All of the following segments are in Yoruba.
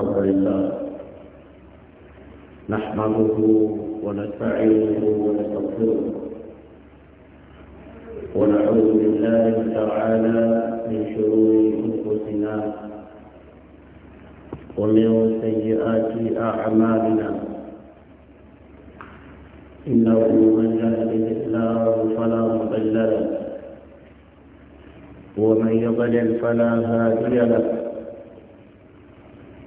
الحمد لله نحمده ونستعينه ونستغفره ونعوذ بالله تعالى من شرور انفسنا ومن سيئات اعمالنا انه من يهده الله فلا مضل له ومن يضلل فلا هادي له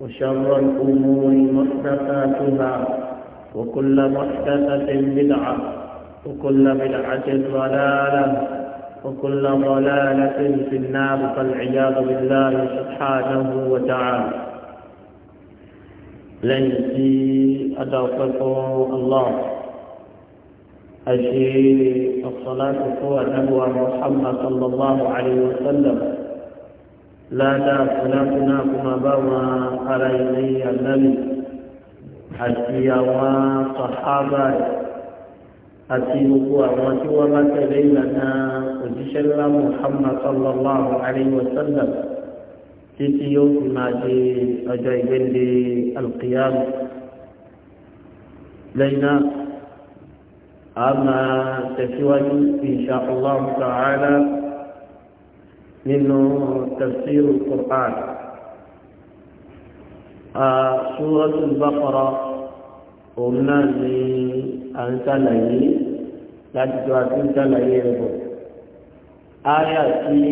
وشر الأمور محدثاتها وكل محدثة بدعة وكل بدعة ضلالة وكل ضلالة في النار فالعياذ بالله سبحانه وتعالى ليس أدركه الله أشهد الصلاة والسلام نبوة محمد صلى الله عليه وسلم ládàá fúnáfúná kó máa bá wọn ara ilé ànábì àti àwọn sàhábà rẹ̀ àti gbogbo àwọn tí wọ́n bá tẹ̀lé ìlànà òjíṣẹ́ ńlá Muhammad sallallahu alayhi wa sallam títí yóò fi máa di ọjọ́ ìgbéǹde alqiyam lẹ́yìn náà tẹ̀síwájú insha Allah ta'ala nínú tafsiru Qur'an Suratul Baqara òun náà ni à ń sàlàyé láti tó a ti ń sàlàyé rẹ̀ bọ̀ áyà tí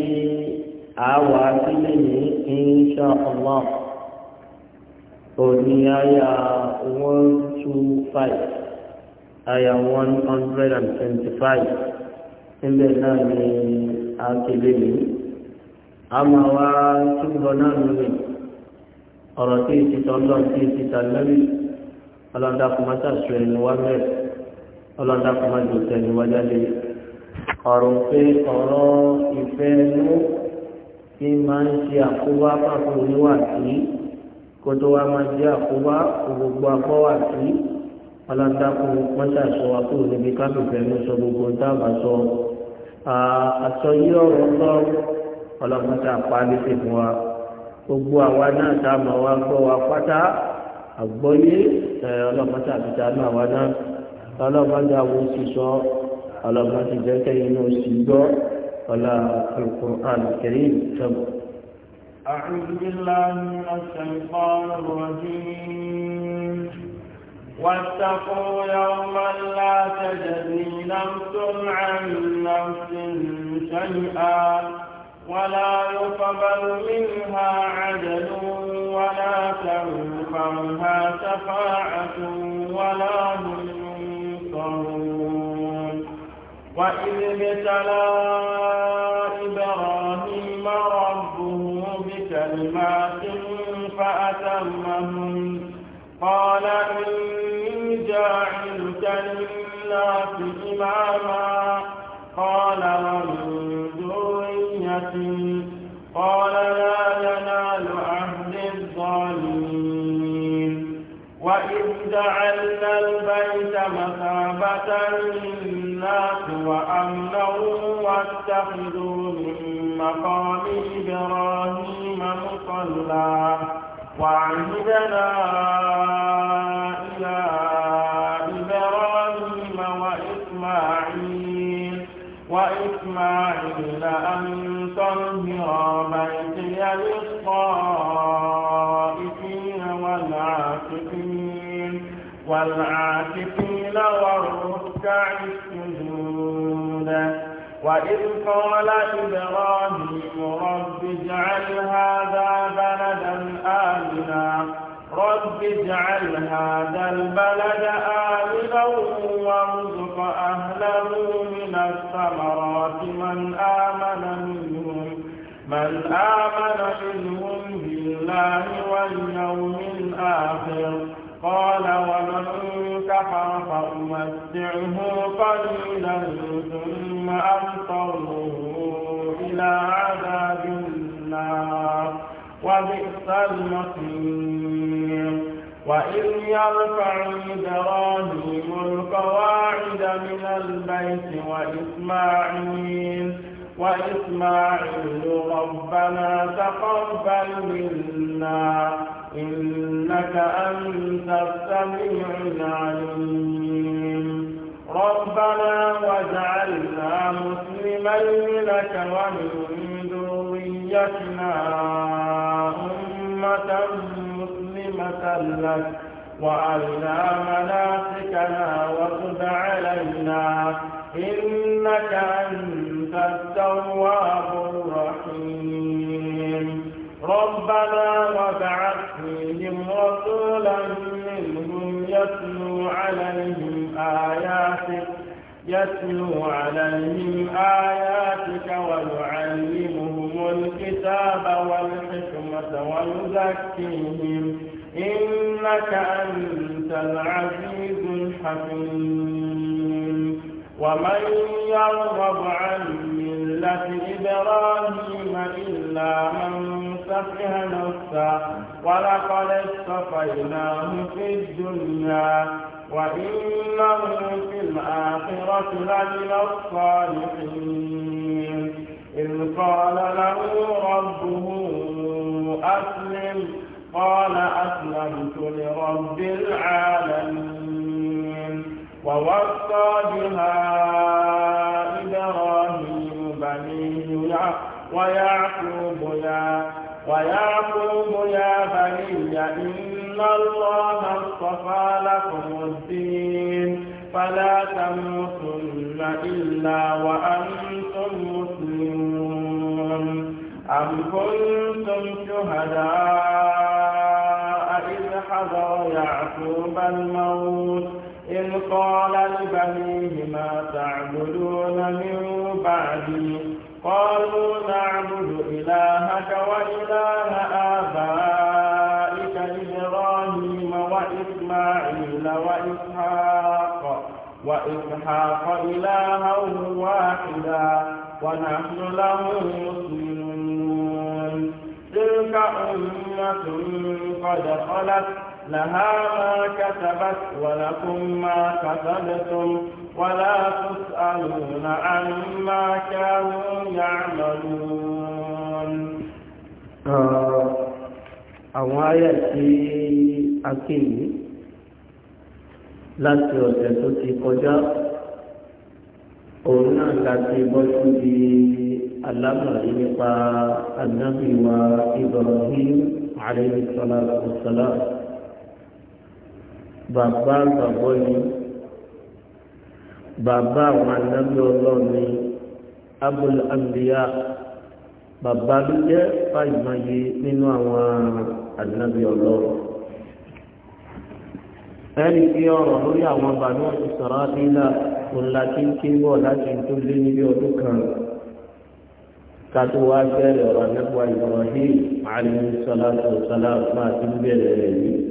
àwa sílẹ̀ ní insha Allah òní áyà one two five áyà one hundred and twenty five níbẹ̀ náà ni a ti lè ní àmọ́ wa túbọ̀ náà lórí ọ̀rọ̀ tí ìtìtọ̀ ọlọ́run tí ìtìtà lórí ọlọ́dà kò má sàṣọ ẹni wá bẹ́ẹ̀ ọlọ́dà kò má jò tẹ̀lé wá jáde ọ̀rọ̀ pé ọ̀rọ̀ ìfẹ́ inú tí máa ń ṣe àkóbá pàpọ̀ oníwà sí kó tó wá máa jẹ́ àkóbá gbogbo akọ́wà sí ọlọ́dà kò má kúrò níbi káfíńfẹ́ ọlọ́run tá a pa létí fún wa gbogbo àwa náà tá a mọ̀ wá gbọ́ wa pátá àgbọ́yé ọlọ́run tá a fi tánú àwa náà ọlọ́run tá a wo sí sọ ọlọ́run ti jẹ́ kẹ́yìn náà sì gbọ́ ọlá alukur'an karim tẹ́bù. أعوذ بالله من الشيطان الرجيم واتقوا يوما لا تجزي نفس عن نفس شيئا ولا يقبل منها عدل ولا تنفعها شفاعة ولا هم ينصرون وإذ ابتلى إبراهيم ربه بكلمات فأتمهن قال إني جاعلك للناس إماما قال ومن قال لا ينال عهد الظالمين وإذ جعلنا البيت مثابة للناس وأمنا واتخذوا من مقام إبراهيم مصلى وعهدنا إلى وإسماعيل أن تنهر بيتي للطائفين والعاكفين والعاكفين والركع السجود وإذ قال إبراهيم رب اجعل هذا بلدا آمنا رب اجعل هذا البلد آمنا وارزق أهله من الثمرات من آمن منهم من آمن منهم بالله واليوم الآخر قال ومن كفر فأمتعه قليلا ثم أضطره إِلَى عذاب النار وبئس المصير وإذ يرفع إبراهيم القواعد من البيت وإسماعيل وإسماعيل ربنا تقبل منا إنك أنت السميع العليم ربنا واجعلنا مسلمين لك ومن ذريتنا أمة مسلمة لك وأرنا مناسكنا وتب علينا إنك أنت التواب الرحيم ربنا وابعث فيهم رسولا منهم يتلو عليهم آياتك يتلو عليهم آياتك ويعلمهم الكتاب والحكمة ويزكيهم إنك أنت العزيز الحكيم ومن يرغب عن ملة إبراهيم إلا من سفه نفسه ولقد اصطفيناه في الدنيا وإنه في الآخرة لمن الصالحين إذ قال له ربه أسلم قال أسلمت لرب العالمين ووصى بها إبراهيم بنيه ويعقوب يا ويعقوب يا بني إن الله اصطفى لكم الدين فلا تموتن إلا وأنتم مسلمون أم كنتم شهداء إذ حضر يعقوب الموت إذ قال لبنيه ما تعبدون من بعدي قالوا نعبد إلهك وإله آبائك إبراهيم وإسماعيل وإسحاق وإسحاق إلها واحدا ونحن له مسلمون تلك أمة قد خلت لها ما كسبت ولكم ما كسبتم ولا تسألون عما كانوا يعملون àwọn ayà tí láti ọ̀sẹ̀ tó ti kọjá òun náà láti bọ́ síbi alámọ̀rí nípa anábì Ibrahim alayhi salatu wa salam bàbá bàbọ́ ni bàbá àwọn anábì ọlọ́run ni abul anbiya bàbá ló jẹ́ fàyìmáyé nínú àwọn anábì ọlọ́run ẹni fi ọ̀rọ̀ lórí àwọn bàbá ọ̀sùn sọ̀rọ̀ nílà ńlá kíńkí wọ̀ láti tó lé níbi ọdún kan kátó wá bẹ̀rẹ̀ ọ̀rọ̀ nípa Ibrahim alayhi salatu wassalam máa ti bẹ̀rẹ̀ rẹ̀ yìí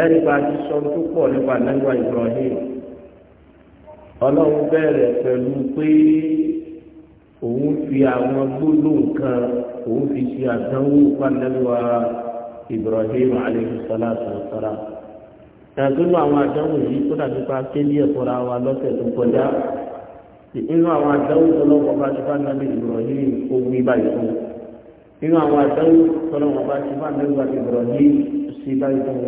ẹni bá ti sọ tó pọ̀ nípa nípa Ibrahim ọlọ́run bẹ̀rẹ̀ pẹ̀lú pé òun fi àwọn gbólóhùn òun fi ṣe àdánwò pàdánwò ara ibrahim alayhi salatu wa salam ìyàtúndú àwọn àdánwò yìí kó dàbí pa kéde ẹ̀fọ́ra wa lọ́sẹ̀ tó kọjá inú àwọn àdánwò tọ́lọ́wọ́ bá ti bá nàbí ibrahim ogun ibà ìfún inú àwọn àdánwò tọ́lọ́wọ́ bá ti bá nàbí ibrahim sí ibà ìfún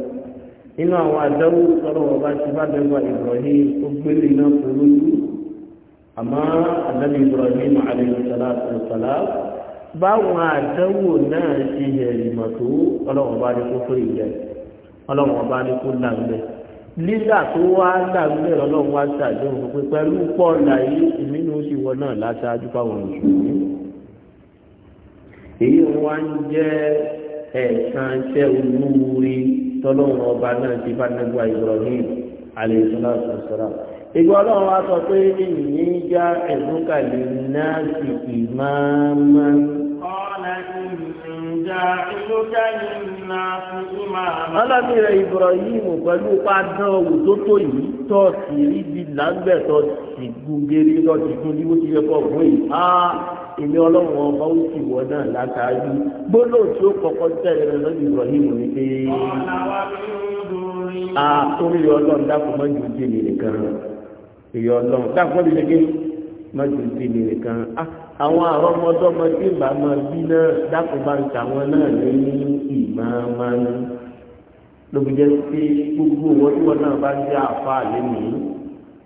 inú àwọn àdánwò tọ́lọ́wọ́ bá ti bá nàbí ibrahim ó gbélé iná fún lójú àmọ́ àdánwò ibrahim alayhi salatu wa salam báwọn àdánwò náà ṣe yẹ̀rì mọ̀ tó ọlọ́run bá ní kó tó ìjẹ́ ọlọ́run bá ní kó làǹgbẹ́ lílà tó wá làǹgbẹ́ ọlọ́run wá ṣàdéhùn pé pẹ̀lú pọ̀ láyé ìmínú sì wọ náà láṣáájú fáwọn mùsùlùmí èyí wá ń jẹ́ ẹ̀sán iṣẹ́ olúwuri tọ́lọ́run ọba náà ti bá nàgbà Ibrahim alayhi salatu ìgbà ọlọ́run wa sọ pé ìyìn já ẹ̀dúnkàlẹ̀ náà sì ìmáàmáà Alábí rẹ̀ Ibrahim pẹ̀lú pàdán òwò tó tó yìí tọ́ sí rí bí lágbẹ̀ tọ́ sí gúngéré tọ́ sí fún bí ó ti yẹ kọ́ fún yìí. Á èmi ọlọ́run ọba ó sì wọ náà látàájú. Gbóló tí ó kọ́kọ́ tẹ̀lé rẹ̀ lọ́dún Ibrahim ni pé. Àtúrí ọlọ́run dákun mọ́jú jèrè nìkan. Ìyọ̀ ọlọ́run dákun mọ́jú jèrè nìkan mọ́tò ti lè nìkan ah, àwọn àrọ́mọdọ́mọ tí bá máa bí náà dákun bá ń tàwọn náà ní ìmáàmánu lóbi jẹ́ pé gbogbo wọn tí wọn náà bá jẹ́ àfa lẹ́nu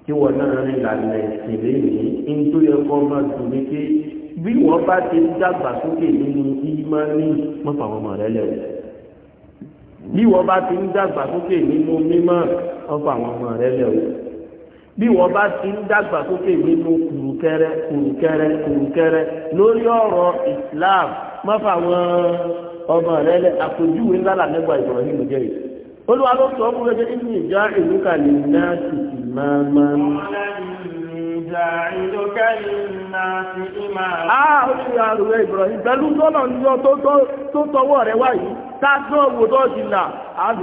tí wọn náà rìn lànà ẹ̀sìn lẹ́nu ń tó yẹ kọ́ máa dùn ní pé bí wọ́n bá ti dàgbà sókè nínú ìmáàní mọ́fà wọn mọ̀ bí wọ́n bá ti dàgbà sókè nínú mímọ́ mọ́fà wọn mọ̀ o. bí wọ́n bá ti ń dàgbà sókè nínú kùrùkẹrẹ kùrùkẹrẹ kùrùkẹrẹ lórí ọ̀rọ̀ Islam mọ́fà wọn ọmọ rẹ lẹ àpèjúwe ńlá làmẹ́gbà Ibrahim jẹ́rìí olúwa ló sọ fún ẹgbẹ́ nínú ìjà máa máa ń. pẹ̀lú ní ọ tó tọwọ́ rẹ wáyé, a tó ti là, àbí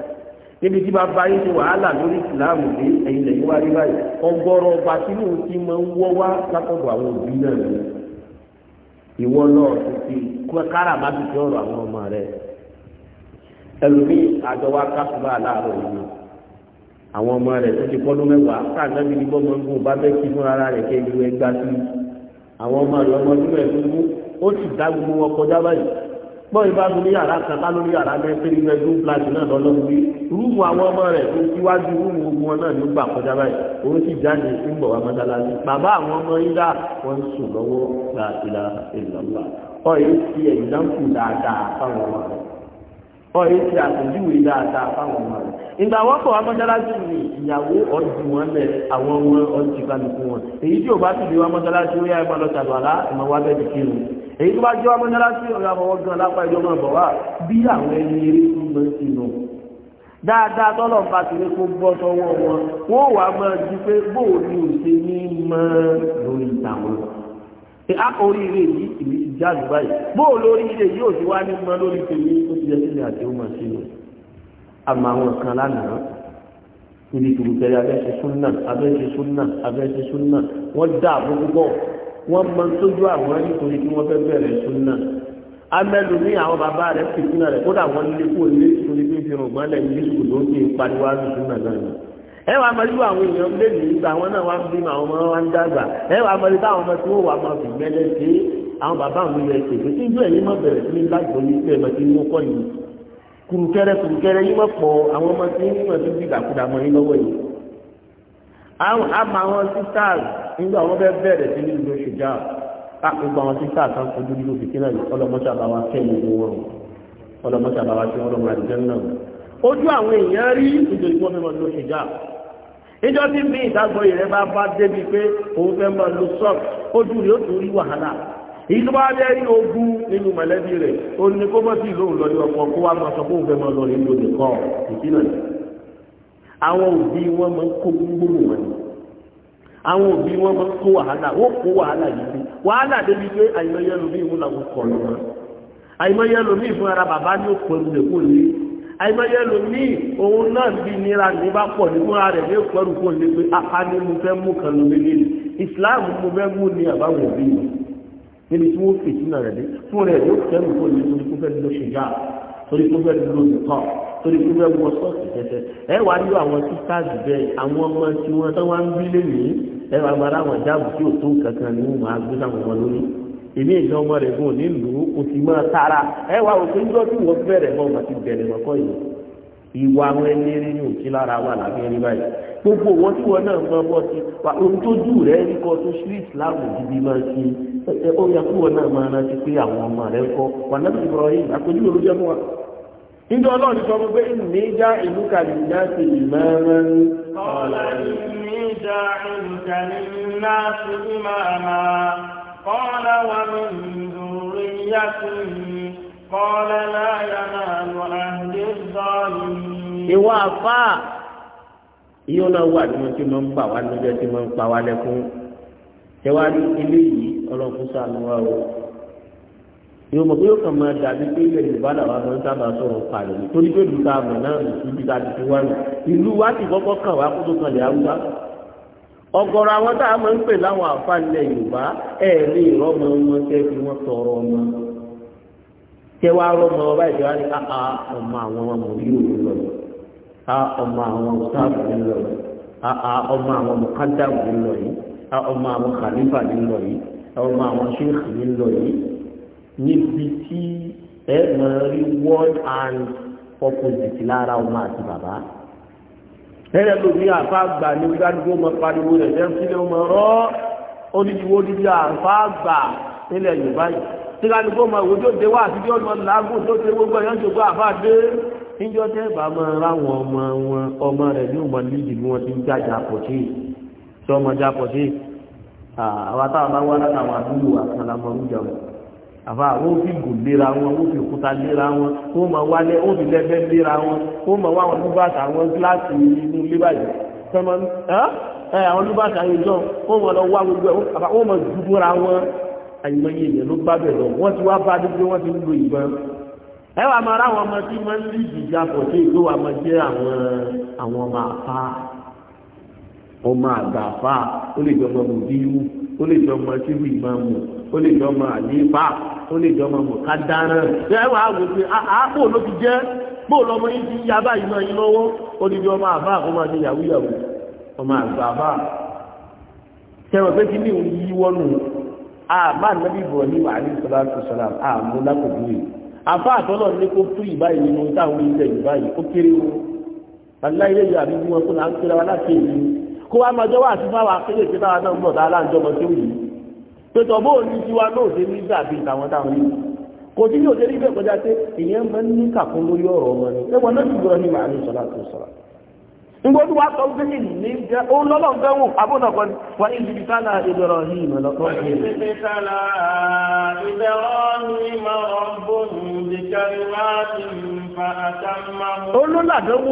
níbi tí bá bá yín ṣe wàhálà lórí ìsìláàmù dé ẹ̀yin lẹ́yìn wá rí báyìí ọgọ́rọ̀ ọba tí mò ń ti máa ń wọ́ wá látọ̀dọ̀ àwọn òbí náà ni ìwọ náà ti fi kára má ti fi ọ̀rọ̀ àwọn ọmọ rẹ ẹlòmí àjọ wa kápúbà láàárọ̀ yìí àwọn ọmọ rẹ tó ti pọ́dún mẹ́wàá káàkiri ní bọ́mọ ń gún bá bẹ́ẹ̀ kí fúnra rẹ kẹ́ ìlú ẹgbàá sí àwọn ọmọ rẹ ọmọ ọdún mẹ́ẹ̀ẹ́dógún ó sì dá gbogbo wọn kọjá báyìí bọ́ọ̀ ibà tó ní yàrá kan tá lórí yàrá náà pé nínú ẹgbẹ́ fúláàtì náà lọ́lọ́run bí rúùmù àwọn ọmọ rẹ̀ tó síwájú rúùmù gbogbo wọn náà ló gbà kọjá báyìí òun sì jáde ń bọ̀ wá mọ́tàlásì bàbá àwọn ọmọ yíyá wọn sùn lọ́wọ́ láàbílà ìlọ́lá ọ̀ yìí ti ẹ̀dáǹkù dáadáa fáwọn ọmọ rẹ̀ ọ yìí ti àpèjúwe dáadáa fáwọn ọmọ rẹ ìgbà wọn kọ wọn mọ́sálásí ni ìyàwó ọdún wọn lẹ àwọn wọn ọdún kálukú wọn èyí tí ò bá tìlé wọn mọ́sálásí ó yá ẹ máa lọ tàbí àlá ìmọ̀ wá bẹ́ẹ̀ dìkì rù èyí tó bá jẹ́ wọn mọ́sálásí ọ̀rọ̀ àfọwọ́ gan lápá ìjọ náà bọ̀ wá bí àwọn ẹni eré tó mọ́ sí nù. dáadáa tọ́lọ̀ bá ti lé kó bọ́ sọ́wọ́ wọn wọ́n wàá máa di pé bóòlù ò ìjáàlú báyìí bóò lórí ilé yóò ti wá ní mọ́ lórí tèmi ó ti jẹ́ sílẹ̀ àti ó mọ̀ sí i àmọ́ àwọn kan lánàá níbi tòlùtẹ́rẹ́ abẹ́ṣe súnà abẹ́ṣe súnà abẹ́ṣe súnà wọ́n dá àbúkú bọ̀ wọ́n mọ tójú àwọn nítorí kí wọ́n fẹ́ bẹ̀rẹ̀ súnà amẹ́lùmí àwọn bàbá rẹ̀ fi súnà rẹ̀ kódà wọ́n lé kó lé torí pé fi rògbọ́n lẹ̀ ní sùkùn tó ń fi pariwo àrùn súnà náà ni. ẹ wàá mọ irú àwọn èèyàn lé nìyí gba náà wá bímọ àwọn ọmọ wa ń dàgbà ẹ wàá mọ irú táwọn ọmọ tí wọ́n wà máa fi gbẹ́lẹ́ àwọn bàbá mi lè ṣe pé síjú ẹ̀yìn má bẹ̀rẹ̀ sí ní lágbo ní ilé ẹ̀mọ́ tí mo kọ́ yìí kùrùkẹrẹ kùrùkẹrẹ yìí má pọ̀ àwọn ọmọ tí ń pẹ̀lú gbígbàkúdà mọ́ yín lọ́wọ́ yìí. àmọ́ àwọn sisters nígbà wọn fẹ́ bẹ̀rẹ̀ sí ní ìlú ṣùjá àpéjọ àwọn sisters kan fojú lílo fìtínà yìí ọlọmọṣàbáwá kẹ́ ọlọmọṣàbáwá kẹ́ ọlọmọ àdìjẹ́ náà ojú àwọn èèyàn rí nítorí wọ́n fẹ́ mọ́ tí bí ìdágbọ́ ìrẹ́ bá bá débi pé òun fẹ́ mọ́ ló sọ́ọ̀ ojú rí ó tún rí wàhálà èyí tó bá dẹ́ ní ogún nínú mọ̀lẹ́bí rẹ̀ ó ní kó mọ́ sí ìlóhùn lọ́rí ọkọ̀ kó wá máa sọ fún òfẹ́ máa lọ rí lóde kọ́ ìdínà ni àwọn òbí wọn máa ń kó gbogbo wọn ni àwọn òbí wọn máa ń kó wàhálà ó kó wàhálà yìí sí wàhálà débi pé àìmọye lomi ìmúlà kò kọ̀ lọ́wọ́ àìmọye lomi ìfún ara bàbá ní òpó ìlú kò ní àìmọye lomi òun náà bí nira ní bá pọ̀ nígbà rẹ̀ ní níbi tí wọ́n fèsì náà rẹ̀ dé fún rẹ̀ yóò tẹ́lù kó ní torí kó fẹ́ lo ṣìgá torí kó fẹ́ lo nìkan torí kó fẹ́ wọ sọ́ọ̀sì tẹ́tẹ́ ẹ wá ní àwọn sisters bẹ́ẹ̀ àwọn ọmọ tí wọ́n tán wá ń bí lé nìyí ẹ wá gbára àwọn jáàbù tí ò tó kankan ní wọn àgbé sáwọn ọmọ lórí èmi ìjọ ọmọ rẹ̀ gùn nílùú kò sì máa tara ẹ wá òkè ńjọ́ tí wọ́n bẹ̀rẹ̀ mọ́ ọmọ ti bẹ̀rẹ̀ mọ́kọ́ yìí ìwà àwọn ẹni rí ní òkè lára wà lábẹ́ rí báyìí gbogbo wọn tí wọn náà mọ bọ́ sí ohun tó jù rẹ̀ rí kọ́ tó ṣírí ìsìláàmù gidi máa ń ṣe ó yẹ kúrò náà máa rántí pé àwọn ọmọ rẹ kọ wà náà ti bọ̀rọ̀ yìí àpèjú òru jẹ́ fún wa. Ìjọ ọlọ́run sọ pé ní já ìlú kàlí ní láti ìmọ̀ràn. Ọ̀la ní wa mi ń dùnrí yá sí mi. Kọ́lá láyà náà lọ àdé sọ́ọ̀lì. Ìwọ àfáà, ìyọ́nà wà ní wọ́n ti máa ń bà wá lójọ́ ti máa ń pa wá lẹ́kún. tẹwárí eléyìí ọlọ́run sànù wa o yóò mọ̀ pé yóò kàn máa dàbí pé ilẹ̀ yorùbá làwọn àwọn sábà sọ̀rọ̀ tó ní pé lùtà àmọ̀ náà lù sí ibi tàbí wá ìlú wa ti kọ́kọ́ kàn wá kó tó kàn tọrọ ọmọ rọ́mọ ọba ọmọ àwọn ọmọ yìí ò lọ ọmọ àwọn ọmọ ọmọ àwọn khalifa ní lọ yìí ọmọ àwọn sheikh ní lọ yìí níbi tí ẹ máa rí word and opposite lára ọmọ àti bàbá ẹ̀rẹ́ lómi àfa àgbà ní gbádùgbò máa pariwo rẹ̀ jẹ́ sílẹ̀ ọmọ rọ́ onídìwó dídí àfa àgbà nílẹ̀ yorùbá yìí tíkàlùkọ́ ma wòjó dé wá àti jọ́ lọ lágùn tó tẹ gbogbo ẹ̀yán jògbó àfá dé níjọ́ tẹ́ bá máa ráwọn ọmọ wọn ọmọ rẹ̀ ní ọmọ líjì bí wọ́n ti ń jájà pọ̀ sí i tó mọ jápọ̀ sí àwọn táwọn bá wá látàwọn àdúgbò àtàlàmọ̀ oúnjẹ wọn àbá àwọn òfin gùn léra wọn òfin òkúta léra wọn ó mọ wálé òfin lẹ́fẹ́ léra wọn ó mọ wá àwọn lúbàtà àwọn gíláàsì inú ilé báyìí tọmọ ẹ àwọn lúbàtà yẹn jọ ó mọ lọ wá gbogbo ẹ àbá ó mọ dúdúra wọn àyìnbáyé yẹn ló bá bẹ̀ lọ ti wá bá dúdú wọ́n ti ń lo ìbọn ẹ wàá máa ráwọn ọmọ tí wọ́n ń lé ìdìjà pọ̀ sí ìlú wa jẹ́ àwọn àwọn ọmọ àpá o ọmọ àgbàfà ó lè jọ ọmọ mùdíyú ó lè jọ ọmọ síbi ìmọ̀ọ́mù ó lè jọ ọmọ àlífà ó lè jọ ọmọ mùkádàrà ẹ wàá wò pé àápò ah, ah, ló ti jẹ́ bóò lọmọ yìí ti yá báyìí náà yín lọ́wọ́ ó lè jọ ọmọ àbá àkọ́mọ àti yahoo yahoo ọmọ àgbàfà tẹ̀wọ̀n pé kí ní òun yí wọ́nù àmà nàbí Ibrahim alayhisalatu salam àmú lákòókòrè àfa àtọ́lọ̀ ní kó tú ìbáyìí nínú táwọn ilẹ̀ ìbáyìí ó kéré wọn aláìlẹ́yìn àbí wọn kó náà ń kíra wa láti èyí kó wá máa jẹ́ wá àti fáwọn akéde ìpínlẹ̀ àwọn náà ń bọ̀ tá aláǹjọ́ yìí pẹ̀tọ̀ bó ní tiwa náà ṣe ní dàbí ìtàwọn táwọn yìí kò sí ní ní kọjá pé èèyàn máa ń ní kàkún lórí ọ̀rọ̀ ọmọ ni ẹ̀wọ̀n náà ti gbọ́dọ̀ ní màálù sọ̀rọ̀ àti sọ̀rọ̀ wá sọ pé kí ni jẹ́ òun lọ́lọ́ wà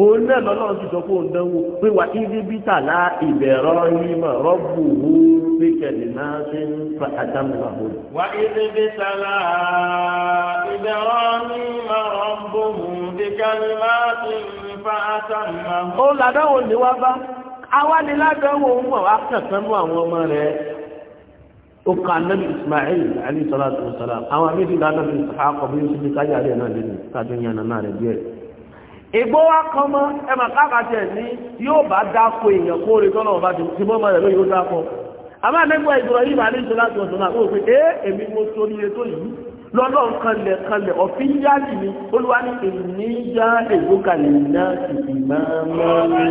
òun náà lọ́lọ́run ti sọ fún òun dánwò pé wà ibi bítà lá ìbẹ̀rọ yìí rọ́bù wú pé kẹ̀lé náà ṣe ń fa àdámù wà bọ̀. wà ibi bítà lá ìbẹ̀rọ yìí rọ́bù wú náà ṣe ń fa àdámù wà bọ̀. wá bá ń wọ̀ wá kẹ̀kẹ́ mú àwọn ọmọ rẹ̀ nabi ismail alayhi salatu wa salam àwọn nabi ìgbó wa kan mọ́ ẹ̀mà káàkàtì ẹ̀ ní yóò bá dáko èèyàn kó orí tọ́lọ̀ ọba ti mọ́ ọmọ rẹ̀ lóyún ó dáko àmọ́ àlẹ́gbọ́ ìgbọ̀rọ̀ yìí bá ní ìṣẹ́ láti ọ̀sán náà ó pé é èmi mo so níye tó yìí lọ́dọ̀ kanlẹ̀ kanlẹ̀ ọ̀fin yáàlì mi olúwa ní èmi já ègbó kalẹ̀ náà sì fi máa mọ́ mi.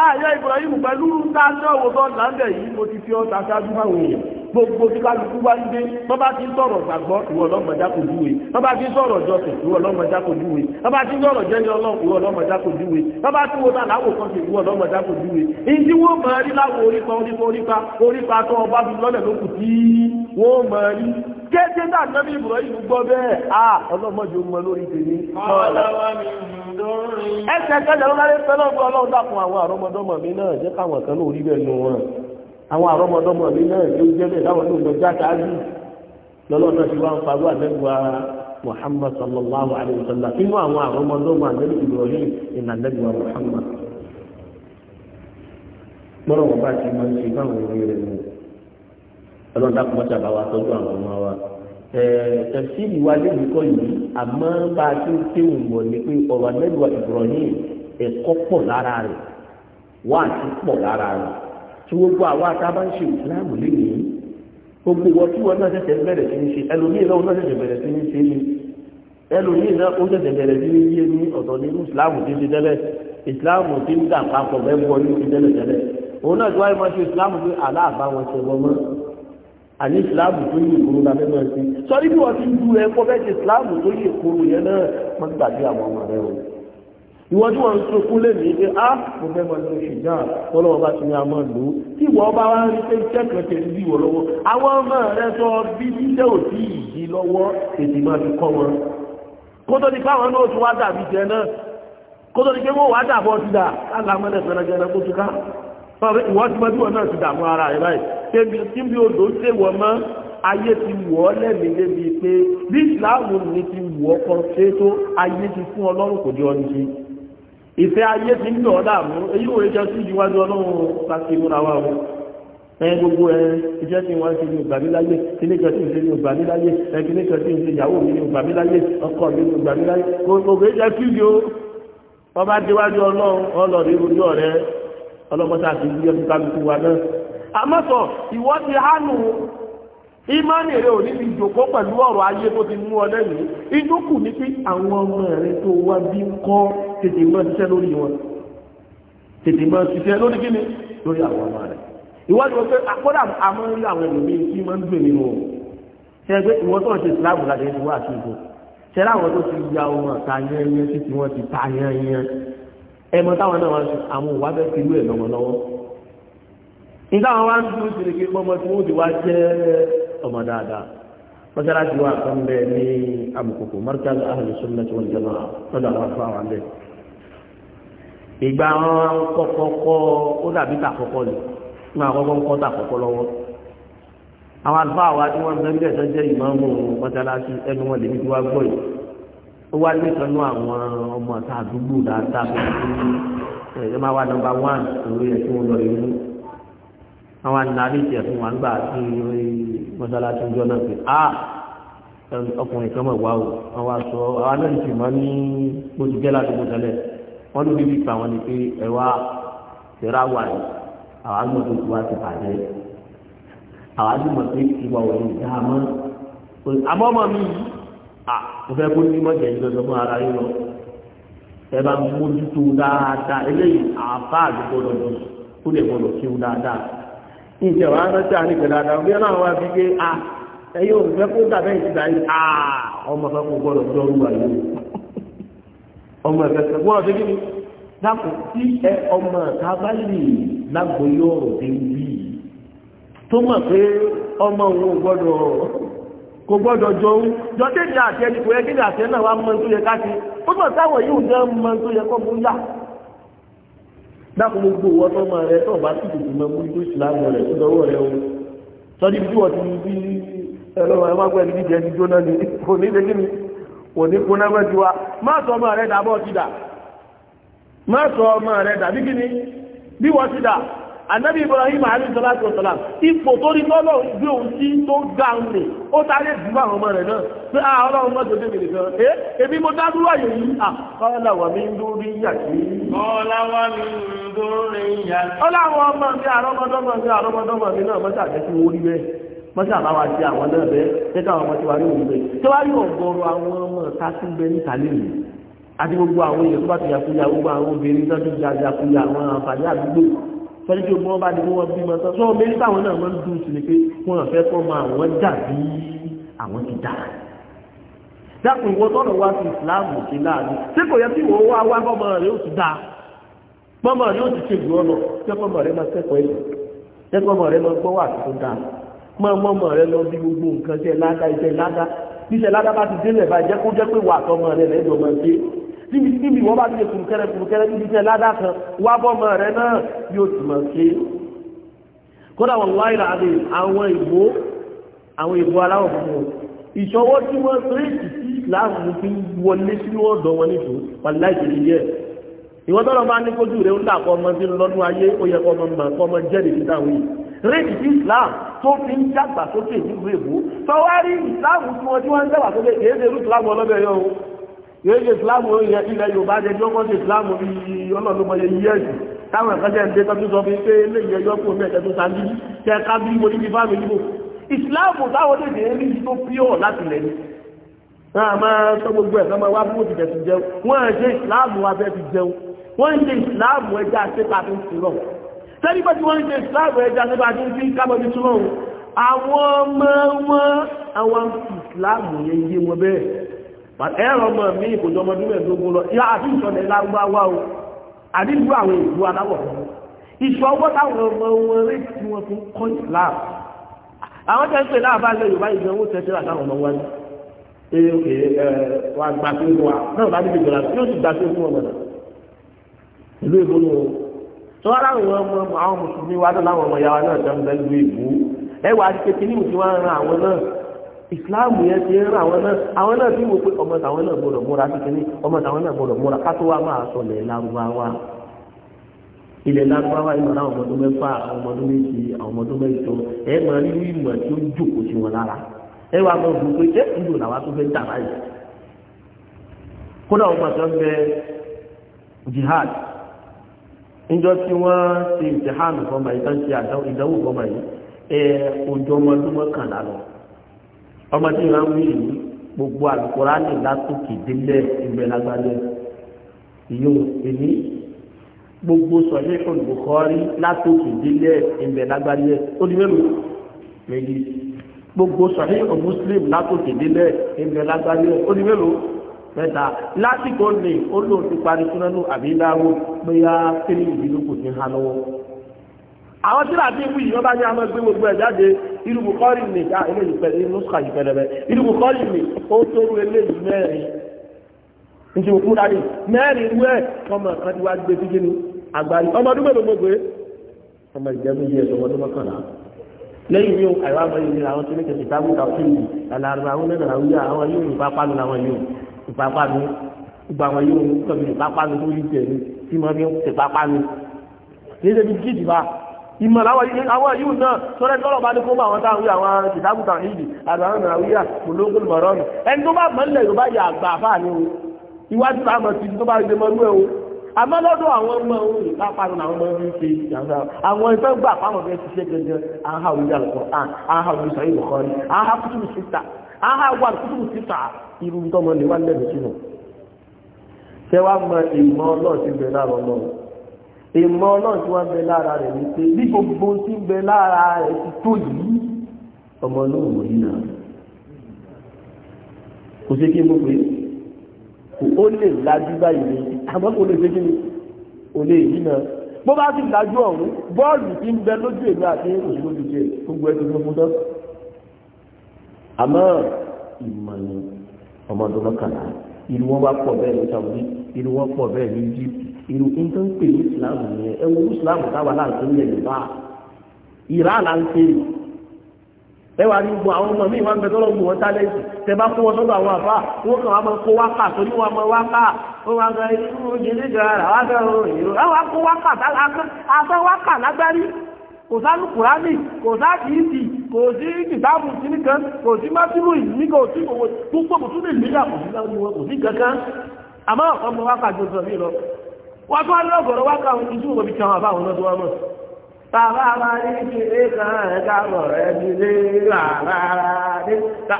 ààyè ìgbọ̀rọ̀ yìí pẹ̀lú tá a ṣọ́wọ́ tó láńbẹ̀ yìí mo ti fi ọ́ ta ṣáájú fáwọn èèyàn gbogbo tí kálukú wá ń dé wọ́n bá ti ń sọ̀rọ̀ gbàgbọ́ ìwọ ọlọ́mọdá kò júwe wọ́n bá ti ń sọ̀rọ̀ jọsìn ìwọ ọlọ́mọdá kò júwe wọ́n bá ti ń sọ̀rọ̀ jẹ́ni ọlọ́run ìwọ ọlọ́mọdá kò júwe wọ́n bá ti wo ta láwò kan sí ìwọ ọlọ́mọdá kò júwe ìdí wọ́n mọ̀ rí láwò orípa orípa orípa orípa tó ọba fi lọ́lẹ̀ ló kù tí wọ́n mọ̀ rí kéde náà nàbí ìbùrọ̀ yìí àwọn àrọ́mọdọ́mọ mi náà ló jẹ́ bẹ́ẹ̀ láwọn ló lọ jákàájú lọ́lọ́dọ̀ sí wá ń farú àdẹ́gbà Muhammad sallallahu alayhi wa sallam nínú àwọn àrọ́mọdọ́mọ àdẹ́gbà Ibrahim ìnà àdẹ́gbà Muhammad gbọ́dọ̀ wọn bá ti máa ń ṣe báwọn rẹ̀ mú mọ́tà bá wa tọ́jú àwọn ọmọ wa tẹ̀sí ìwà yìí àmọ́ bá a tí gbogbo àwọn àtàbá ń ṣe ìsìláàmù lẹ́yìn gbogbo wọn tí wọn náà ṣẹ̀ṣẹ̀ bẹ̀rẹ̀ sí ní ṣe ẹlòmíì náà wọn náà ṣẹ̀ṣẹ̀ bẹ̀rẹ̀ sí ní ṣe ni ẹlòmíì náà ó ṣẹ̀ṣẹ̀ bẹ̀rẹ̀ sí ní yé ní ọ̀tọ̀ ní ìsìláàmù tí ń ṣe tẹ́lẹ̀ ìsìláàmù tí ń dà papọ̀ mẹ́bọ ní ti tẹ́lẹ̀ tẹ́lẹ̀ òun náà tí wáyé máa ṣe ìsìláàmù pé aláàbá wọn ṣe wọn mọ́ àní ìsìláàmù tó yí ìkoro la fẹ́ máa sọ ní bí wọ́n ti ń du ẹ̀kọ́ bẹ́ẹ̀ ṣe ìsìláàmù tó yí ìkoro yẹn náà wọ́n gbàgbé àwọn ọmọ rẹ o ìwọ tí wọ́n ń sunkún lè ní pé ah mo fẹ́ máa lo ìjà ọlọ́wọ́ bá ti ní àmọ́ lò ó tí ìwọ bá wá ń pé iṣẹ́ kan ṣe ní ìwọ lọ́wọ́ àwọn ọmọ rẹ sọ bí jíjẹ́ òsì yìí lọ́wọ́ èdè máa fi kọ́ wọn kó tó di káwọn náà tún wá dàbí jẹ náà kó tó di pé wọ́n wá dàbọ̀ ti ayé ti wọ̀ ọ́ lẹ́mìí pé bí ìsìláàmù ni ti wọ̀ ọkọ̀ ṣe tó ayé ti fún ọlọ́run kò dé ọ ní ìfẹ́ ayé ti ń dọ̀ láàmú èyí ò jẹ́ sí ìjúwájú ọlọ́run láti múra wá o ẹ̀yìn gbogbo ẹ̀ iṣẹ́ tí wọ́n ṣe ní ìgbà mi láyé kíní kan tí ń ṣe ní ìgbà mi láyé ẹ̀ kíní kan tí ń ṣe ìyàwó mi ní ìgbà mi láyé ọkọ mi ní ìgbà mi láyé gbogbo ìjẹ́ sí ìjó ọba déwájú ọlọ́run ọlọ́run ìrojú ọ̀rẹ́ ọlọ́mọta àti ìdíyẹ fún kálukú ìmánì rẹ ò ní fi jòkó pẹ̀lú ọ̀rọ̀ ayé tó ti mú ọ lẹ́yìn ìdókù ní pé àwọn ọmọ rẹ tó wá bí ń kọ́ tètè mọ́ ṣiṣẹ́ lórí wọn tètè mọ́ ṣiṣẹ́ lórí kíni lórí àwọn ọmọ rẹ ìwádìí wọn pé akọ́dà àmọ́ ń lé àwọn ẹlòmíín tí máa ń gbè nínú wọn ṣẹgbẹ́ ìwọ́n tó ń ṣe ìsìláàmù láti ẹni wá àti ìbò ṣẹlá àwọn tó ti ya ọmọ ta yẹnyẹn títí wọn ti ta yẹnyẹn ẹmọ táwọn náà wá sí àwọn òwá bẹ́ẹ̀ ti lú ẹ̀ lọ́wọ́lọ́wọ́ nígbà wọn wá ń dúró sí ni kí tí wọ́n ti wá jẹ́ sọmọ dáadáa mọ́sálásí wa kan bẹ ní àbùkùkù markaz ahlu sunnah wal jamaa'ah tọ́jú àwọn afọ àwọn bẹ. ìgbà wọn kọ́kọ́ kọ́ ó dàbí tàkọ́kọ́ ni wọn àkọ́kọ́ ń kọ́ tàkọ́kọ́ lọ́wọ́ àwọn àlùfáà wa tí wọ́n bẹ́ẹ̀ bẹ́ẹ̀ sọ́jẹ́ ìmáàmù mọ́sálásí ẹnu wọn lèmi tí wọ́n gbọ́ yìí ó wá lé kanú àwọn ọmọ àtàdúgbò dáadáa pẹ̀lú wọ́n àwọn ànàlẹ́ ìtẹ̀ fún wa nígbà tí mọ́sálásí ń jọ náà pé a ọkùnrin kan mọ̀ wá o àwọn aṣọ àwọn alẹ́rìí ti máa ń ní gbòdì jẹ́ ládùúgbò tẹ́lẹ̀ wọ́n ló bíbí pa wọn ni pé ẹ̀wà tẹ̀ra wà ní àwọn àgbọ̀n tó ti wá ti bàjẹ́ àwọn àgbọ̀n tó ti wà wọ̀nyí dáhàmọ́ àmọ́ ọmọ mi yìí à mo fẹ́ kó ní mọ̀jẹ̀ ní lọ́sọ̀ fún ara yín lọ ẹ bá mójútó dáadáa eléyìí àáfàá ìjẹ́ wàá rántí wá fi gé a ẹ̀yìn òfìfẹ́ kó dàbẹ́ ìtura yìí a ọmọ fẹ́ kó gbọ́dọ̀ dọ́rú wà yìí ọmọ ẹ̀fẹ́ fẹ́ gbọ́dọ̀ dé kíni dàpọ̀ tí ẹ ọmọ tó pé ọmọ òun kò jọun àti ẹni kò yẹ àti náà mọ tó yẹ ó táwọn yìí dákun gbogbo wọn tó máa rẹ tó bá sì tètè mọ mú ikú ìsìlámù rẹ tó dọwọ́ rẹ o sọdí bí wọn ti bí ẹlọ ẹ má pẹ̀lú jíjẹ ní jóná ni kò ní ṣe kíni kò ní kóná pẹ tiwa má sọ ọmọ rẹ dàbọ ti dà má sọ ọmọ rẹ dàbí kíni bí wọn ti dà anábì ibrahim alayhisalaam ipò tó rí lọ́lọ́ gbé òun sí tó ga ń lè ó sáré dùn àwọn ọmọ rẹ̀ náà pé a ah, ọlọ́run mọ́ tó débi nìkan ẹ ebi mo dádúró àyè yìí à kọ́lá wà mí ń dórí yàtí. kọ́lá wà mí ń dórí yàtí. ó láwọn ọmọ mi àrọ́mọdọ́mọ mi àrọ́mọdọ́mọ mi náà mọ́tà jẹ́ kí wọ́n rí bẹ́ẹ̀ mọ́tí àbáwá sí àwọn náà bẹ́ẹ̀ tẹ́tà àwọn ọmọ tí wàá ní òun bẹ́ẹ̀ tí wàá yóò gbọ́rọ̀ àwọn ọmọ ká tún bẹ níta lẹ́yìn àti gbogbo àwọn èèyàn tó bá ti yàkúyà gbogbo àwọn obìnrin tó ti yàkúyà àwọn àǹfààní àdúgbò pẹ̀lú tí ogun ọba dìbò wọn bímọ tán sọ méjì táwọn náà wọ́n dùn sí ni pé wọ́n fẹ́ kọ́ máa wọ́n dàbí àwọn ti dà dákun ìwọ tọ́nà wá sí ìsìláàmù sí láàánú tí kò yẹ kí wọ́n wá wá bọ́mọ rẹ̀ ó ti dà bọ́mọ rẹ̀ ó ti ṣe gbọ́ lọ jẹ́kọ́mọ rẹ̀ máa kẹ́kọ̀ọ́ ẹ̀sìn jẹ́kọ́mọ rẹ̀ máa gbọ́ wà tó dà mọ́ mọ́mọ rẹ̀ lọ bí gbogbo nǹkan jẹ́ ládá iṣẹ́ ládá bí iṣẹ́ ládá bá ti délẹ̀ bá jẹ́ kó jẹ́ pé wà tọ́mọ rẹ̀ lẹ́jọ́ máa dé níbi níbi wọ́n bá ti lè kùrùkẹ́rẹ́ kùrùkẹ́rẹ́ níbi tẹ́ ládàá kan wá bọ́mọ rẹ náà yóò tì mọ̀ ṣe. kódà wọn wá ìlà àbí àwọn ìbò àwọn ìbò aláwọ̀ funfun ìṣọwọ́ tí wọ́n tírèkì sí láàrùn fi wọlé sínú ọ̀dọ̀ wọn nìjọ pàlá ìṣèlú yẹ ìwọ́n tọ́lọ́ bá ní kójú rẹ̀ ń là kọ́ ọmọ tí ń lọ́dún ayé ó yẹ kọ́ ọmọ mọ̀ sí islam tó fi ń dàgbàsókè nílùú èbó sọ wá rí islam tí wọ́n tí wọ́n ń dàgbàsókè kìí ṣe irú islam ọlọ́bẹ̀ yọ yéèyè ìsìláàmù yẹn ilẹ̀ yorùbá jẹ́ tí ó kọ́ sí ìsìláàmù bíi ọlọ́ọ̀lọ́mọye yíyẹ́sì táwọn ẹ̀kọ́jẹ́ ń dé tọ́jú sọ fún pé ilé ìyẹn yọ kó mẹ́ẹ̀kẹ́ tó sáájú tẹ́ ká bí mo ní bí fáwọn ìdìbò ìsìláàmù táwọn lè dé ní tó pure láti lẹ̀ ní. náà máa sọ gbogbo ẹ̀sán máa wá bí wọ́n ti bẹ̀sùn jẹun wọ́n ń ṣe ìsìláàmù abẹ́ fi jẹun wọ́n ń ṣe ìsìláàmù ẹja sípa tó ń sùrọ̀ sẹ́ni pé tí wọ́n ń ṣe ìsìláàmù ẹja sípa tó ń fi kábọ̀ bí túmọ̀ àwọn ọmọ wọn àwọn ìsìláàmù yẹn yé wọn bẹ́ẹ̀ ẹ̀rọ mọ̀ mí ìkòjọ ọmọdún mẹ́ẹ̀dógún lọ ìyá àti ìṣọ̀lẹ̀ lárúbáwá o àdínlú àwọn ìlú aláwọ̀ ìṣọ́ ọgbọ́ táwọn ọmọ wọn rẹ̀ tí wọ́n fún kọ́ ìsìláàmù àwọn tẹ́ ń pè láàbá ilẹ̀ yorùbá ìgbìmọ̀ owó tẹ́tẹ́ àtàwọn ọmọ wáyé ee ok ẹ wa gba pé wa náà bá níbi ìgbàlá yóò sì gba pé fún ọmọ náà ìlú èbó ni o tó wá láwọn ọmọ àwọn mùsùlùmí wa náà ìsìláàmù yẹn ti rán àwọn náà àwọn náà ti wò pé ọmọ tàwọn náà gbọdọ̀ múra kékeré ọmọ tàwọn náà gbọdọ̀ múra ká tó wá máa sọ ilẹ̀ lárúbáwá ilẹ̀ lárúbáwá yìí máa ọmọ ọdún mẹ́fà àwọn ọmọ ọdún méjì àwọn ọmọ ọdún mẹ́jọ ẹ jihad níjọ tí wọ́n ṣe ìtẹ̀hánù yìí ọmọ tí ìran wí yìí gbogbo alukurani látòkè délẹ̀ ìgbẹ́ lágbálẹ̀ ìyóò èmi gbogbo sọ̀rọ̀ olùkọ́rí látòkè délẹ̀ ìgbẹ́ lágbálẹ̀ ó di mélòó méjì gbogbo sọ̀rọ̀ ìkọ̀ muslim látòkè délẹ̀ ìgbẹ́ lágbálẹ̀ ó di mélòó mẹ́ta lásìkò ní olóòtú parí súnánú àbí láwọ bóyá tẹ́lẹ̀ ìdílé kò ti hàn lọ́wọ́ àwọn tí láti wí yìí wọ́n bá ní a máa gbé gbogbo ẹ̀ jáde irú bukọ́rì ni ká ah, eléyìí pẹ̀lú inú sùkà yìí pẹ̀lú irú bukọ́rì ni ó tóru eléyìí mẹ́rin nítorí òkú dání mẹ́rin wẹ́ ọmọ kan ti wá gbé sí kí ni àgbáyé ọmọ ọdún mélòó gbogbo ọmọ ìjẹ́bí yẹ ọmọ ọdún mọ́kànlá lẹ́yìn yóò àìwá ọmọ yìí làwọn tí lókè tìta wúta òfìlì àlàrà àwọn mẹ́ta àwọn yóò àwọn yóò ìpápánu làwọn yóò ìpápánu gbogbo àwọn yóò kọ̀bí ìpápánu tó yí tẹ̀ ní tí mo fi ń tẹ̀pápánu ní ṣe ìmọ̀lá àwọn yìí náà sọ́rẹ́ tọ́lọ̀ bá ní kó bá àwọn táwọn wí àwọn ìdábùtà ìdì àdáwọn nàíjíríà ológun mọ̀rọ́nù ẹni tó bá mọ́lẹ̀ yóò bá yà àgbà àfà ní o iwájú bá mọ̀ sí tó bá rí mọ́lú ẹ̀ o àmọ́ lọ́dọ̀ àwọn ọmọ òun ìpápánu àwọn ọmọ ń ṣe ìjàmbá àwọn ìfẹ́ gbà fáwọn ọmọ ẹ̀ṣiṣẹ́ gẹ́gẹ́ àhà òun yà lọ́kọ̀ àhà òun sọ ìlú kọ́ni síta àhà wà kútùbù síta irú lè wà lẹ́nu sínú ìmọ̀ ọlọ́run tí wọ́n bẹ lára rẹ̀ ní pé bí gbogbo tí ń bẹ lára rẹ̀ ti tó yìí ọmọ ọlọ́run wò ní náà kò sí kí n mú pé ó lè lajú báyìí ni àmọ́ kò lè ṣe kí ni ò lè yí náà bó bá ti lajú ọ̀hún bọ́ọ̀lù tí ń bẹ lójú èmi àti òṣèlú jẹ gbogbo ẹni tó fún tán àmọ́ ìmọ̀ ni ọmọ ọdún mọ́kànlá ìlú wọn bá pọ̀ bẹ́ẹ̀ ní ìlú kí n tó ń pè ní islam yẹn ẹ wo islam táwa náà tó ń lè lè bá ìrà là ń ṣe ẹ wà ní gbogbo àwọn ọmọ mi wọn bẹ tọrọ gbogbo ọtá lẹ́yìn tẹ bá kó wọn sọ́dọ̀ àwọn àfa wọn kàn wọn máa kó wákà torí wọn máa wákà wọn máa gba irú jìnnì gara wọn fẹ ọ̀rọ̀ èrò àwọn akó wákà afẹ wákà lágbárí kò sánú kùránì kò sáàkì ìsì kò sí ìtàbù sínú kan kò sí mátìmù ìní kò sí owó tó pọ̀ kò tún lè nílà kò sí kankan àmọ́ ọmọ wákà jọ sọ mí lọ wọ́n tún wá lọ́gọ̀rọ̀ wá káwọn ìṣú òbí tí wọ́n bá wọn lọ́dún wọn mọ̀. bàbá bá ní ìdílé kan ẹ̀ka mọ̀rọ̀ ẹ̀dílé rárá dé.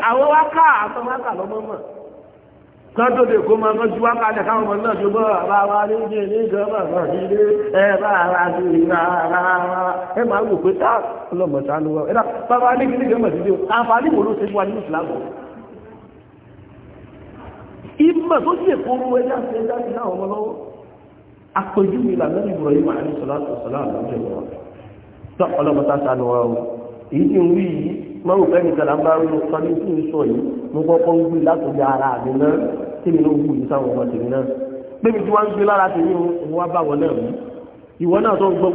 àwọn wá ká àtọ́ wá kà lọ́mọ mọ̀. lọ́dún lè kó máa mọ́jú wá kalẹ̀ káwọn ọmọ náà ṣe bọ́ bàbá bá ní ìdílé kan mọ̀rọ̀ ẹ̀dílé ẹ̀ rárá dé rárá. ẹ máa wò pé tá ọlọ́mọ ta ló wà ẹ̀ bàbá ní ìdílé kan mọ̀rọ̀ ìmọ̀ tó sì èkó owó ẹja ṣe dájú náà ọmọ lọ́wọ́ àpèjúwe ìlànà ìbùrọ̀ yìí wà ní sọ́látọ̀ sọ́látọ̀ lọ́jọ́ ìwọ̀n tọ́ ọlọ́pàá sánú wa o ní tí ń sọ mo kọ́kọ́ ń gbé látòjú ara mi náà tèmi ló wù yìí sáwọn ọmọ tèmi náà pébí tí wọ́n ń gbé lára tèmi wọ́n wá bá wọn náà mú ìwọ náà tó ń gbọ́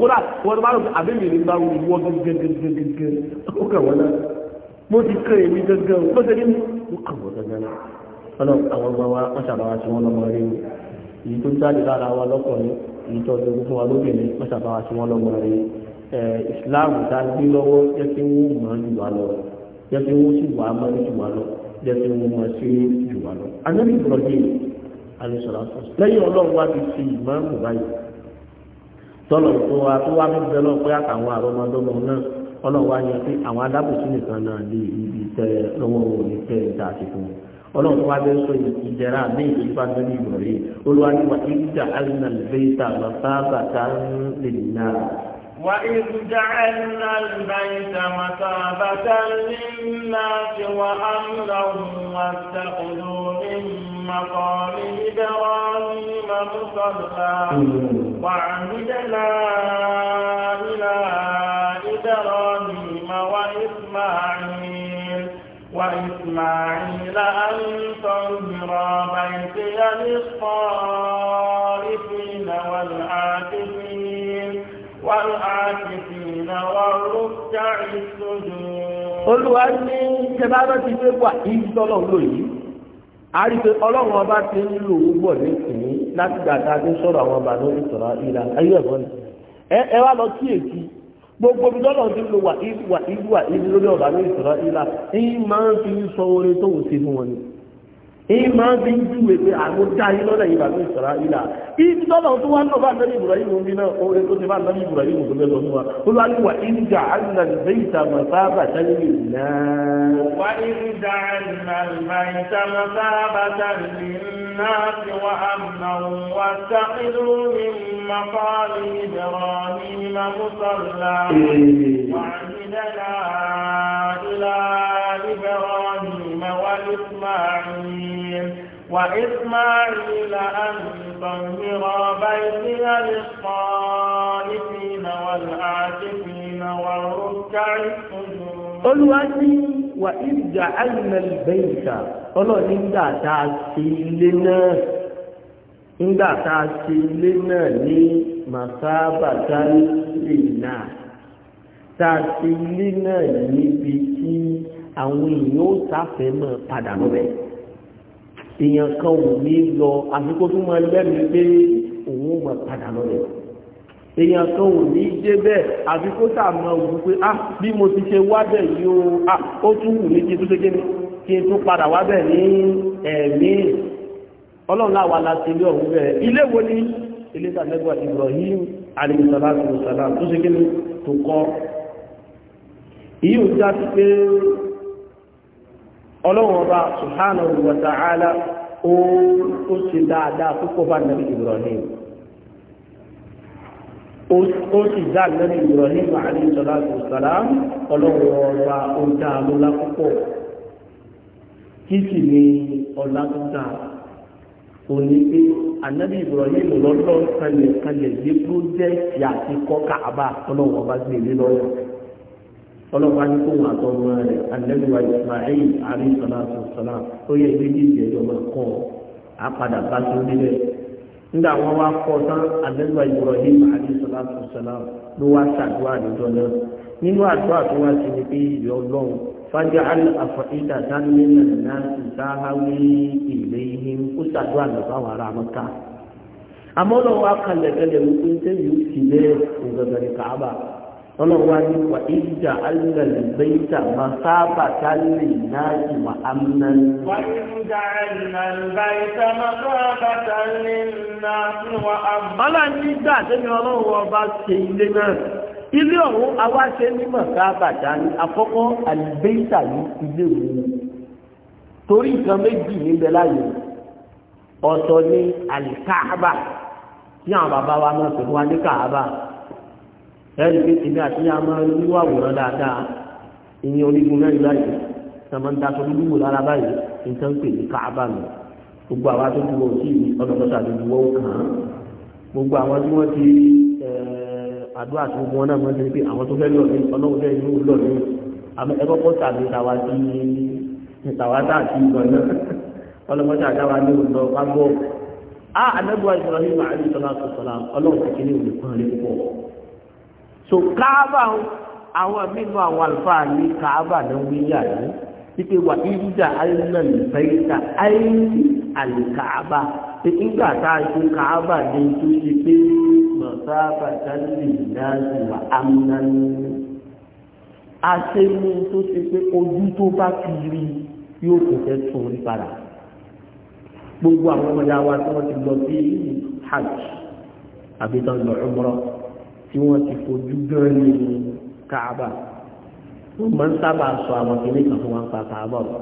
wọ́n bá rògbò àbẹ́mi ní bá wọn gẹ́gẹ́gẹ́gẹ́gẹ́ ó náà mo ti kàn èmi gẹ́gẹ́ ó ṣe ní ó kàn wọ́n gẹ́gẹ́ náà wọ́n ṣàbáwá rí èyí tó jáde lára wa lọ́kùnrin èyí tó dogun fún wa lóbìnrin wọ́n ṣàbá wa sí wọn lọ́mọ rẹ islam tá a gbé lọ́wọ́ jẹ́ kí wọ́n mọ̀ jù wá lọ jẹ́ kí wọ́n sì wà á mọ̀ jù wá lọ jẹ́ kí wọ́n mọ̀ sí jù wá lọ. anábì Ibrahim alẹ́sọ̀rọ̀ lẹ́yìn ọlọ́run wá ti fi ìmáàmù báyìí tọ́lọ̀ tó wa tó wá fún bẹ́ẹ̀ lọ pé àtàwọn àrọ́mọdọ́mọ náà ọlọ́run wá ọlọ́run wá bẹ́ sọ ìjẹra ní ìfipá lórí وإذ جعلنا البيت مثابة للناس وأمرا واتخذوا من مقام إبراهيم مصلى وعهدنا إلى إبراهيم وإسماعيل وإسماعيل أن تنذر بيتي للطائفين والعاكفين والعاكفين والركع السجود Olúwa ní ìjẹba bá ti gbé wà ìjọlọ lóyìí a rí pé ọlọ́run ọba ti ń lò ó gbọ̀ ní láti gbàtà tí ń sọ̀rọ̀ àwọn ọba lórí sọ̀rọ̀ ìlà ayé ẹ̀fọ́ ni ẹ wá lọ kíyèsí gbogbo bí lọ́nà tí ló wà ìlú wà ìlú lórí ọ̀bà ní ìsọ̀rọ̀ ìlà èyí máa ń fi sọ orin tó wùsí fún wọn ni èyí máa ń fi júwe pé àwọn dá yín lọ́nà ní ìsọ̀rọ̀ ìlà ìlú lọ́nà tó wà náà bá lórí ìbùrọ̀yìn mú bí náà orin tó ti bá lórí ìbùrọ̀yìn mú tó lẹ́nu ọdún wa ó lọ́nà wà ìjà àlùnà ìbẹ́yìntà mọ̀sáàbà tẹ́lẹ̀ náà. wà ìjà àlùnà ìbẹ́yìntà mọ̀sáàbà tẹ́lẹ̀ الناس وأمنا واتخذوا من مقام إبراهيم مصلى وعهدنا إلى إبراهيم وإسماعيل وإسماعيل أن طهر بيتي للطائفين والعاكفين والركع السجود wà ìjà àìmẹ̀lẹ̀bẹ̀ ìjà ọlọ́ọ̀ni ńgbà tá a ṣe ilé náà ńgbà tá a ṣe ilé náà ní màsábàtà lè náà tá a ṣe ilé náà níbi tí àwọn èèyàn ó sáfẹ́ mọ́ padà lọ́bẹ̀ èèyàn kan ò ní lọ àfikún tó máa lẹ́nu pé òun ó mọ̀ padà lọ́bẹ̀ èèyàn kan ò ní dé bẹ́ẹ̀ àfi kó sàmọ́ òun pé ah bí mo ti ṣe wá bẹ̀ yìí o ah ó tún wù mí kí n tún ṣe kí ni kí n tún padà wá bẹ̀ ní ẹ̀mí ọlọ́run láwa la ti ilé ọ̀hún bẹ̀rẹ̀ ilé wo ni ilé sàlẹ́gbà Ibrahim alayhisalatu wasalam tó ṣe kí ni tó kọ́ ìyí ò já sí pé ọlọ́run ọba subhanahu wa ta'ala ó ṣe dáadáa púpọ̀ bá nàbí Ibrahim ó sì dá lórí ìrọ̀ nínú àárín ìṣọ́lá ìṣọ́lá ọlọ́run ọba ó dá lọ́lá púpọ̀ kí sì ni ọlá tó dá òní pé ànábì Ibrahim lọ́lọ́ kalẹ̀ kalẹ̀ gbé púrójẹ́tì àti kọ́ Káàbà ọlọ́run ọba gbé lé lọ́wọ́ ọlọ́pàá ní kó wọn àtọmọ rẹ̀ ànábìwá Ismail àárín ìṣọ́lá ìṣọ́lá ó yẹ ìgbéjì ìjẹ́jọ́ máa kọ́ nígbà wọn wá kọ tán àdéhùn Ibrahim alayhisalatu wasalam ló wá ṣàdúrà lọ́jọ́ náà nínú àdúrà tó wá sí ni pé ìyọ Ọlọ́run fájà àfọ̀ìdà tánilẹ́nà náà sì sáháwé ìlé ihe ó ṣàdúrà lọ fáwọn ará mọ́ta àmọ́ lọ́wọ́ á wípé tẹ́lẹ̀ yóò fi bẹ́ẹ̀ ògàgàrẹ̀ kàábà ọlọ́wọ́ ní wà ìjà alẹ́lẹ́bẹ́ta ma sábà tálẹ̀ náà ìwà amúnà. wà ìjà alẹ́lẹ́bẹ́ta ma sábà tálẹ̀ náà ìwà amúnà. ọlọ́run nígbà tẹ́mi ọlọ́run ọba ṣe ilé náà ilé ọ̀hún ṣe mímọ̀ sábà dání àkọ́kọ́ alẹ́bẹ́ta ní ilé òun torí nǹkan méjì níbẹ̀ láàyè ní tí àwọn bàbá wa kaaba. ẹ̀rí pé èmi àti yá máa ń wá àwòrán dáadáa ìyẹn onígun mẹ́rin báyìí sàmọ́ńdà tó dúdú wò lára báyìí nǹkan pè ní káàbà mi gbogbo àwọn atójú wọn sí ìlú ọlọ́mọṣà lójú wọn kàn án gbogbo àwọn tí wọ́n ti àdúrà tó wọn náà wọ́n ti rí pé àwọn tó fẹ́ lọ ní ọlọ́run fẹ́ inú lọ ní ẹgbọ́pọ̀ tàbí tàwa tí tàwa tà sí ìgbọ̀n náà ọlọ́mọṣà dáwà ní òǹdọ̀ kágbọ́ a anábùwà ìfọ̀rọ̀ so káàbà àwọn mímú àwọn àlùfáà ní káàbà náà wíyà ní pípé wà ìjà ayélujára ìbẹ́yìíta ayélujára àlùkáàbà pé nígbà tá a ṣe káàbà ní tó ṣe pé mọ̀sáàbà sáré ìdáhùn wà ámúnáni a ṣe ní tó ṣe pé ojú tó bá fi rí yóò kò fẹ́ tún rí padà gbogbo àwọn ọmọdé wa tí wọ́n ti lọ sí hajj àbí tán lọ ọmọrọ tí wọ́n ti fojú gan ní káàbà wọ́n máa ń sábà sọ àwọn kìnnìún kan fún wọn pa káàbà o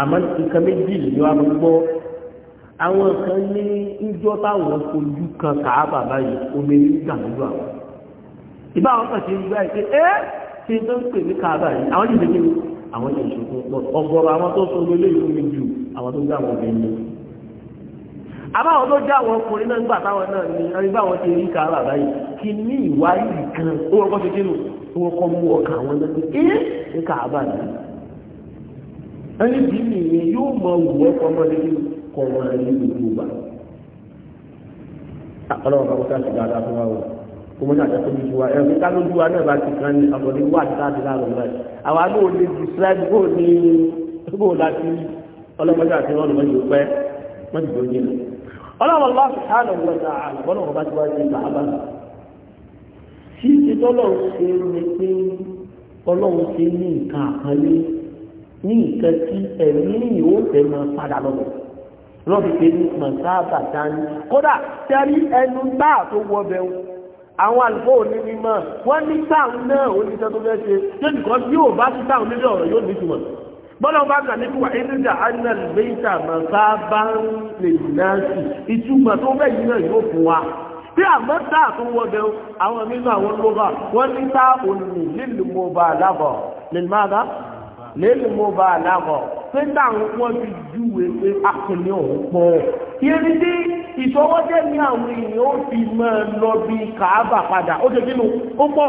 àmọ́ nǹkan méjì ni wọ́n á gbọ́ àwọn kan ní ìjọ táwọn fojú kan káàbà báyìí omi ní ìdàlódò àwọn ìbá àwọn kan ti ń gbá ìpè ẹ́ tí n tó ń pè ní káàbà yìí àwọn yìí lè kí ni àwọn yìí ṣe fún ọgọrọ àwọn tó sọ lórí ìfúnmi ju àwọn tó gbá àwọn obìnrin àbáwọn tó já àwọn ọkùnrin náà nígbà táwọn náà ní ẹni ti rí kára báyìí kí ní ìwárìrì kan ó wọ́n kọ́ ṣe kínú wọ́n kọ́ mú ọkà àwọn náà ọkọ kọ wọn ní gbogbo ọlọ́run kan sáà ti gba fún wa o mọ́ sáà ju wa ẹ̀rọ kíkà ló ju wa náà bá ti kan ní wà ní láàrọ̀ báyìí ọlọ́run lọ́wọ́ sùhánù wọ̀dà àlùbọ́nà ọba tí wọ́n ti gbà á bá lọ. tí ìtọ́lọ̀ ṣe ni pé ọlọ́run ṣe ní nǹkan àpọ́nlé ní nǹkan tí ẹ̀mí yìí ó fẹ́ máa padà lọ́wọ́ lọ́bi pé ní mọ̀sáàbà dání kódà tẹ́rí ẹnu bá tó wọ bẹ̀ àwọn àlùfọ́ òní mímọ́ wọ́n ní táwọn náà ó ti bọ́lá bá kà nípa ìrìnjà anal bẹ́ẹ̀tà màtá bá ń lè náàsì ìtumọ̀ tó bẹ́ẹ̀ yìí náà yóò fún wa bí àmọ́ táà tó wọ́dẹ àwọn nínú àwọn lóba wọ́n ní tá òní lílù mo bá lábọ̀ lèmáàdá lílù mo bá lábọ̀ pé táwọn wọ́n fi júwe pé akùnrin òun pọ̀ yẹni tí ìṣọwọ́jẹ́ ní àwọn èèyàn ó fi máa lọ bí kàábà padà ó ṣe kínú ó pọ̀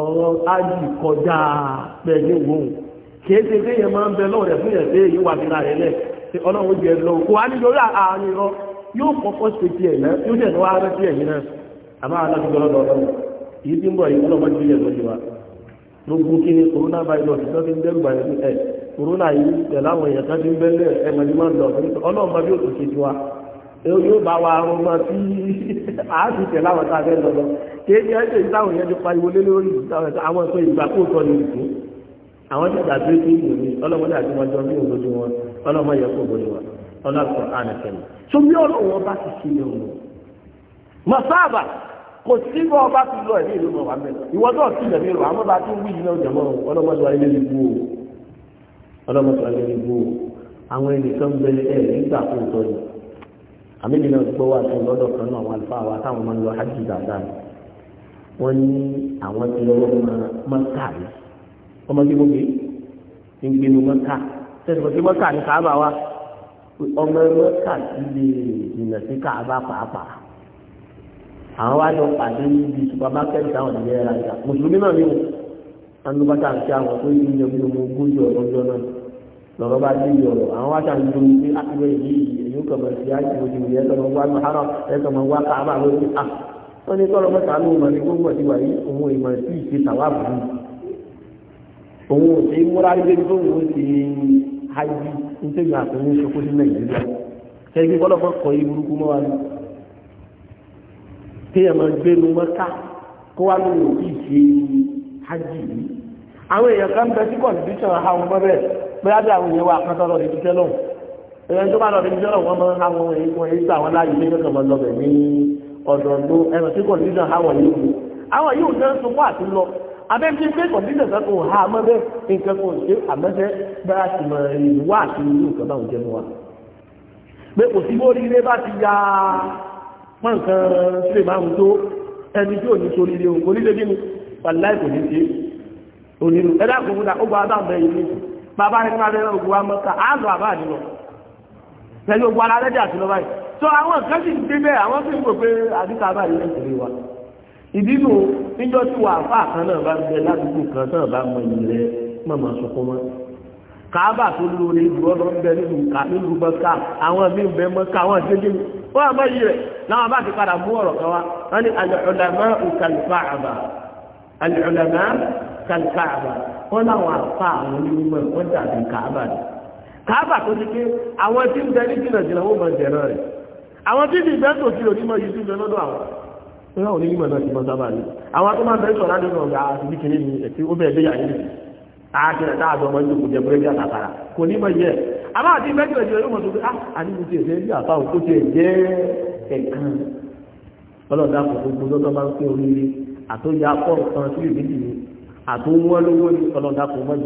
ọ̀rọ̀ ájì kọjá pẹ̀lú òun kìí ma pé yẹn máa ń bẹ lọ́rẹ̀ fún yẹn pé wà nílá rẹ̀ lẹ̀ tí ọlọ́run jẹ lọ kó wá nílò àárín yóò kọ́kọ́ ti ẹ̀ náà yóò wá rẹ̀ sí ẹ̀yìn náà àmọ́ ọlọ́run yìí ti ń bọ̀ yìí ọlọ́run wa gbogbo kí ni corona virus ń yìí yóò bá wa arun mọ tí a ti tẹ̀ láwọn tá a fẹ́ lọ́dọ̀ kéèké ẹ̀ ṣèyí táwọn yẹn ti pariwo lé lórí àwọn ìpè ìgbà kó tọ́ ní ìlú àwọn jàdá tó ti ìlú ni ọlọ́mọdé àti wọn jọ ní òdodo wọn ọlọ́mọ yẹ kó borí wọn ọlọ́kọ̀ ànàkẹ́lẹ̀ tó bí ọlọ́wọ́ bá ti ṣe yẹn wọn. mọ̀sáàbà kò sí bí ọba ti lọ ẹ̀mí ìlú mọ̀ wá mẹ́ta ìwọ náà ti lẹ̀mí rọ àwọn bá tún wí yìí náà jẹ̀mọ́ ọlọ́mọdé wa ilé ní àmì mi náà gbọ́ wà sí lọ́dọ̀ kan náà àwọn àlùfáà wa táwọn máa ń lọ hajj dàda wọ́n ní àwọn ti lọ́wọ́ máa ká rí ọmọ tí mo gbé ń gbénu máa ká tẹ̀sán tí máa ká ní káàbà wa ọmọ ẹgbẹ́ ká sí lè jìnnà sí káàbà pàápàá àwọn wá lọ pàdé níbi supermarket táwọn ìlú ẹ̀rọ ìjà mùsùlùmí náà ni wọn ló bá tà ń ṣe àwọn tó yí ní ọdún ogójì ọ̀rọ̀ ọjọ́ náà lọ́rọ́ bá dé ìyọ̀rọ̀ àwọn wá tà èyí ó kọ̀mọ̀ sí àjò òjò yẹ kọ̀mọ̀ wá mahara ẹ kọ̀mọ̀ wá káàbà lórí à wọ́n ní kọ́lọ́ mẹ́ta ló mọ̀ ní gbogbo ẹ̀dí wà yìí òun ìmọ̀ sí ìṣe tàwa bùrù òun ò sí múra gbé tó òun ti hajj nítorí àtúnyẹ ṣokó sí nàìjíríà kẹ́gbẹ́ kọ́lọ́ mọ́ kọ́ yí burúkú mọ́ wa ní kéèyàn máa gbénu mọ́ká kó wá lóun ò sí ìṣe hajj yìí àwọn èèyàn kan bẹ sí kọ̀ǹdíṣàn àwọn mọ́ bẹ́ẹ̀ bóyá bí àwọn èèyàn wà kán tọ́lọ́ ẹ̀yẹ tó bá lọ bíi jọ́rọ̀ wọn máa ń háwọn ẹ̀yìn àwọn láàyè ilé lọ́kàn lọ́bẹ̀ ní ọ̀dọ̀ọ̀dọ̀ ẹ̀rọ tí kò nílò àwọn yìí wù àwọn yìí ò jẹ́ sunkún àti lọ abẹ́bí pé kọ̀ǹdíṣẹ̀ kan kò ha àmọ́ nǹkan kò ṣe àmọ́ṣẹ́ bẹ́ẹ̀ sì mọ ìlú wà àti ìlú nǹkan báwọn jẹ́ wa. pé kò sí bórí ilé bá ti ya pọ́n nǹkan sílè máa ń tó ẹni tí ò ní sórí ilé òkò nílé nínú wàláì kò ní ṣe onírú ẹ̀dá kò fún ó gba abáǹbẹ̀ yìí bàbá rẹ̀ nípa rẹ̀ òkú wa mọ́ta á lọ àbá àdìlọ́ pẹ̀lú ogun alálẹ́dẹ̀ àti lọ́ba yìí àwọn nǹkan sì ti débẹ̀ àwọn sì ń pé àdúgbò wa ìdínú níjọ́ tí wà fà kan náà bá gbẹ ládùúgbò kan náà bá mọ ìyìn rẹ mọ̀mọ́ mọ́ tó ń bẹ nínú mọ́ká àwọn míì bẹ mọ́ká àwọn wọ́n àmọ́ yìí rẹ̀ kan al káàbà tó ti pé àwọn tí ń bẹ ní jìnnà jìnnà wọ́n máa jẹ̀nà rẹ̀ àwọn tí ti bẹ́ tòsí òní mọ̀ yìí sí bẹ lọ́dọ̀ àwọn ìwé àwọn onímọ̀ náà ti mọ sábà ní àwọn tó máa bẹ sọ̀rọ̀ láti ọ̀gá àti kiri ni ètí ó bẹ̀ẹ́ déyà yìí àákẹ́rẹ́ tá a jọ máa ń dòkò jẹ búrẹ́dì àtàkàrà kò ní mọ̀ yẹ àbá àti mẹ́jọ jẹ yóò mọ̀ tó pé ah àníbi ti èsè bí àfáwọn kó ti jẹ́ ẹ̀kan ọlọ́dà kò gbogbo lọ́dọ̀ máa ń pín oríire àtòyà pọ̀ nǹkan sí ìbíjì ni àtòwọ́n lówó ni ọlọ́dà kò mọ̀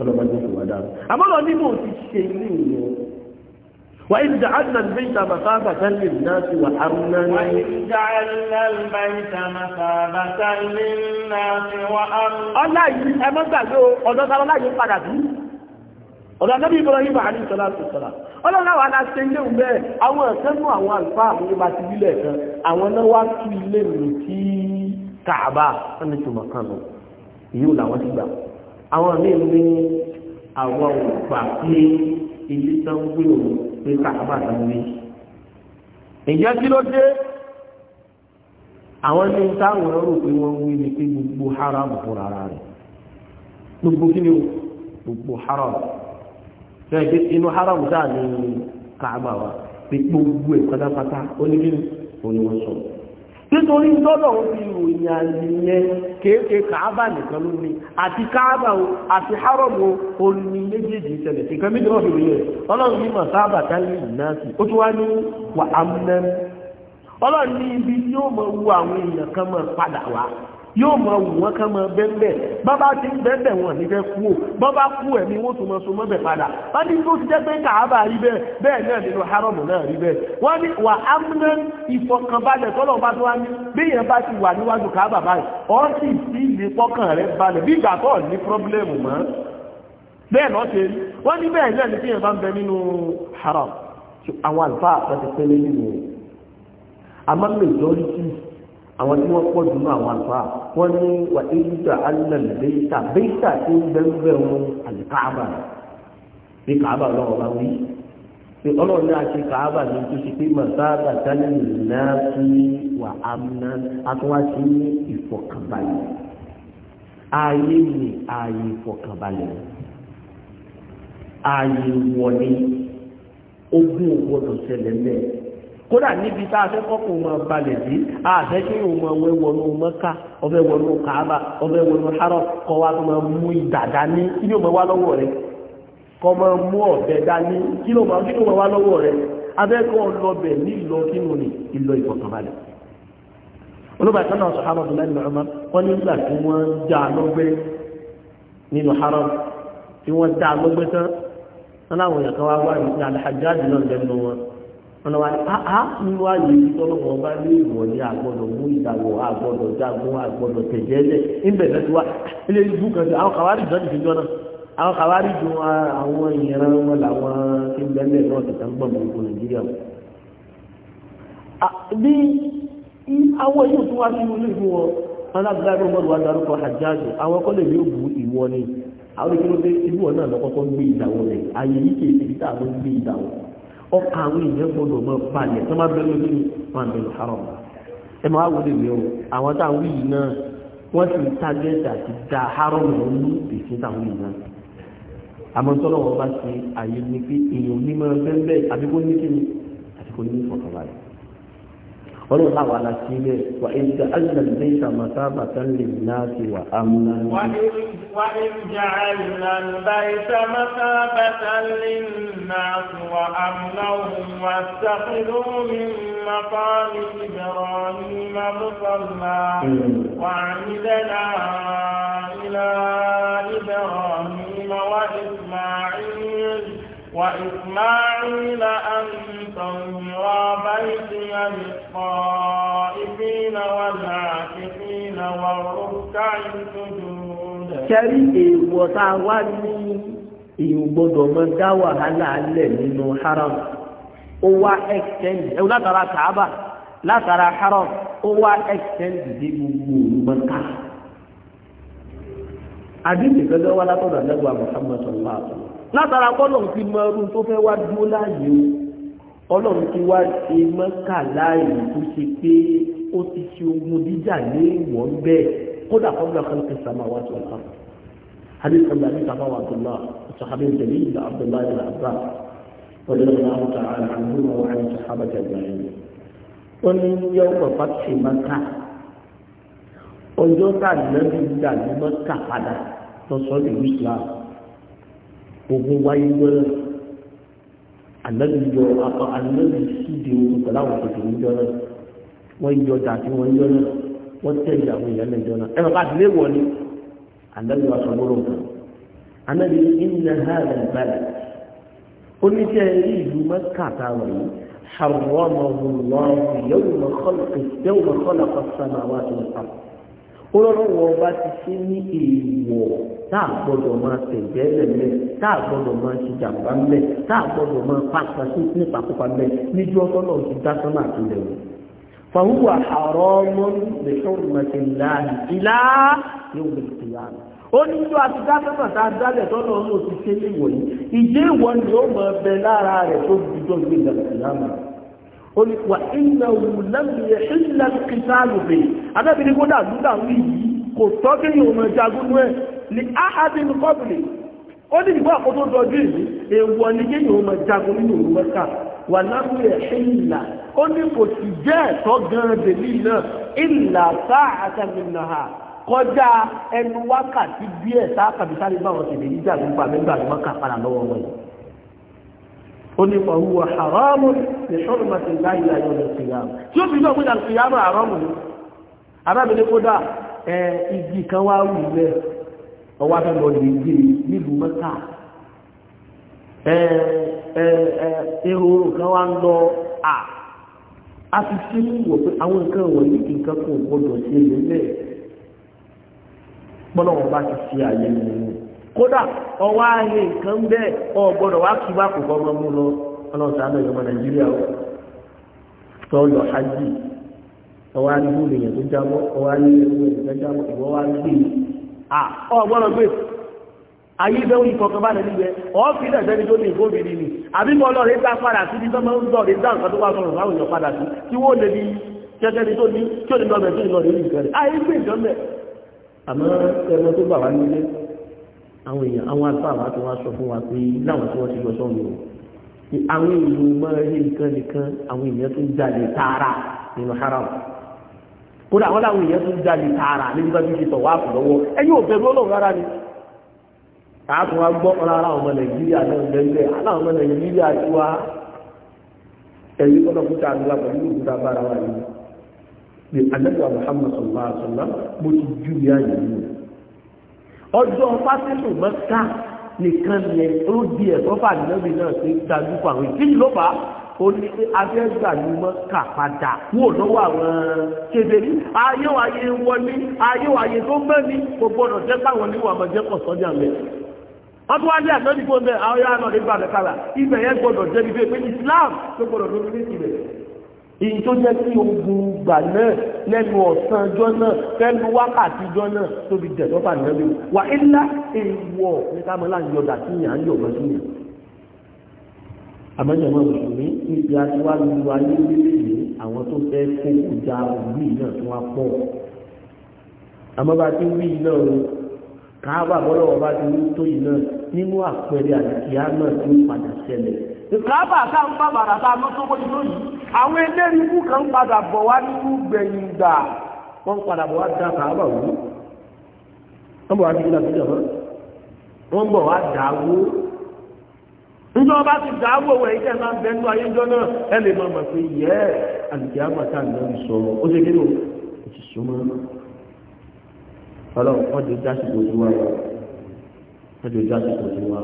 ọlọ́mọdé ti wà dára àmọ́lọ́ ní mò ń ti ṣe ilé ìlú wà ní jàánà bíta masáàbà tẹ́lẹ̀ náà ti wà arúnà ní ọlá yìí ẹmọ́gbàgbé ọ̀dọ́ sára láyé padà bí ọ̀dọ́ anábì Ibrahim àní sọlá tó sọlá ọlọ́run àwọn aláṣẹ ilé ń bẹ́ẹ̀ àwọn ẹ̀kẹ́nu àwọn àlùfáà àwọn ìbá ti bílẹ̀ kan àwọn náà wá tú ilé mi tí kàbá ẹni tó mọ̀ kan lọ ìyóò làwọn ti gbà àwọn míì ní àwọn ògbà pé ilé tán gbé òun pé kàkàbà tán gbé ìjẹ́ kí ló dé àwọn ní táwọn rò pé wọ́n wí ni pé gbogbo haram fún ara rẹ̀ gbogbo kí ni gbogbo haram fẹ́ẹ̀kì inú haram sáà ní kàkàbà wa pé gbogbo ẹ̀ pátápátá ó ní kí ni òun ni wọ́n sọ̀rọ̀ nítorí tọ́lọ̀ fi ìròyìn àyẹ̀yẹ kéèké kàábà nìkan ló ní àti kàábà àti hárọ̀mù orí méjèèjì ìṣẹ̀lẹ̀ tí kan méjì rọ̀fì ọlọ́run ní mọ̀ wu yóò mọ wù wọn ká mọ bẹ́ẹ̀bẹ́ bábá ti ń bẹ́ẹ̀bẹ̀ wọn nífẹ́ kú ò bábá kú ẹ̀mí wọ́n tún mọ so mọ́bẹ̀ padà wọ́n ní tó ti jẹ́ pé kàábà rí bẹ́ẹ̀ bẹ́ẹ̀ náà nínú hárọ̀mù náà rí bẹ́ẹ̀ wọ́n ní wà ámúná ìfọkànbalẹ̀ tọ́lọ̀ bá tó wá ní béèyàn bá ti wà níwájú kàábà báyìí ọ́ sì sí ilé pọ́kàn rẹ̀ balẹ̀ bí ìgbà tó ní pírọ́blẹ́mù mọ́ bẹ́ẹ̀ lọ́ ṣe rí wọ́n ní bẹ́ẹ̀ náà ní bí bá ń àwọn tí wọ́n pọ̀ jù ní àwọn àlùfà wọ́n ní wà éjúdà alẹ́ bẹ́ẹ̀tà bẹ́ẹ̀tà tí ó gbẹ́ngbẹ́ wọn àlùkáàbà bí kàábà lọ́wọ́ bá wí pé ọlọ́run náà ṣe kàábà ní tó ṣe pé màsáàbà tálẹ̀ náà fi wà ámúná atúwáṣí ní ìfọ̀kànbalẹ̀ ààyè ní ààyè ìfọ̀kànbalẹ̀ ààyè wọlé ogún ògbọ́dọ̀ ṣẹlẹ̀ mẹ́ẹ̀ kódà níbi tá a fẹ́ kọ́kọ́ mọ̀ balẹ̀ sí àfẹ́ kí o mọ̀ ọwẹ́ wọnú mọ́ká ọfẹ́ wọnú kàába ọfẹ́ wọnú harọ kọ́ wa tó máa mú ìdà dání kí ló máa wá lọ́wọ́ rẹ kọ́ máa mú ọ̀bẹ dání kí ló máa wá lọ́wọ́ rẹ abẹ́kọ̀ lọ́bẹ̀ ní ìlọ kí mo ní ìlọ ìfọ̀kànbalẹ̀ olóbàtà náà sọ̀hánà ọ̀nà wa áá níwá yìí tọ́lọ́mọ ọba ní ìwọ̀ ní àgbọ̀dọ̀ mú ìdàgbọ̀ àgbọ̀dọ̀ jagun àgbọ̀dọ̀ tẹ̀jẹ́lẹ̀ ìbẹ̀rẹ̀ tí wá ilé ìbú kan sí àwọn kàwárí ìjọ ti fi jọ náà àwọn kàwárí ju àwọn ìran wọn làwọn tí ń náà nàìjíríà bí àwọn yóò tún wá sí ilé wọn darúkọ àwọn lè ní òbú ìwọ ni àwọn wọn náà lọ́kọ́kọ́ gbé ìdàwọ̀ rẹ̀ àyè ọkà àwọn èèyàn gbọdọ̀ mọ́ palẹ̀ tó má bẹ́ẹ̀ lórí wọn bẹ̀rù haram ẹ máa wọlé mi o àwọn táwọn yìí náà wọ́n ti tágẹ́tì àti da haram lọ́lú èsì táwọn yìí náà àmọ́ tọ́lọ́wọ́ bá ti àyè ní pé èèyàn onímọ̀ bẹ́ẹ̀ bẹ́ẹ̀ àbíkó ní kíni àbíkó ní ìfọ̀kànbalẹ̀ ولو حق على سيدي وإن تأذن البيت مثابة للناس وأمنا وإن جعلنا البيت مثابة للناس وأمنا واتخذوا من مقام إبراهيم مصلى وعندنا إلى إبراهيم وإسماعيل وإسماعيل أن تنهر بيتي للطائفين والعاكفين والركع السجود ṣẹ́rí èèwọ̀ tá a wá ní èèwọ̀ gbọ́dọ̀ máa dá wàhálà alẹ̀ nínú haram ó wá ẹ̀kẹ́ndì ẹ̀wọ̀n látara kàábà látara haram ó wá ẹ̀kẹ́ndì dé gbogbo mọ́ta àdéhùn ìgbẹ́jọ́ wá látọ̀dọ̀ àdẹ́gbà Muhammad sallallahu alaihi látara kọ́lọ̀n ti mọ ọdún tó fẹ́ wá dúró láàyè o ọlọ́run ti wá ṣe mọ́kà láàyè tó ṣe pé ó ti ṣe ogun jíjà ní ìwọ̀n bẹ́ẹ̀ kódà kọ́bùlà kan ti sàmà wá tó ọ̀tá hadith kan dàbí sàmà wá tó náà sàhábẹ́ ìjẹ̀lẹ̀ ìlà abdullahi ibn abbas wọ́n lè máa ta ara àwọn ọmọ wa ní sàhábà jẹ̀gbẹ̀ yìí wọ́n ní yọ pàpà ṣe mọ́kà ọjọ́ tá a nà ní ìdá ní mọ́kà padà lọ́sọ̀ọ́ ogun wáyé wẹ́rẹ́ anabi yọ akọ anabi síde ogun pẹ̀lú àwọn tètè níjọ náà wọ́n yọ dàtí wọ́n yọ náà wọ́n tẹ̀lé àwọn èèyàn náà jọ náà ẹ̀rọ ká àdílé wọ̀ ni anabi wa sọgbọ́rọ̀ kan anabi inna hàdà balẹ̀ oníṣẹ́ ìlú mẹ́kàtà wọ̀ yìí haramahu lọ́wọ́ yẹ́wò mọ̀kọ́lọ̀ kọ́sàmáwá tó ń pa olólùwọ̀ bá ti ṣe ní èèwọ̀ táà gbọ́dọ̀ máa tẹ̀jẹ́ lẹ̀lẹ́ táà gbọ́dọ̀ máa ṣe jàmbá ńlẹ̀ táà gbọ́dọ̀ máa pàṣẹ sí nípakópa ńlẹ̀ níjú ọkọ náà ti dá sọ́nà àtúnlẹ̀ wò. fàwùwà àrọ́mọ́ lẹ́sọ̀rọ̀ mẹ́tẹ̀láàrí ìlà yóò lè ti yá mi. ó ní ju àti dá sọ́nà tá a dálẹ̀ tọ́nà ọmọ ti ṣe níwọ̀nyí ìjẹ́ ìwọ ni ó máa bẹ lára rẹ̀ tó ó ní wà iná wùlẹ́mìyẹ ilẹ̀ kìtàlù bè adábìnrin kó dàdú dàrú yìí kò tọ́ kí yìí òun ẹja gúnú ẹ̀ ní ahadin public ó ní ìgbà àkótó dọjú yìí èèwọ̀ ni kí yìí òun ẹja gún nínú òun wẹ́ká wà lábúyẹ ilà ó ní kò sì jẹ́ ẹ̀tọ́ gan-an dèlí náà ilà sáà àtàmìnà ha kọjá ẹnu wákàtí díẹ̀ sáà kàbísáré báwọn tèmi níjà gbogbo àmì onípa owó haramu ní ṣọ́rọ̀mà ti láyé ayé ọ̀nà si tí ó fi lọ́wọ́ ìdá ìfìyàmù haramu ni arábìnrin kódà igi kan wá wù lẹ ọwọ́ abẹ́mọ̀ lè gbé e nílùú mẹ́ta ẹ ẹ ẹ ehoro a ti fi wò pé àwọn nǹkan wọ̀nyí kì í kan kò gbọdọ̀ ṣe ti kódà ọwọ́ ahịa nǹkan bẹ́ẹ̀ ọgbọ́dọ̀ wá kí wá kò fọmọ mú lọ ọlọ́sàánà ìjọba nàìjíríà ó tọ́lọ̀ hajj ọwọ́ àdúgbò lèyàn tó jábọ́ ọwọ́ àdúgbò lèyàn tó jábọ́ ìwọ́ wá à ọgbọ́dọ̀ gbé ayé bẹ́ẹ̀ bá lẹ́nu tó ní ni àbí mo lọ sí ibi ń nǹkan tó sọ̀rọ̀ padà sí tí wọ́n lè ní kẹ́kẹ́ tó ní àwọn èèyàn àwọn afáàwá tó wá sọ fún wa pé láwọn tí wọ́n ti lọ sọ́nù o àwọn èèyàn máa rí nǹkan nìkan àwọn èèyàn tó ń jalè tààrà nínú haram kódà àwọn làwọn èèyàn tó ń jalè tààrà níbi bá fi tọ̀ wá fún lọ́wọ́ ẹ̀yin ò bẹ̀rù ọlọ́run rárá ni àátún wa gbọ́ rárá ọmọ nàìjíríà náà lẹ́gbẹ́ aláwọn ọmọ nàìjíríà tí wá ẹ̀yìn kọ́nà kúta àdúrà pẹ̀lú òkúta bára wa yìí ni àdẹ́gbà Muhammad sallallahu alaihi wasallam mo ti jù yá yìí ọjọ́ fásitì mọ́ká nìkan yẹn ó di ẹ̀kọ́ fàdínlẹ́bì náà ṣe dájú fún àwọn ìdíjì ló bá ó ní pé abẹ́gbà ni mọ́ká padà wò lọ́wọ́ àwọn kébèrè ayéwàyé wọlé ayéwàyé tó mẹ́ni kò gbọ́dọ̀ jẹ́ káwọn oníwà máa jẹ́ kọ̀ sọ́jà mẹ́ wọ́n tún wá ní àjọ́dìbò mẹ́ àwọn yàrá náà nígbà mẹ́kàlà ibẹ̀ yẹn gbọ́dọ̀ jẹ́ ibi pé Islam tó gbọ́dọ̀ lórí èyí tó jẹ́ kí ogun gbà náà lẹ́nu ọ̀sán ọjọ́ náà lẹ́nu wákàtí ọjọ́ náà tóbi jẹ̀ lọ́pàá nìyẹn lé wà á ńlá èèwọ̀ ní kámẹ́lá ń yọ̀dà sí yàn án yọ̀ lọ sí yàn. àmọ́jọ̀mọ́ mùsùlùmí níbi aṣíwá lu ayé lélẹ́yìn àwọn tó fẹ́ kó ìjà òbí náà tó wá pọ̀. àmọ́ bá ti wí náà o káábà bọ́lọ́wọ́ bá ti wí tó yìí náà nínú àpẹẹrẹ àdìkíá náà tó padà ṣẹlẹ̀ ìsìláàbà tá ń bá bàrà tá a lọ sọ́kọ́ yìí lónìí àwọn eléyìí ikú kan padà bọ̀ wá nínú gbẹ̀yìn gbà wọ́n padà bọ̀ wá da sàábà wò wọ́n bọ̀ wá dídí làbí jọ̀wọ́ wọ́n bọ̀ wá dà wó njọ́ bá ti dà wó wẹ̀ iṣẹ́ máa ń bẹ nínú ayé ńjọ́ náà ẹ lè máa mọ̀ pé yẹ àlùkí àmàtà náà ń sọ ó ṣe kéde ó ti súnmọ́ ọlọ́run wọ́n ti já wọ́n ti já sí kò sí wa.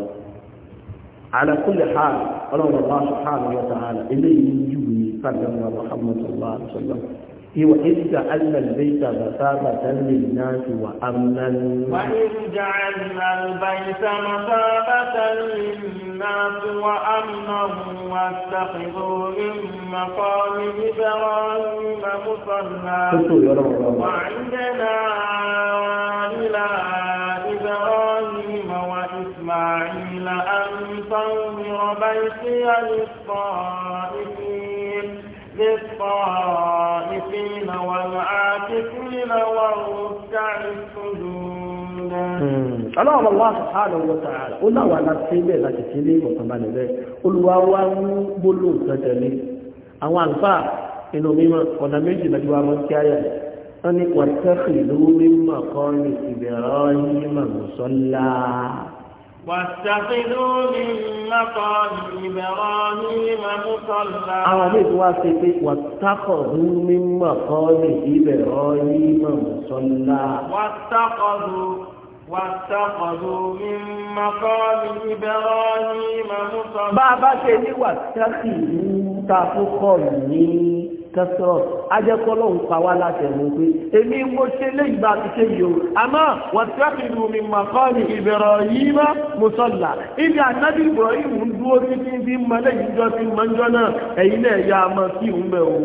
على كل حال قالوا الله سبحانه وتعالى إليه يجبني فدم محمد صلى الله عليه وسلم إيوة جعلنا البيت مثابة للناس وأمنا وإذ جعلنا البيت مثابة للناس وأمنا واتخذوا من مقام إبراهيم مصلى وعندنا إلى إبراهيم وإسماعيل أن تنظر بيتي للطائفين للطائفين والعاكفين والركع السجود hmm. ọlọ́run Allah subhanahu wa ta'ala ó láwà láti ilé láti fi ilé ìwọ̀nbalẹ̀ rẹ̀ olùwà wa ń gbóló nǹkan tẹ̀lé àwọn àlùfáà nínú mímọ́ ọ̀nà méjì lọ́jú wa mọ́ kí ayà wọ́n ní wàtẹ́kì lówó mímọ́ kan ní ìbẹ̀rọ yìí mọ̀ mùsọ́lá Àwọn míì tí wá ṣe pé wàtákọ̀dú mímọ̀ kọ́ lè ìbẹ̀rọ yímọ̀ mùsọ́lá. Wàtákọ̀dú wàtákọ̀dú mímọ̀ kọ́ lè ìbẹ̀rọ yímọ̀ mùsọ́lá. Bá a bá ṣe ní wàtákì ní ta tó kọ̀ ní kẹsọrọ ajẹkọlọ ń pa wá láti ẹnu pé èmi mo ṣe léyìí bá ti ṣe yìí o àmọ́ wọn ti rẹpì lu mi màkọ ni ìbẹ̀rẹ̀ yìí má mo sọlá ibi ànábì Ibrahim ń dúró títí bí mọ léyìí jọ bí mọ jọ náà ẹ̀yin náà yá a mọ sí ìhùn bẹ o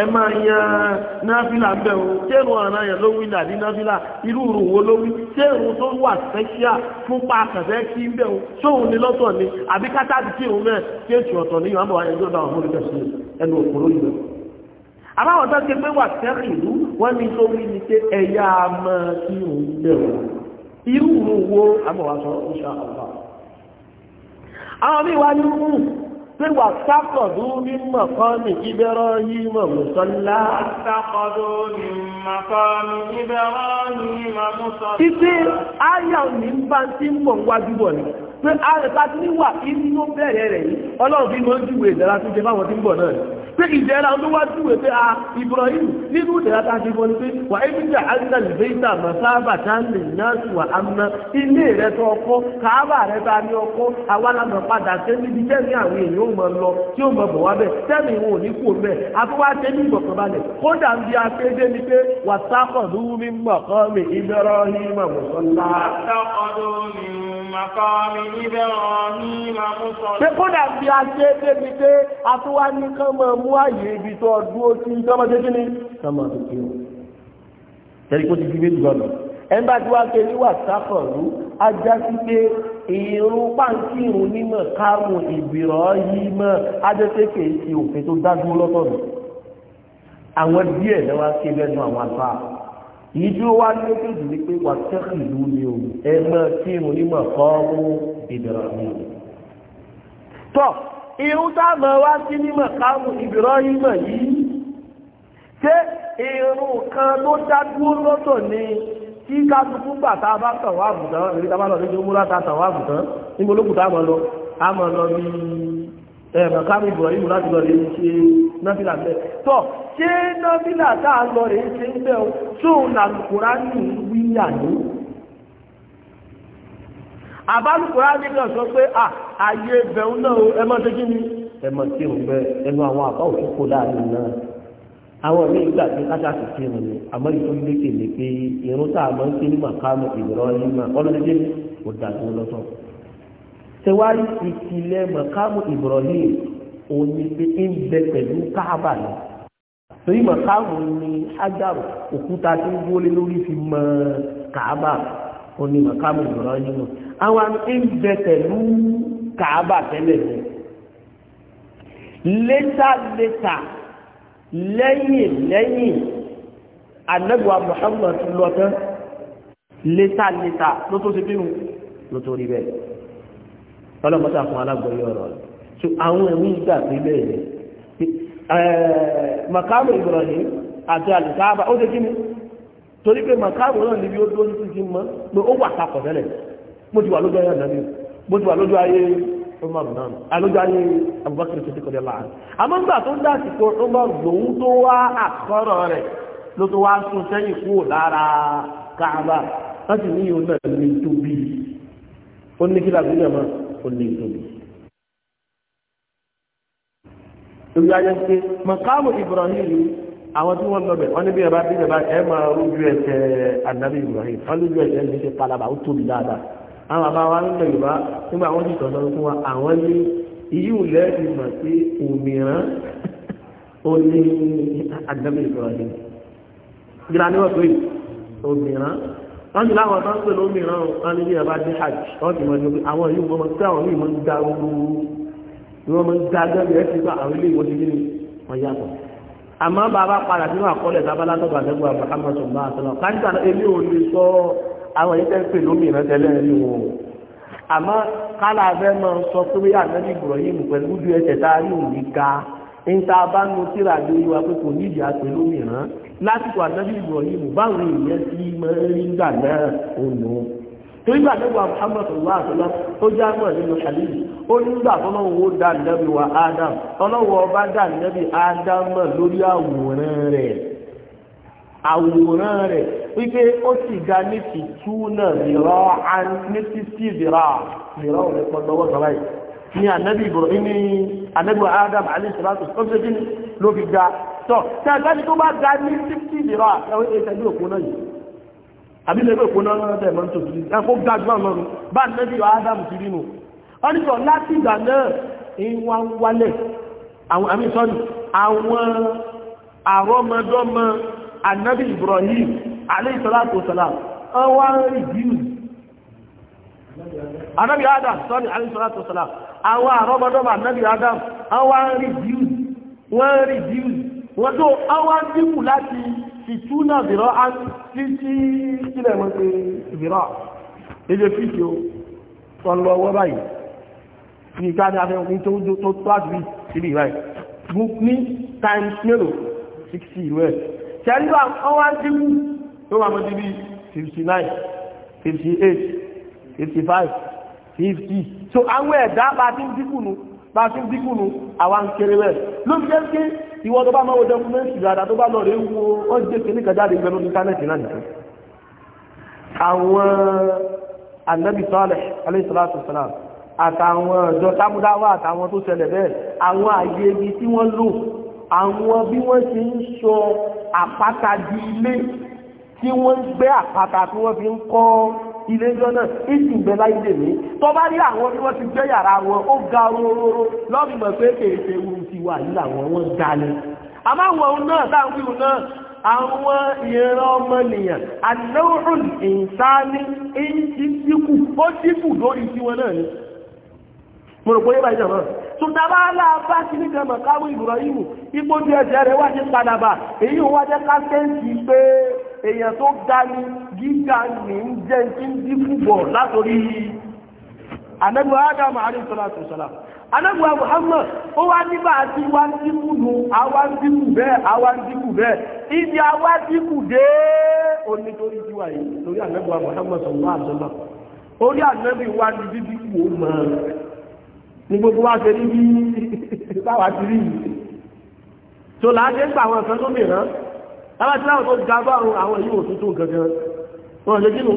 ẹ máa yan náfìlà bẹ o ṣéèrù ọ̀ràn yẹn ló wí nàbí náfìlà irú ìrù wo ló wí ṣéèrù tó wà sẹ́ṣíà fún pa àkàfẹ́ kí ń bẹ o ṣóun ni lọ́tọ̀ ni àbí kátà ti kírun mẹ́ẹ̀ kéèkì ọ̀tọ̀ níyàn àbọ̀ ayẹyẹ tó dáwọn fún olùkẹ́sì ẹnu òkúrò yìí àbáwọn tó ti pé wà sẹ́rìn ìlú wọ́n ní lórí ni pé ẹ̀yà mọ́ kí òun bẹ̀rù irú wo àbọ̀wá sọ insha Allah àwọn míì wá ní kú pé wà sákọ̀dú ní mọ̀kánì ìbẹ̀rọ yìí mọ̀ mùsọ́lá. sákọ̀dú ní mọ̀kánì ìbẹ̀rọ yìí mọ̀ mùsọ́lá. títí ayọ̀ ní bá ti ń bọ̀ wájú bọ̀ ni. pé àrẹ̀ta ti níwà inú ló bẹ̀rẹ̀ rẹ̀ yìí ọlọ́run fi mọ́ ń júwe ìdára tó jẹ fáwọn tí ń bọ̀ náà rẹ̀ pé ló wá pé a Ibrahim nínú ìdẹ́ra ta ti bọ́ni pé wà é níjà àrídà lìbẹ́ta mọ̀sáàbà tá ń lè yá sí wà ọkọ káàbà rẹ̀ ta ní ọkọ awálámọ̀ padà tẹ́ níbi tẹ́mi àwọn èèyàn ò mọ̀ Ṣé kódà bí a ṣe débi pé a tó wá ní kán máa mú àyè ibi tó ọdún ó ti sọ́mọ tó kí ni? Sọ́mọ tó kí o. Tẹ́lí kó ti fi bí gbọ́dọ̀. Ẹ bá ti wá ṣe ní wàsápọ̀ rú, a já sí pé ìrún pàǹtí ìrún nímọ̀ kárùn ìgbìrọ̀ yìí mọ́ Adéṣe kèé ti òfin tó dájú lọ́tọ̀ọ̀dọ̀. Àwọn díẹ̀ lẹ́wà ṣe lẹ́nu àwọn àlùfáà ìdúró wá ní méjèèjì wípé wà tẹ́kì ìlú ni o ẹ mọ tí mo ní mọ̀ kọ́ mú ìbẹ̀rẹ̀ mi. tọ́ irun tá a mọ̀ wá sí mímọ̀ ká mú ìbẹ̀rẹ̀ yìí mọ̀ yìí ṣé irun kan ló dá dúró lọ́tọ̀ ni tí kálukú gbà tá a bá tàn wá àbùtán èyí tá a bá lọ tàn wá àbùtán níbo ẹ̀mọ̀ kámi Ibrahim láti lọ rèé ṣe nọ́fílà ń bẹ̀. tọ́ ṣé nọ́fílà tá a lọ rèé ṣe ń bẹ̀ o tóun làlùkùrá ní wíyà ní. àbálùkùrá ní kan sọ pé à ayé bẹ̀rù náà ẹ mọ́ tó kí ni. ẹ mọ̀ tí òun bẹ ẹnu àwọn àbá òfin kò láàrin náà. àwọn míín gbà pé káṣá ti fi hàn ní àmọ́ ìtọ́ ilé kèlè pé irun tá a máa ń ké ní màkàmù Ibrahim ọlọ́dẹ́dẹ́ kò dàgbò tẹwárí ìpìlẹ̀ mọ̀kámù Ibrahim òní pé ń bẹ pẹ̀lú káàbà ni torí mọ̀kámù ni ájàrò òkúta tí ń wọlé lórí fi mọ káàbà òní mọ̀kámù Ibrahim àwọn ń bẹ pẹ̀lú káàbà tẹ́lẹ̀ ni létà létà lẹ́yìn lẹ́yìn anẹ́gbà Muhammad lọ́tẹ́ létà létà ló tó bínú ló rí bẹ́ẹ̀ ọlọ́mọta fún alágbọ̀yé ọ̀rọ̀ rẹ̀ so àwọn ẹ̀mí ìgbà pé bẹ́ẹ̀ ni makamu Ibrahim àti alùkáàbà ó ṣe kí ni torí pé makamu náà níbi ó dúró títí mọ́ pé ó wà papọ̀ tẹ́lẹ̀ mo ti wà lójú ayé ànábì mo ti wà lójú ayé Umar náà alójú ayé Abubakar tó ti kọjá láàrín àmọ́ nígbà tó dá àsìkò Umar lòun tó wá àkọ́rọ̀ rẹ̀ ló tó wá sún sẹ́yìn kúrò lára Káàbà láti ní ìhòòhùn náà ní tóbi ó ní kí làbí máa ó lè tóbi. Ibi ayé ṣe mọ̀káàmù Ibrahim àwọn tí wọ́n lọ́bẹ̀ wọ́n níbi ẹ̀bá bíi ẹ̀bá ẹ̀ máa rújú ẹsẹ̀ ànábì Ibrahim wọ́n lójú ẹsẹ̀ ẹ̀ ṣe palaba ó tóbi dáadáa. Àwọn bàbá wa ń lọ Yorùbá nígbà wọ́n ti sọ̀tọ̀ fún wa àwọn ní ìyíwù lẹ́ẹ̀fì mọ̀ sí òmìrán ó ní ànábì Ibrahim. Gíra ni wọ́n pè é òmìrán wọ́n ti láwọn tó ń pè lómìíràn wọn ní bí ẹ bá dé hajj wọ́n ti mọ̀ ní pé àwọn yìí wọ́n tí àwọn yìí mọ̀ ń da ooru ni wọ́n mọ̀ ń da gẹ́gẹ́ ẹ̀ ti bá àwọn ilé ìwọ́n ti gbé ni wọ́n yàtọ̀. àmọ́ bàbá padà sínú àkọọ́lẹ̀ tábàlá tọ́gbà lẹ́gbọ́ àbáhámà tó ń bá àtọ́lọ́ káńtà èmi ò lè sọ àwọn yìí tẹ́ ń pè lómìíràn tẹ́lẹ̀ rí wọn àmọ́ kálá fẹ́ máa a rí òun ní ká ń ta lásìkò ànábì Ibrahim báwọn èèyàn ti máa ń gbà nígbà Muhammadu wa àtọ́lá ó já mọ̀ nínú hadith ó gbà tọ́lọ́wọ́ ó dá wa Adam tọ́lọ́wọ́ ọba dá nábì Adam lórí àwòrán rẹ̀ àwòrán rẹ̀ wípé ó sì ga ní tìtú náà zìrọ̀ án ní títí rẹ̀ sọ́lá yìí ní Ibrahim ní Adam alayhi salatu tọ̀ tí àgbájú tó bá ga ní fifty lira ẹ̀wọ̀n ìṣẹ́jú òkú náà yìí àbí lẹ́gbẹ̀ẹ́ òkú náà náà tẹ̀ mọ́ ní tòkìlì ẹ̀kọ́ ga jù náà lọ́rùn bá a nẹ́bí yọ ádámù ti rí nù wọ́n ní sọ láti ìgbà náà ìwà wálẹ̀ àwọn àmì sọ́nù àwọn àrọ́mọdọ́mọ ànábì Ibrahim alayhi salatu wassalam ọwọ́ rìdíùs ànábì Adam sọ́nù alayhi salatu wassalam àwọn àrọ́mọdọ́mọ ànábì Adam ọwọ́ rìdíùs wọ́n rìdíùs wọ́n tó àwọn dínkù láti fìtú náà bìrọ̀ á sí sí sílẹ̀ wọn pé bìrọ̀ ilé fífi o tọ́ lọ ọwọ́ báyìí ní ká ní afẹ́ òfin tó tó àdúrí sílẹ̀ báyìí book ní times mélòó sixty rẹ̀ tẹ́lú àwọn dínkù tó wà mọ́ síbi fifty nine fifty eight fifty five fifty so àwọn ẹ̀dá bá ti ń dínkù nù bá tún dínkù nù àwa ń kéré rẹ̀ ló fi jẹ́ pé ìwọ tó bá máa wo dọkumẹ́ntì rárá tó bá lọ rẹ̀ wo ó jẹ́ kí níkan jáde ìgbẹ́ lórí íńtánẹ́ẹ̀tì náà nìkan. àwọn anabi sọ́ọ̀lẹ̀ aleyhisalatu salam àtàwọn ọ̀dọ́ sábúdáwà àtàwọn tó ṣẹlẹ̀ bẹ́ẹ̀ àwọn àyè ibi tí wọ́n lò àwọn bí wọ́n ṣe ń sọ àpáta di ilé tí wọ́n gbé àpáta tí wọ́n fi ń kọ́ ilé ẹjọ́ náà ìsì bẹ láyé lè mí tó bá rí àwọn tí wọ́n ti gbé yàrá wọn ó ga oróró lọ́bìmọ̀ pé kèèṣe ohun ti wà nílà wọn wọ́n àmọ́ àwọn ohun náà táwọn ohun náà àwọn ìran ọmọnìyàn àdéhùn ìsáni èyí ti dínkù ó dínkù lórí tiwọn náà ni mo rò pé yé báyìí náà tùtàbá aláàbá sí ní kẹmọ̀ káwé ìbùrọ̀ yìí mú ipò tí ẹsẹ̀ rẹ̀ wá sí padà bá èyí ò wá jẹ́ káṣẹ́ǹtì pé èèyàn tó ga ni gíga ní ń jẹ́ tí ń dínkù bọ̀ látòrí anagba adamu muhammad ó wá nígbà tí wá ń dínkù nù àwa ń dínkù bẹ́ẹ̀ ń bẹ́ẹ̀ ibi àwa dínkù dé òní torí yìí lórí muhammad sallallahu alaihi orí ànábì wá ní ó mọ̀ ní gbogbo wá ṣe níbi báwa ti rí yìí tó láti ń àwọn tábàtíláwò tó ga bárùn àwọn yíò tuntun gangan wọn lè gínú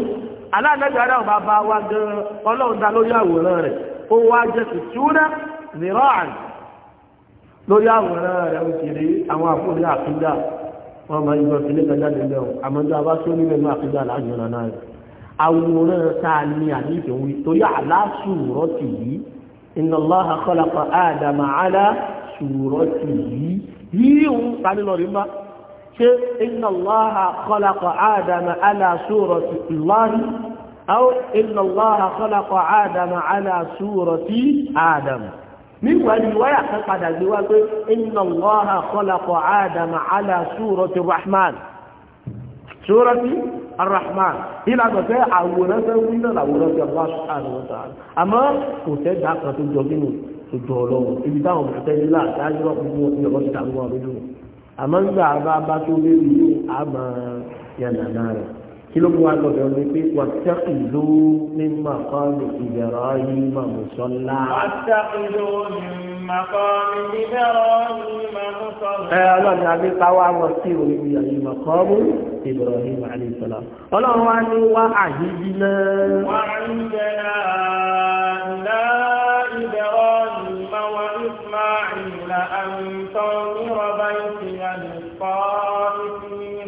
aláàlẹ́gbẹ̀ adáwọ̀ bá bá wá gan ọlọ́run dá lórí àwòrán rẹ̀ ó wá jẹ́ tìtúnà mìíràn lórí àwòrán tó nílẹ̀ ní àfíjà láàyàn náà rẹ̀ àwòrán tá ní àdéhùn ṣe inna Allaha khalaqa Adama ala surati Allahi aw inna Allaha khalaqa Adama ala surati Adama níwáyé wáyà kan padà gbé wá pé inna Allaha khalaqa Adama ala surati Rahman surati arrahman ilé agbẹ̀fẹ́ àwòrán fẹ́ wí náà làwòrán fẹ́ tẹ́ dà àmọ́ nígbà bá bá tó léwu yóò á máa yànnàná rẹ̀ kí ló mú wa lọ́dọ̀ ni pé wàtẹ́kìlú ní màkàmì Ibrahim mùsọ́lá. wàtẹ́kìlú ní màkàmì Ibrahim mùsọ́lá. ẹ ọlọ́run àbí káwá wọn sí orí ìyàyí màkàmù Ibrahim alayhi salam. ọlọ́run wa ní wá àyíjí náà. wà á ń jẹ́ náà Ibrahim wa Ismail an tawira baytiya lil-qa'imin.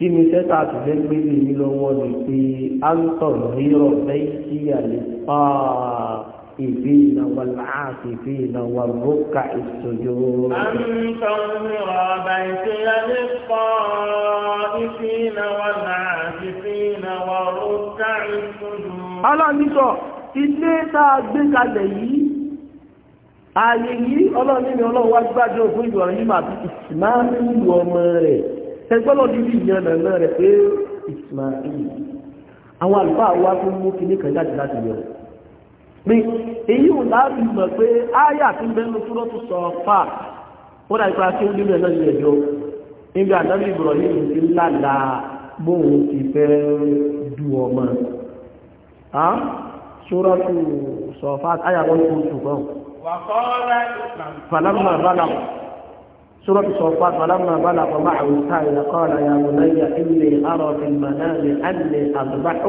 tí mi tẹ́ta ti fẹ́ gbé lè mi lọ́wọ́ ni pé a ń tọ̀nà rírọ̀ lẹ́yìn sí àlè pa ìfẹ́ ìnáwó láàfin ìfẹ́ ìnáwó rúkà ìṣòjò. a ń tọ̀nà rírọ̀ bàyìí sí àlè pa ìfẹ́ ìnáwó láàfin ìfẹ́ ìnáwó rúkà ìṣòjò. aláàmísọ ilé tá a gbé kalẹ̀ yìí ààyè yìí ọlọ́run ní ọlọ́run wá gbájọ́ fún ìwọ̀n yìí màá fi ìsìmáàmù ìlú ọmọ rẹ̀ ẹgbọ́nà dídí ìyẹn nàná rẹ̀ pé Ismail àwọn àlùfáà wa tó mú kinní kan jáde láti yọ pé èyí ò láàbì mọ̀ pé áyà tó ń bẹ́nu fúnrọ́ tó sọ fà ó dà ìpa tí ó nínú ẹ̀ náà ní ẹ̀jọ́ níbi àdáni Ibrahim ti ńlá la bóun ti fẹ́ du ọmọ sura tó sọ fà áyà wọn kò sùn kan. wàkọ́ọ́lá ìsàn. fàlámà bàlámà. سورة الصفات فلما بلغ معه السعي قال يا بني إني أرى في المنام أني أذبحك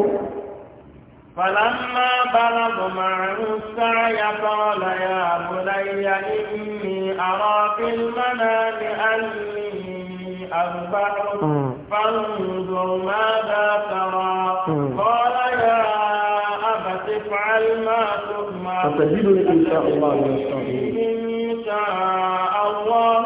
فلما بلغ معه السعي قال يا بني إني أرى في المنام أني أذبحك فانظر ماذا ترى قال يا أبت افعل ما تؤمر فتجدني إن شاء الله من إن شاء الله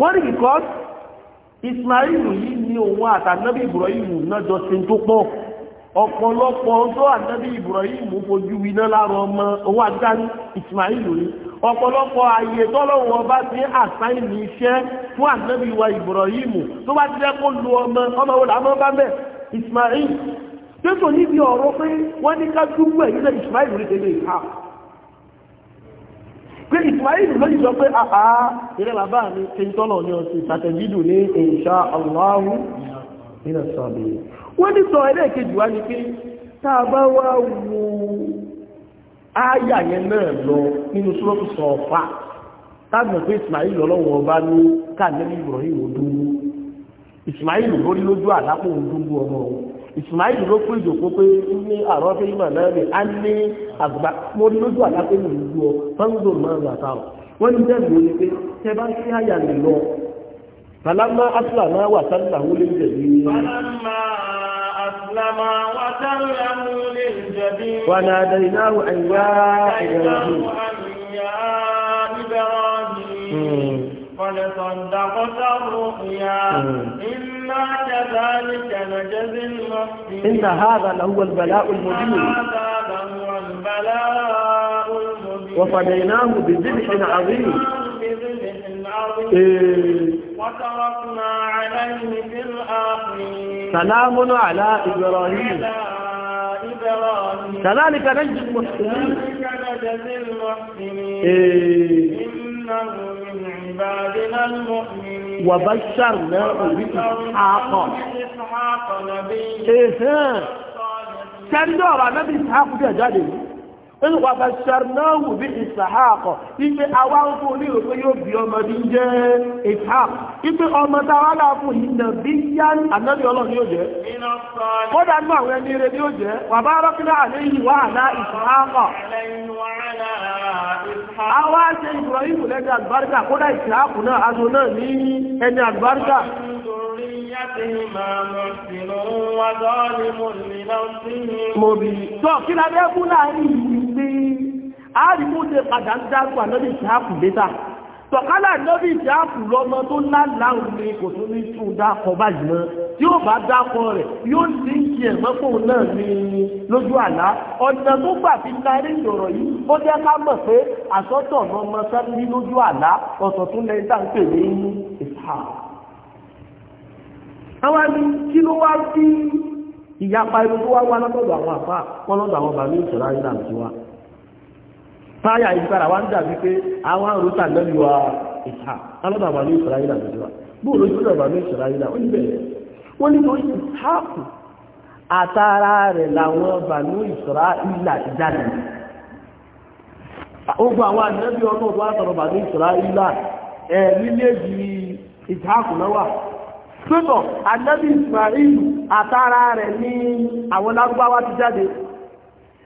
wọ́n ní because Ismail yìí ni òun àtànábì Ibrahim náà jọ ṣe tó pọ̀ ọ̀pọ̀lọpọ̀ ọjọ́ ànábì Ibrahim fojú iná lára ọmọ owó àdáni Ismail ni ọ̀pọ̀lọpọ̀ ààyè tọ́lọ́wọ́ bá ti àsáìnì iṣẹ́ fún ànábì wa Ibrahim tó bá ti dẹ́kọ́ lu ọmọ ọmọ wo làá mọ́ bá mẹ́ Ismail tẹ́sọ̀ níbi ọ̀rọ̀ pé wọ́n ní ká dúpọ̀ ẹ̀yìn náà Ismail pé Ismail lóyìn sọ pé àhá ilẹ̀ bàbá mi ṣe ń tọ́lọ̀ ní ọ̀sẹ̀ ìsàtẹ̀jídù ní insha Allah nínú sọ̀bì wọ́n ní sọ ẹlẹ́ẹ̀kejì wá ní pé tá a bá wá wo ááyà yẹn náà lọ nínú sọ́ọ̀tù sọ̀fà tágbọ̀n pé Ismail lọ́lọ́wọ́ ọba ní káàdé Ibrahim odúró Ismail lórí lójú àlápò odúró ọmọ òun ìsìmáìlì ló pé ìjòkó pé ní àrọ́ fẹ́ yìí màná rẹ̀ á ní àgbà mo rí lójú àlápẹ́ mi lù ọ fáńgò máa rà ta ọ wọ́n ní bẹ́ẹ̀ ló ní pé tẹ bá sí àyà lè lọ bàlámà asùlámà wà sálàmù lè jẹ̀bi. bàlámà asùlámà wà sálàmù lè jẹ̀bi. wà á dá iná àyà ìgbà rẹ̀. قد صدقت الرؤيا إنا كذلك نجزي المحسنين إن هذا لهو البلاء المبين هذا لهو البلاء المبين وفديناه بذبح عظيم إيه. وتركنا عليه في الآخرين سلام على إبراهيم كذلك نجزي المحسنين كذلك نجزي المحسنين إيه. وبشرناه بإسحاق إيهان كان دور النبي إسحاق ده جادي إنه وبشرناه بإسحاق إيه أوان فوني ويو بيوم دينجة إسحاق إيه أما تعالى فوني نبيا النبي الله يوجه قد أنه أن يريد يوجه وباركنا عليه وعلى إسحاق عليه وعلى àwa ṣe Ibrahim lẹ́ni àlùbáríkà kódà ìṣàkù náà aṣọ náà ní ẹni àlùbáríkà mọ̀bí tọ́ kí lábẹ́ kú láàrin ìlú tọ̀kálà lórí ìjáàpù lọ́mọ tó lálàá òní kò tó ní tún dákọ̀ báyìí mọ́ tí ó bá dákọ̀ rẹ̀ yóò ní kí ẹ̀ mọ́fóun náà ní lójú àlá ọ̀nà tó gbà fi darí ìrọ̀rọ̀ yìí ó jẹ́ ká mọ̀ pé àsọ́tọ̀ ọmọ sábí lójú àlá ọ̀sọ̀ tó lẹ́yìn tá ń pè ní ìfà. àwọn ni kí ló wá sí ìyapa irun tó wá wá lọ́dọ̀ àwọn àfà wọn lọ́dọ̀ àwọn bàbá ìṣẹ̀lá táyà ìgbára wa ń dàbí pé àwọn àrùtà lẹ́nu wa ìta alọ́dà wà ní ìsìláyìlà lójúwà bóòlù ìjọba wà ní ìsìláyìlà ó níbẹ̀ wọ́n ní lórí ìtàkù àtàrà rẹ̀ làwọn bànú ìsìláyìlà jáde ogun àwọn àjẹ́bí ọmọ ọdún àtọ̀rọ̀ bànú ìsìláyìlà ẹ̀ níléèjì ìtàkù náà wà sọ́tọ̀ àjẹ́bí àtàrà rẹ̀ ní àwọn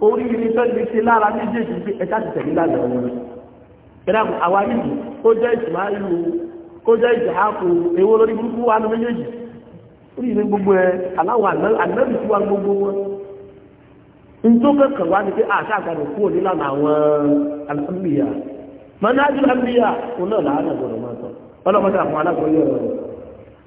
orí irin tó lè ṣe lára méjèèjì pé ẹ̀ka ti tẹ̀lé lálẹ́ wọn ẹ̀dá àwa yìí ó jẹ́ ìsìmáìlú ó jẹ́ ìjàákù ha lórí burúkú wa ní méjèèjì orí gbogbo ẹ aláwọ̀ ànábì tí wa gbogbo wọn nítorí kankan wá ni pé àṣà àgbàdo àwọn òun náà máa ọlọ́mọdé àwọn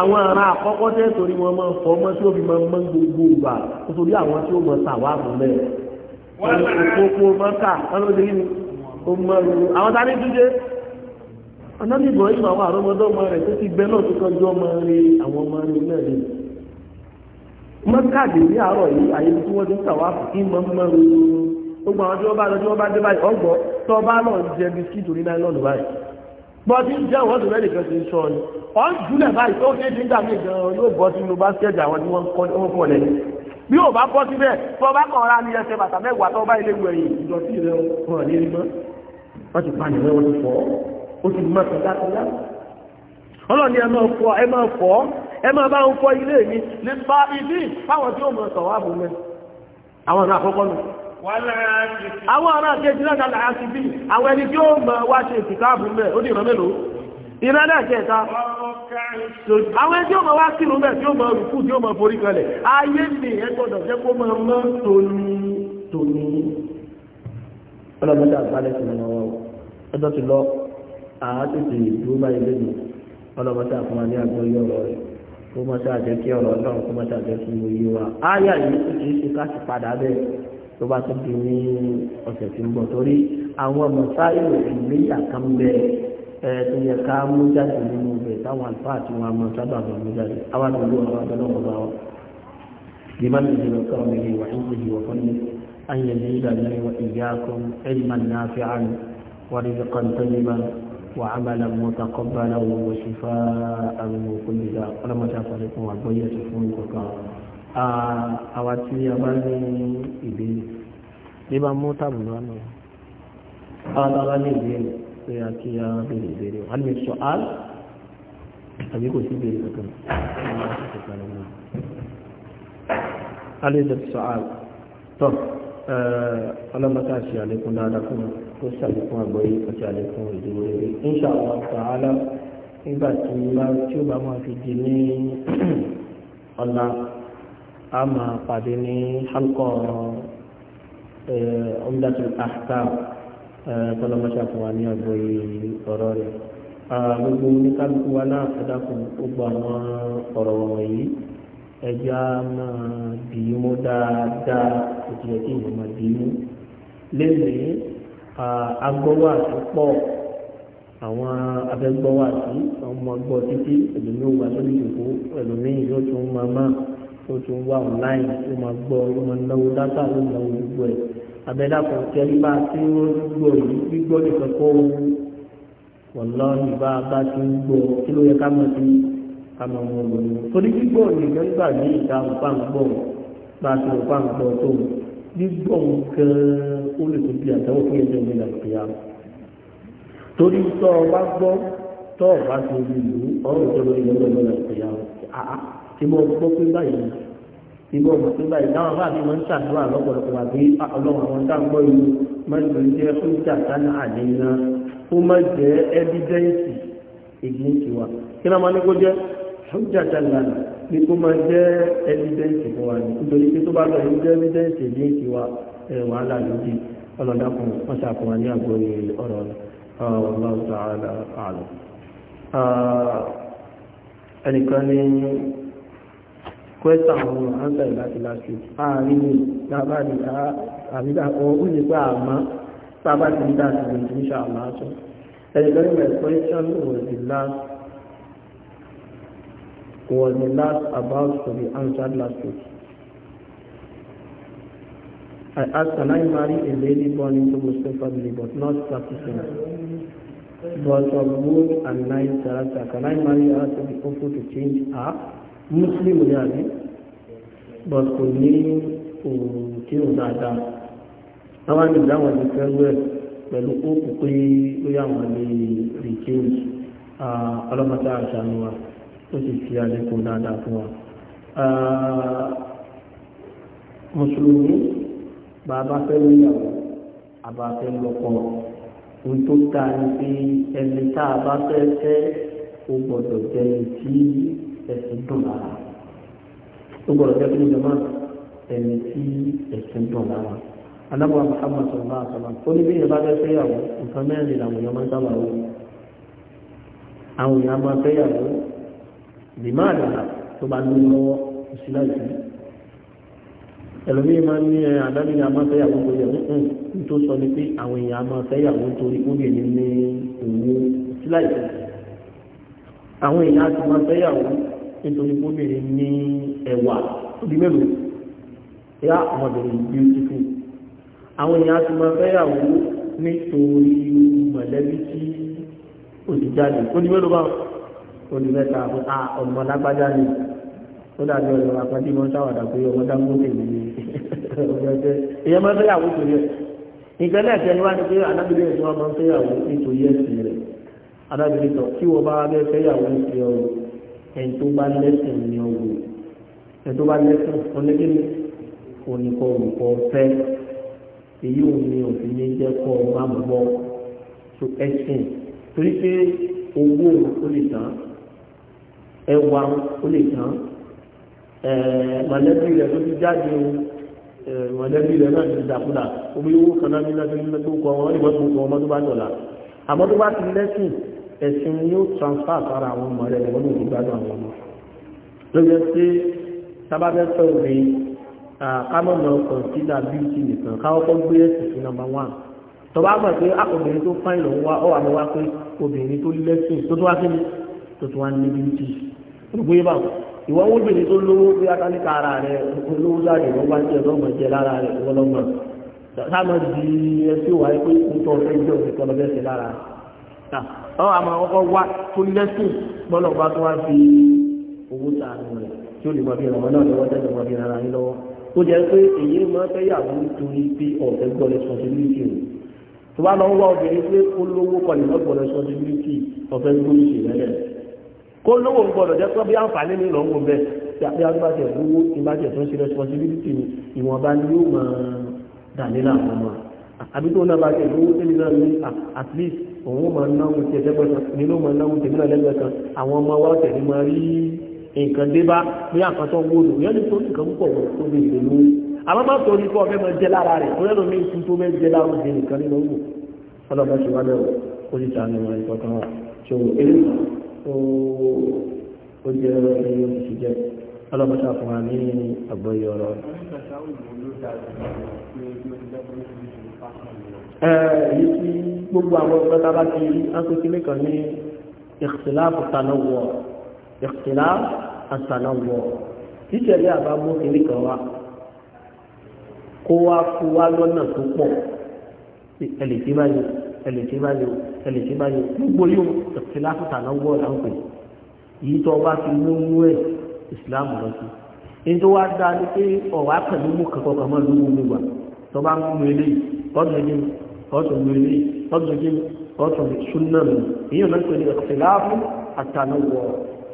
àwọn ará àkọ́kọ́ tẹ́ torí wọn máa ń fọ ọmọ tí ó fi máa ń mọ́ gbogbo ìgbà nítorí àwọn tí ó mọ̀ tàwa àbọ̀ mẹ́rin. wọ́n lọ kókó mọ́kà wọ́n lọ sí ní ọmọrù àwọn tani dúdé ọ̀nàbí ìbọn ìgbà wà rọmọdọ́ ọmọ rẹ̀ tó ti gbẹ náà tó kọjú ọmọ rẹ̀ àwọn ọmọ rẹ̀ náà ni. mọ́kà dèrí àárọ̀ yìí àyè tí wọ́n ti ń tàwa àbọ̀ kí mọ́ mọ́rù gbogbo àwọn tí wọ́n bá bọ́dí ń jẹ́ wọ́n tó mẹ́rin kan ti ń sọ ni ọ̀ ń jùlẹ̀ báyìí tó kéde ń dàbí gan-an yóò bọ́ sínú báskẹ́ẹ̀tì àwọn tí wọ́n kọ́ lẹ́yìn bí ò bá bọ́ síbẹ̀ tó bá kàn ra ní ẹsẹ̀ bàtà mẹ́wàá tó bá ilé wẹ̀yìn ìdọ̀tí rẹ̀ hàn ní rímọ́ wọ́n ti pa nìyẹn wọ́n ti fọ́ ó ti mọ́ kọ́dákọ́dá ọlọ́ni ẹ máa fọ ẹ máa fọ ẹ máa bá ń fọ ilé mi lè bá ibi fáwọn tí ó mọ̀ sọ̀wọ́ àbúmẹ́ àwọn ọ̀nà àkọ́kọ́ nù àwọn ará kejì náà kàlà àti bí àwọn ẹni tí ó mọ̀ wá ṣe ìsìkáàbù mẹ́ ó ní ìran mélòó ìran náà kẹta àwọn ẹni tí ó mọ̀ wá sínú mẹ́ tí ó mọ̀ rùkú tí ó mọ̀ forí kalẹ̀ ayé ni ẹ gbọ́dọ̀ jẹ́ kó mọ̀ mọ́ tòní tòní ọlọ́mọdé àgbálẹ̀ sí ọmọ ọjọ́ ti lọ àátìtì ìdúró báyìí lẹ́nu ọlọ́mọdé àfọwọ́ ní àgbọ́yé ọ̀rọ̀ rẹ̀ kó mọ́ sáà jẹ́ kí ọ̀rọ̀ náà kó mọ́ sáà jẹ́ kí mo yé wa áyà yìí ó ti ṣe ká sì padà bẹ́ẹ̀ tó bá tó di ní ọ̀sẹ̀ tí ń bọ̀ torí àwọn mọ̀sáyò ìgbéyà kan bẹ ẹ tó yẹ ká mú jáde nínú ibẹ̀ táwọn àlùfáà tí wọ́n mọ̀ sábà bọ̀ mú jáde àwọn àdúgbò àwọn abẹ́lọ́wọ́ bá wọn. لمن ذكره وعلمه وفضله أن يزيدني وإياكم علما نافعا ورزقا طيبا وعملا متقبلا وشفاء من كل داء ولما تعرف عليكم وعبية فمن كفار àwa tí a bá ní ìbéèrè bí bá mú tábù lọ́nà àwọn àbá ní ìbéèrè pé a kí a béèrè ìbéèrè wà ní sọ al àbí kò sí ìbéèrè kankan alẹ́dẹ̀ sọ al tọ́ ọlọ́mọta ṣe àlékún dáadáa fún ó àgbọ́yé àti àlékún ìdúró rere Allah nígbà tí ó bá máa fi di ní ọ̀la a máa pàdé ní halkọ Umdatul Ahkam tọ́lọ́mọṣà fún wa ní ọ̀gbọ́ ọ̀rọ̀ rẹ̀ gbogbo oníkálukú wa náà ẹ̀dá kò gbogbo àwọn ọ̀rọ̀ wọ̀nyí ẹja máa bìí mú dáadáa kò tiẹ̀ kí ìyẹn máa bìí mú lẹ́yìn agbọ́wọ́ àtúpọ̀ àwọn abẹ́gbọ́wọ́ àti ọmọ ọgbọ́ títí ẹlòmíì wà lórí ìdòkó ẹlòmíì yóò tún máa máa ó tún wá online ó máa gbọ́ ó máa náwó dátà ó náwó gbogbo ẹ̀ abẹ́lá kan kẹ́rí bá a ti ń gbọ́ yìí gbígbọ́ nìkan kó o wọ̀lọ́ọ̀nì bá a bá ti ń gbọ́ kí ló yẹ ká mọ̀ sí ká mọ̀ wọn lò ó torí gbígbọ́ nìkan gbà ní ìta òpá ń gbọ́ bá a ti òpá ń gbọ́ tó gbígbọ́ nǹkan ó lè tó bí àtàwọn fún ẹgbẹ́ mi làkè ya torí tọ́ ọ bá gbọ́ tọ́ ọ bá ti rí ìlú ọ̀rọ̀ ìmọ̀ ọ̀pọ̀ pé báyìí ìmọ̀ ọ̀pọ̀ pé báyìí láwọn bá mi máa ń ṣàdúrà lọ́pọ̀lọpọ̀ àbí ọlọ́run àwọn táǹgbọ́ ìlú máa ń jẹ́ oúnjẹ àtàlà àdéhìnà ó máa jẹ́ ẹ́bídẹ́ǹsì ìgbìntì wa kí ló máa ní kó jẹ́ oúnjẹ àtàlà ni kó máa jẹ́ ẹ́bídẹ́ǹsì fún wa nítorí pé tó bá lọ yóò jẹ́ ìgbìntì wa wàhálà lójú ọlọ́dàkùn Allah ta'ala àlọ́ ẹnìkan ní kwẹ́sà àwọn àǹtà ìlàtìlàtì ààrin ní tàbádì àrídà ọ̀hún ní pé àmá tàbádì ní dáàtì ní ìṣà àmásọ ẹgbẹ́rin my question was the last was the last about to be answered last week I asked can I marry a lady born into Muslim family but not practicing but of good and nice character can I marry her to be hopeful to change her muslim ní àbí but kò ní òòrùn tí ò dáadáa táwọn ní ìdáwọn ti fẹ́ wẹ̀ pẹ̀lú òkú pé ó yà wọ́n lè rí change ọlọ́mọta àṣàánú wa ó sì fi àlékún dáadáa fún wa. mùsùlùmí bàbá fẹ́ níyàwó àbá fẹ́ lọ́kọ ohun tó ta ni pé ẹni tá a bá fẹ́ fẹ́ ó gbọ́dọ̀ jẹ́ ẹni tí ẹ̀sìn dùn lára ó gbọ́dọ̀ jẹ́ kíni jọmọ́ ẹni tí ẹ̀sìn dùn lára anábọ̀ Muhammad sọ̀rọ̀ àtọ̀lá ó ní bí ìyẹn bá fẹ́ fẹ́yàwó nǹkan mẹ́rin làwọn èèyàn máa ń sábà wọ àwọn èèyàn máa fẹ́yàwó bìmá àdàlà tó bá lóyún lọ́wọ́ òṣìlá ìsìn ẹlòmíì máa ń ní àdáni ni a máa fẹ́yàwó tó yẹ ń tó sọ ni pé àwọn èèyàn a máa fẹ́yàwó torí ó lè ní ní òun síláì àwọn èèyàn a ti máa fẹ́yàwó nítorí mọ́bìnrin ní ẹ̀wà tó di mẹ́lòó yá ọmọbìnrin beautiful àwọn èèyàn ti máa fẹ́yàwó nítorí mọ̀lẹ́bí tí ó ti jáde ó di mẹ́lòó báwọn ó di mẹ́ta a ọmọ lágbájá ni ó dàbí ọ̀dọ̀ àpáńtí wọn ṣàwàdà pé ọmọ dáńgọ́tẹ̀ mi ni èèyàn máa fẹ́yàwó torí ẹ̀ ìgbẹ́lẹ̀ ẹ̀kẹ́ ni wá ní pé anábìlẹ̀ ìṣúná máa ń fẹ́yàwó nítorí ẹ̀sìn rẹ̀ anábìlẹ̀ tọ̀ kí wọ́n bá bẹ́ẹ̀ fẹ́yàwó ní ti ọ̀rọ̀ ẹni tó bá lẹ́sìn ní ọ̀wọ̀ ẹni tó bá lẹ́sìn ọ̀lẹ́gẹ́lẹ́ oníkọ̀ olùkọ́ fẹ́ èyí ò ní òfin ní jẹ́ kọ́ má bọ́ tó ẹ̀sìn torí pé owó ó lè tán ẹwà ó lè tán mọ̀lẹ́bí rẹ̀ ló ti jáde o mọ̀lẹ́bí rẹ̀ náà ti dàkúdà omi owó kan náà ní lábẹ́ nígbà tó kọ́ wọn ìwọ́n tó kọ́ wọn tó bá dọ̀la àmọ́ bá ti lẹ́sìn ẹ̀sìn ni ó transfer sára àwọn ọmọ rẹ̀ wọ́n ní ìgbádùn àwọn ọmọ ló yẹ pé sábàbẹ́sọ̀ rẹ̀ kámọ̀nà consider beauty nìkan káwọ́pọ̀ gbé ẹ̀sìn sí number one tó bá mọ̀ pé ah, obìnrin tó fáìn lòun wá ọ̀ àmọ́ wá pé obìnrin tó lẹ́sìn tó tó wá sí ni tó tó wá ní beauty gbogbo yìí bá wọn ìwọ wo bìnrin tó lówó bí akálíkà ara rẹ̀ olówó jáde wọn bá ń jẹ lọmọ jẹ lára rẹ̀ wọn lọmọ sáà mọ di ẹsẹ wáyé pé nítorí ẹjọ́ ìkọlọbẹsẹ lára rẹ̀ ọ àmọ́ ọkọ̀ wá tó lẹ́sìn gbọ́dọ̀ bá tó wá fi owó sàánú rẹ̀ tí ó lè wá bí ọmọ náà lọ́wọ́ tẹ́lẹ̀ wá bí ara yín lọ́wọ́ tó jẹ́ pé èyí máa fẹ́ yàgò torí pé ọ̀fẹ́ gbọ́ responsibility rẹ̀ tó bá lọ ń wá obìnrin pé ó lówó kọ lè lọ́gbọ̀ responsibility ọ̀fẹ́ gbóríṣì lẹ́lẹ̀ kó lówó gbọ́dọ̀ jẹ́ pé bí àǹfààní mi lọ́wọ́ bẹ́ẹ̀ tí a pé lówó ìbájẹ̀ tó ń ṣe responsibility ìwọ̀nba ni yóò máa dà nílà àwọn ọmọ àbí tó náà bá lówó tẹ́lẹ̀ ní ah, at least òun máa náwó tí ẹ̀sẹ̀pẹ̀ kan nínú máa náwó tèmi náà lẹ́gbẹ̀ẹ́ kan àwọn ọmọ wa tẹ̀lé máa rí nǹkan dé bá bí àkàtọ̀ ń wódò yẹn ní torí nǹkan púpọ̀ tó lè lè mú àmọ́ má torí pé ọ̀fẹ́ máa jẹ́ lára rẹ̀ tó lẹ́nu mi kú tó fẹ́ jẹ́ lára òde nìkan nínú òwò ọlọ́mọ ṣe wá lẹ́wọ̀ ó sì ta àwọn ìkọ̀kan wa tó eré ó jẹ́ ẹyọ ìṣìjẹ́ ọlọ́mọ ṣàfihàn ní àgbọ̀yọ̀ ọ̀rọ̀ èyí tí gbogbo àwọn ọgbẹ́ tá a bá ti rí ákékeré kan ní ìṣẹ̀láàbù tanawọ̀ ìṣẹ̀láàbù àtànàwọ̀ ìṣẹ̀lẹ̀ àbámú kiri kan wa kó wá fún wa lọ́nà tó pọ̀ ẹlẹ́tí báyìí ẹlẹ́tí báyìí ẹlẹ́tí báyìí gbogbo yóò ìṣẹ̀láàbù tanawọ̀ là ń pè yìí tó bá ti mú mú ẹ̀ ìsìláàmù lọ sí nítorí wá dáa ni pé ọ̀wá pẹ̀lú kankan kan mọ́ lóhùn mi wà tó bá mú mi eléyìí tọ́jú ẹni ọ̀tún lórí ọ̀tún kí ọ̀tún súnà mi èyí ọ̀nà pẹ̀lú ẹ̀kọ́fẹ̀láàfù àtànàwọ̀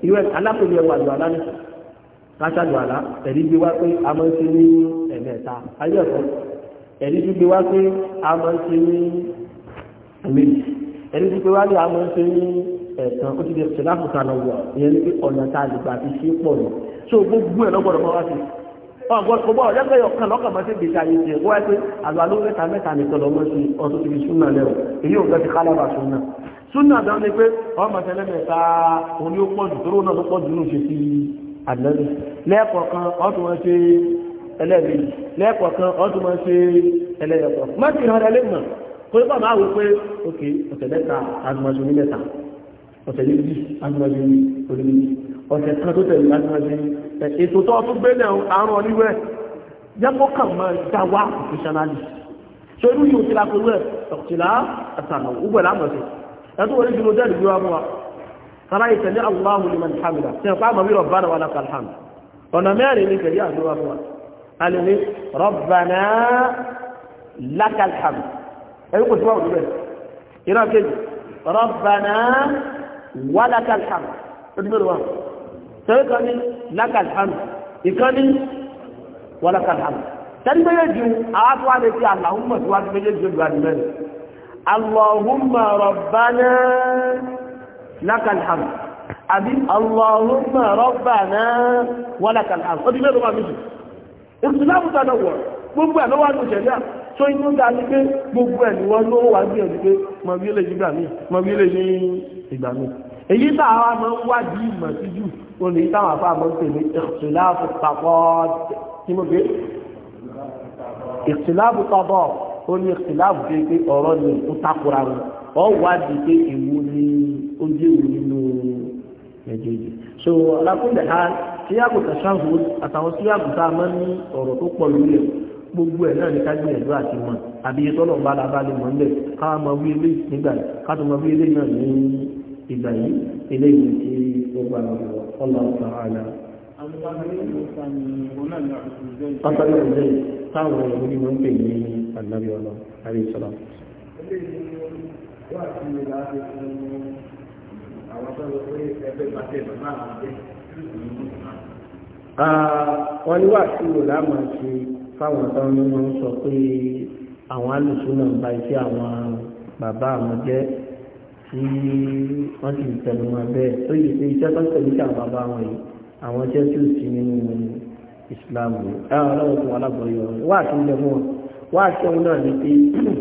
ìwé alápèlú ẹwà àjọ alá ní káṣájọ àlá ẹ̀rí bí wá pé a máa ń ṣe ní ẹ̀mẹ́ta ayé ẹ̀kọ́ ẹ̀rí bí wá pé a máa ń ṣe ní ẹ̀mẹ́jì ẹ̀rí bí wá pé a máa ń ṣe ní ẹ̀kan ó ti di ẹ̀kọ́fẹ̀láàfù àtànàwọ̀ ìyẹn ní pé ọ̀nà tá a lè gbà fi ṣe pọ̀ ọgbọ́n lẹ́gbẹ̀ẹ́ ọ̀kan lọ́kàn mọ́ sí ìgbésà yìí ṣe wọ́n pé àlọ́lú mẹ́ta mẹ́ta nìkan lọ́mọ́ sí ọdún ti fi súnà lẹ́wọ̀ èyí ò fẹ́ ti kálábà súnà súnà dáwọn ni pé ọmọ tẹ́lẹ̀ mẹ́ta òun ni ó pọ̀ jù tóró náà ló pọ̀ jù nù ṣe sí àdánù lẹ́ẹ̀kọ̀ọ̀kan ọdún wọn ṣe ẹlẹ́ẹ̀mejì lẹ́ẹ̀kọ̀ọ̀kan ọdún wọn ṣe ẹlẹ́ẹ̀kọ̀ọ̀ mọ́tì hàn ẹlẹ́ mọ̀ kó nípa máa wò pé òkè ọ̀sẹ̀ mẹ́ta àdùmọ̀ṣọ́ ní mẹ́ta ọ̀sẹ̀ méjì àdùmọ̀ṣọ́ ní orí ọ̀sẹ̀ kan tó tẹ̀lé láti wọ́n ṣe ètò tó ọtún gbé náà àárọ̀ oníwẹ̀ yẹ́pọ̀ kàn máa dá wá professionally ṣé irú yìí ò ti la pé wẹ̀ ọ̀tìlá àtàlọ́ gbogbo ẹ̀ lámọ̀ọ́sẹ̀ ẹ̀tọ́ wọlé jùlọ jẹ́ ìlú wa mú wa sára ìtẹ̀lé Allahu liman hamida tí wọ́n pàmò wíwọ̀ bá wà lápá ọ̀nà mẹ́rin ní tẹ̀lé àdúrà fún wa alẹ́ ní rabbana lakal hamd kò sí wà wọ̀lú tẹ́lẹ̀ kan ní lákàlhàmù ìkan ní wàlákàlhàmù tẹ́lẹ̀ méjèèjì àwọn tó wà lè fi àlàhùmà tó wà méjèèjì ó dùwà nílẹ̀ àlọ́hùmà àbí àlọ́hùmà rọ̀bánà wà méjì gbogbo tó inú dá ní pé gbogbo ló wà pé ma èyí táwa máa ń wádìí ìmọ̀ sí jù wọn lè táwọn afá máa ń pè ní ìṣìláàfù tàbọ̀ kí mo gbé ìṣìláàfù tàbọ̀ ó ní ìṣìláàfù pé pé ọ̀rọ̀ ni ó takora wọn ọ wádìí pé èwo ni ó jẹ́ òun nínú méjèèjì so alákùnlé ha síyàgò tàṣàhù àtàwọn síyàgò tá a máa ń ní ọ̀rọ̀ tó pọ̀ lórí ẹ̀ gbogbo ẹ̀ náà ní ká gbìyànjú àti mọ̀ àbí tọ́lọ̀ ń bá la bá lè mọ̀ ń bẹ̀ ká máa wí ilé nígbà ká tó máa wí ilé náà ní ìgbà yìí eléyìí tí ó gbà lọ́wọ́ ọlọ́ọ̀tà àlà. Pátánù ìlú táwọn ẹ̀rọ ní wọ́n ń pè ní ànábì ọ̀nà àrí ìṣọ́lá. Wọ́n ní wà sí ìwò láàmú àti fáwọn ọ̀tọ́ ní wọ́n sọ pé àwọn alùsùn náà ń ba iṣẹ́ àwọn bàbá àwọn tí wọ́n sì tẹnu mọ́ bẹ́ẹ̀ tó yìí pé iṣẹ́ tó tẹ̀lé sí àwọn bàbá wọn yìí àwọn iṣẹ́ tí ó sì nínú Islam rẹ̀ ẹ̀rọ ọlọ́run fún alábọ̀yọ̀ rẹ̀ wá àti ilẹ̀ mọ́ wá àti ọ̀hún náà ni pé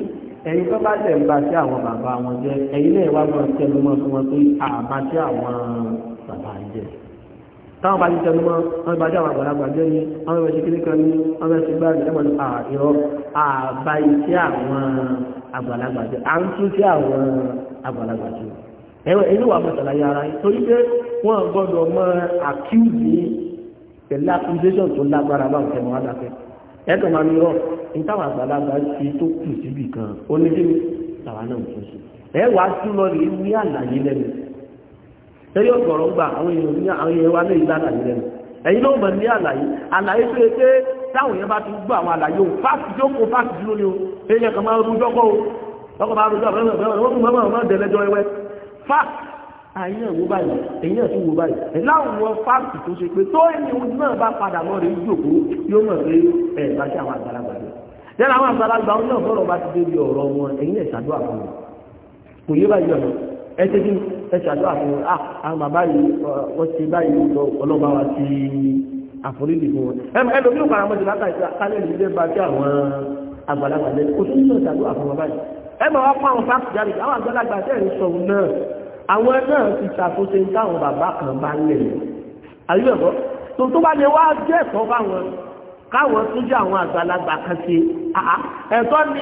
ẹ̀yin tó bá tẹ̀ ń ba sí àwọn bàbá wọn jẹ́ ẹ̀yin náà wá mọ́ tẹnu mọ́ fún wọn pé àbá sí àwọn bàbá jẹ́ táwọn bá ti tẹnu mọ́ wọn bá jẹ́ àwọn àgbàlagbà jẹ́ ní wọn bá ṣe kíní kan ní wọn bá ṣe gbá àgbẹ̀ lẹ́mọ̀ nípa àìrọ́ àbá iṣẹ́ àwọn àgbàlagbà jẹ́ à ń tún sí àwọn àgbàlagbà jẹ́ ẹ̀wọ̀ inú wa mọ̀tàlá yà ara yìí torí pé wọ́n gbọ́dọ̀ mọ àkíwì pẹ̀lú accusation tó lágbára báwọn tẹnu ni tàwa náà tún sí ẹ̀wọ̀ á torí ọ̀gọ̀rọ̀ ń gbà àwọn èèyàn ní àwọn èèyàn wa lẹ́yìn lálàyé rẹ̀ ẹ̀yin ló mọ̀ ní àlàyé àlàyé tó yẹ pé táwọn èèyàn bá ti gbọ́ àwọn àlàyé òun fásitì tó kó fásitì lónìí o èèyàn kan máa rújọ́ kọ́ o lọ́kọ̀ máa rújọ́ àbẹ́rẹ́ àbẹ́rẹ́ wọ́n tún mọ́ mọ́ dẹ̀lẹ́jọ́ ẹwẹ́ fact àyíyàn wo báyìí èyí ẹ̀sùn wo báyìí láwọn fáàkì tó ṣe pé tó ẹni ohun ẹ̀ṣẹ́ kí ẹ̀ṣẹ́ àjọ àfihàn àwọn bàbá yìí wọ́n ti báyìí lọ ọlọ́ba wa ti àforíjì fún wọn. ẹnu ẹnu bí ó fara mọ́jú látàrí kálẹ̀ ní ilé bá tí àwọn àgbàlagbà lẹ́nu kò sí ìṣòro ìṣàdúrà fún wọn báyìí. ẹ máa wá fún àwọn fáàkì jáde àwọn àgbàlagbà tẹ̀ ń sọ̀rọ̀ náà àwọn náà ti ṣàkóso táwọn bàbá kan bá ń lẹ̀ àyẹ̀wò tó tó bá lè wá jẹ́ ẹ̀kọ́ fáwọn káwọn tún jẹ́ àwọn àgbàlagbà kan ṣe ẹ̀tọ́ ní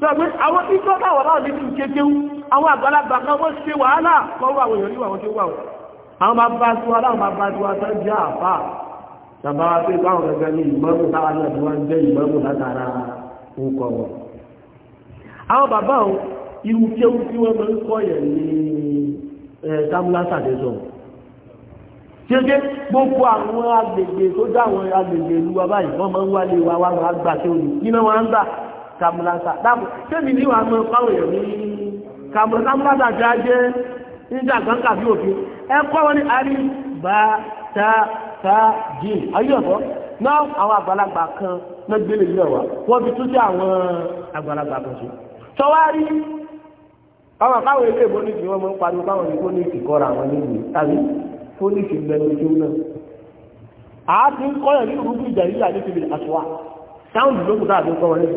Sọ̀gbé àwọn tí tó dáwọ̀ náà ní ìlú kéjéú, àwọn àgbàlagbà kan wọ́n ṣe wàhálà kọrọ àwọn èèyàn níwà wọn tí ó wà wọn. Àwọn máa bá tí wà láwọn máa bá tí wà tán jẹ́ àfà. Bàbá wa pé báwọn gẹ́gẹ́ ní ìmọ́mù táwa náà tí wọ́n jẹ́ ìmọ́mù látara orúkọ wọn. Àwọn bàbá wọn, irú kéwú tí wọ́n máa ń kọ́ yẹ̀ ní Sámúlá Sàdẹ́sọ̀. Ṣé gbogbo àwọn agbègbè tó dá àwọn agbègbè ìlú wa báyìí, wọ́n máa ń wálé wa wá wọn á gbà tí ó ní. Kí náà wọ́n á ń gbà? kàmùlàṣà dáàbò tẹ́mi ní wàá mọ fáwọn èèyàn ní kàmùlàṣà ń bàtà já jẹ́ níjà gbọ́ǹkà bí òfin ẹ kọ́ wọn ní àrí bá ta ta jìn ayé ọ̀tọ̀ náà àwọn àgbàlagbà kan náà gbélé yìí ọ̀wà wọ́n fi tún sí àwọn àgbàlagbà kan sí tọ́wárí àwọn àkáwọn ilé ìbò níbi wọn mọ́ ń pariwo báwọn ní fóníkì kọ́ra àwọn níbi tàbí fóníkì lẹ́nu tó náà àá ti ń kọ́yàn ní ìrúgbìn ìjà yìí àti ìfìbìlì àṣùwà táwọn ìlú lókùtà àti ń kọ́ wọn níbi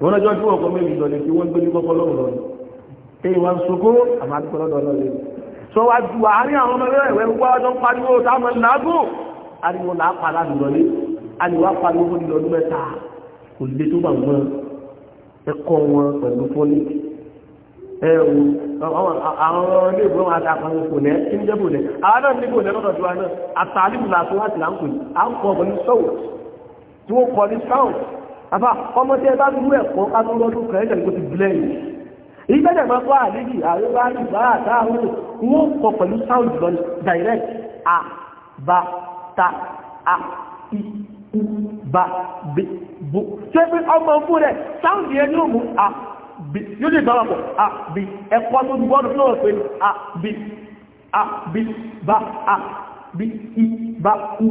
wọn lọ́jọ́ tí wọ́n kọ́ méjì lọ́lẹ̀ tí wọ́n gbé ní kọ́kọ́ lọ́rùn lọ́rùn tí wọ́n sokó àmàdúkọ́ lọ́dọ̀ lọ́lẹ̀ sọ wá ju àárín àwọn ọmọ ẹ̀rẹ́ ìwẹ́ wá ọjọ́ pariwo táwọn làágò ariwo là á pa ládùn lọ́lẹ̀ ariwo á pariwo fún ìlọ́dún mẹ́ta kò lè tó bà wọ́n ẹ̀kọ́ wọn pẹ̀lú fọ́lì ẹ̀rù àwọn ilé ìgbọ́n àtàkùn fòlẹ́ tí ń náà ní fòlẹ́ lọ́dọ̀ tiwa náà ní sọ́wọ̀ tí wọ́n kọ́ ní sọ́wọ̀ àbá ọmọ tí ẹ bá dúró ẹ̀kọ́ ká tó lọ́dún kan ẹ̀jẹ̀ kó ti bilẹ̀ yìí èyí bẹ́ẹ̀ máa kọ́ àlejì àríwá ìbára àtàwọn wọn kọ pẹ̀lú sound lọ direct a ba ta a i u ba be bo ṣé pé ọmọ fún rẹ̀ sound yẹn ní òmù a bi yóò lè bára pọ̀ a bi ẹ̀kọ́ tó gbọ́dọ̀ náà pé a bi a bi ba a bi i bá kú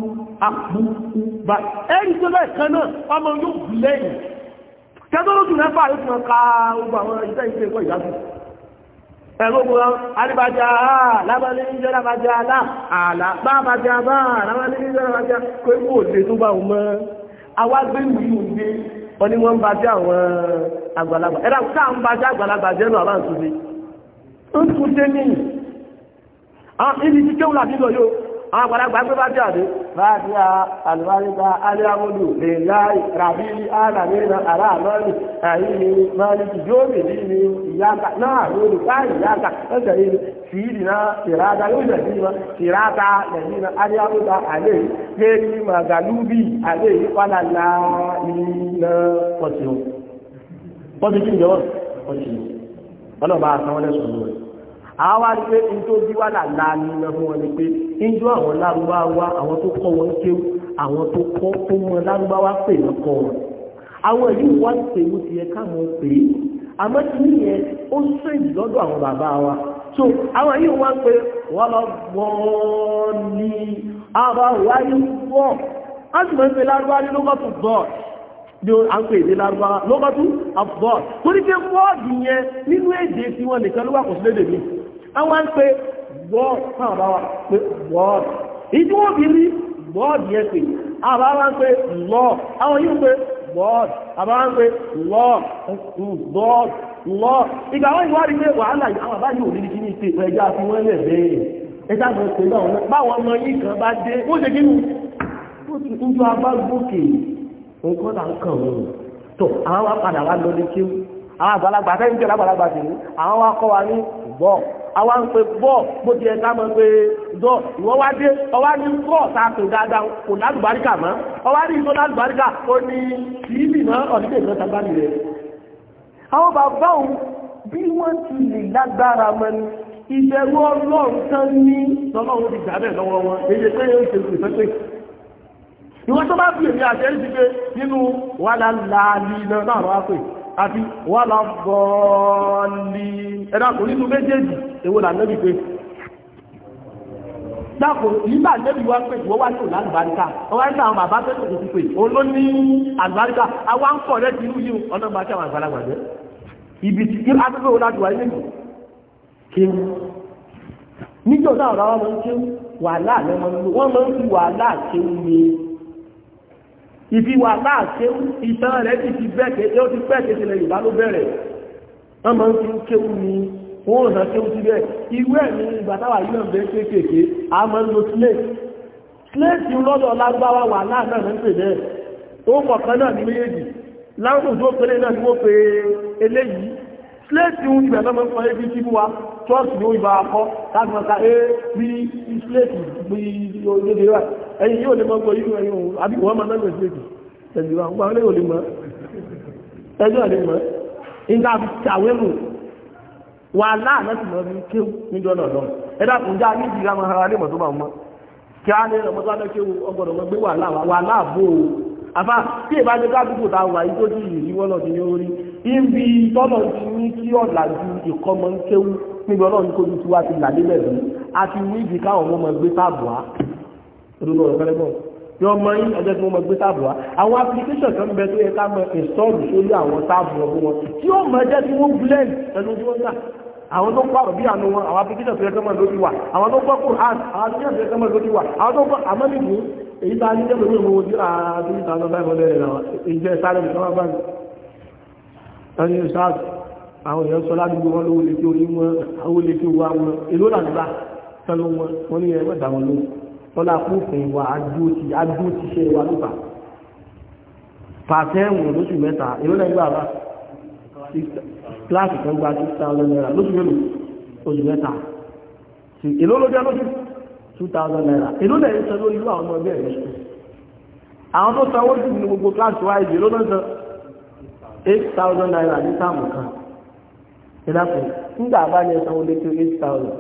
àpú kú bá ẹ̀rí tó bẹ́ẹ̀ kan náà ọmọ yóò bù lẹ́yìn tẹ́tọ́lójú mẹ́fà yóò fi hàn ká àwọn iṣẹ́ ìṣe ẹ̀kọ́ ìdájú ẹ̀rọ gbogbo alíbàjá alábàlẹ̀ ìjẹ́ alábàjá alá àlàbàbàjá bá alábàlẹ̀ ìjẹ́ kó ikú òde tó bá wọn mọ́ awágbélu yìí òde wọn ni wọ́n bàjá àwọn àgbàlagbà ẹ̀dá tá à bàjá àgbàlagbà jẹ́ nù àbáǹtúndé ń tún àwọn àgbàlagbà gbé bá jáde láti a alùbáríkà aliamudu lè láì rabi alamina alamani àyíní maliki yomi nínú ìyáka náà lórí káyì na ẹsẹ̀ yìí fìdí náà tìrata yóò jẹ̀ sí ma tìrata lẹ́yìn náà aliamudu alẹ́ yìí magalubi na yìí kọ́lá láìlá pọ̀tìwọ̀n pọ̀tìwọ̀n pọ̀tìwọ̀n ọlọ́ba àtàwọn ẹ̀sùn lórí. àwa rí pé n tó bí wà láàlá ní ẹ̀fún wọn ni pé njọ́ àwọn lárúbáwá àwọn tó kọ́ wọn kéwú àwọn tó kọ́ tó wọn lárúbáwá pè wọn kọ́ wọn àwọn yìí wá ń pè wọ́n ti yẹ káwọn pè é àmọ́ tí nìyẹn ó sèǹdì lọ́dọ̀ àwọn bàbá wa so àwọn yìí wá ń pè wọ́n lọ gbọ́n ní àwọn wáyé wọ́ á sì máa ń pè lárúbáwá ní lókọ́tù bọ́ọ̀d bí a ń pè èdè lárúbáwá lókọ́tù àbọ̀d torí pé bọ́ọ̀dù yẹn nínú èdè tí wọ́n nìkan ló wà kò sí lédè míì awa ń pe word táwọn bá wà pé word ìdí wọ́n bí rí word yẹn pé àbá wá ń pe law àwọn yìí ń pe word àbá wá ń pe law word law ìgbà wọn ìwádìí pé wàhálà àwọn àbá yìí ní kí ní ìpè ẹjọ́ àti wọ́n lẹ̀ bẹ́ẹ̀ ẹjọ́ àti àwọn ń pe bọ́ bó ti ẹ̀ka mọ́ pé dọ́ ìwọ́n wá dé ọwá ní kọ́ sáàtò dáadáa kò lálùbáríkà mọ́ ọwá ní ìtọ́ lálùbáríkà ó ní ìlì mọ́ ọ̀dídé ìjọta bá nìyẹn àwọn bàbá òun bí wọ́n ti lè lágbára mọ́ ni ìbẹ̀rù ọlọ́run tán ní lọ́lọ́run ti gbàbẹ̀ lọ́wọ́ wọn èyí pé ó ṣe ìfẹ́ pé ìwọ́n tó bá fi èmi àṣẹ ìdíje nínú wàhálà láàlì náà náà wá pè àti wà lábọ́ọ̀lì ẹ̀dàkù nínú méjèèjì èwo là nẹ́bì pé dákò nígbà nẹ́bì wá pé ìwọ́ wá yóò lálùbáríkà ọwá ń sáwọn bàbá tó kò ti pè òun ló ní àlùbáríkà àwa ń kọ̀ rẹ́tì irú yìí ọ̀nà máa tẹ́wọ̀n àgbàlagbà ibi tí afẹ́fẹ́ wo láti wà ní ìlú kéwù níjọ́ sáwọn ọ̀rọ̀ wọn máa ń kéwù wàhálà ibi wà láàṣẹ ìtàn rẹ̀ ti ti bẹ́ẹ̀kẹ́ tí ó ti bẹ́ẹ̀kẹ́ sílẹ̀ Yorùbá ló bẹ̀rẹ̀ wọ́n máa ń fi ń kéwú ni wọ́n ò náà kéwú síbẹ̀ ìwé ẹ̀mí ìgbà táwà yìí náà bẹ́ẹ̀ kéékèèké a máa ń lo slate slate lọ́dọ̀ lágbáwá wà láàánà ń pè bẹ́ẹ̀ ó kọ̀ọ̀kan náà ní méjèèjì láwùjọ pélé náà ni wọ́n pe sléètì ń ibẹ̀ lọ́mọ fún ẹbí tí wá chọ́ọ̀sì ni ìbá akọ láti mọ̀ ká rí sléètì bí olóde rà ẹ̀yìn yóò lè mọ́ gbọ́ yíò ẹ̀yìn òun àbí wọ́n máa lọ́gbẹ̀ sléètì ẹ̀yìn wa wọ́n lè lè mọ́ ẹjọ́ lè mọ́ wà láàánú kéwù náà kò já ní lè tó bá kí á tó bá kéwù ibi tọ́lọ̀ ti ní kí ọ̀làjú ìkọmọ ń kéwú níbi ọlọ́run kó ju tiwa ti là nílẹ̀ bí a ti ní ibi káwọn ọmọ gbé táàbù á olùkọ́ ọ̀rọ̀ fẹ́rẹ́ bọ̀ yọ ọmọ yín ọjọ́ tí wọ́n mọ gbé táàbù á àwọn application kan bẹ tó yẹ ká mọ ìsọ́ọ̀lù sórí àwọn táàbù ọ̀gbọ́n wọn tí ó mọ ẹjẹ́ tí wọ́n blend ẹnu tí wọ́n gbà àwọn tó kọ́ àròbí àánú wọn àwọn application fẹ́ kọ́mọ̀ lórí wa àwọn tó kọ́ Quran àwọn application fẹ́ kọ́mọ̀ lórí wa àwọn tó kọ́ àmọ́ nìkú èyí tá a ní jẹ́ lórí ìwọ̀n ojú àti ìtàn náà báyìí wọlé rẹ̀ báyìí ẹni ìṣáàdù àwọn èèyàn sọ ládùúgbò wọn lówó lè fi orí wọn àwọn lè fi wá wọn èló làdúrà tán ló wọn wọn ní ẹgbẹ́ ìdàwọn ló wọn là kó fún ìwà adúótì adúótìṣe ìwà lópa pàṣẹ ẹ̀wọ̀n lóṣù mẹ́ta èló lẹ́gbẹ́ àbá kíláàsì kan gba six thousand naira lóṣù mélòó oṣù mẹ́ta èló ló jẹ́ lóṣù two thousand naira èló lẹ́yìn sọ lórí irú àwọn ọmọ ẹgbẹ́ rẹ̀ àwọn tó sanwó jù ní gbogbo kíláàsì wáyé èló náà eight thousand naira ní sáàmù kan ìdáfẹ́ nígbà bá ní ẹ̀sán olè tó eight thousand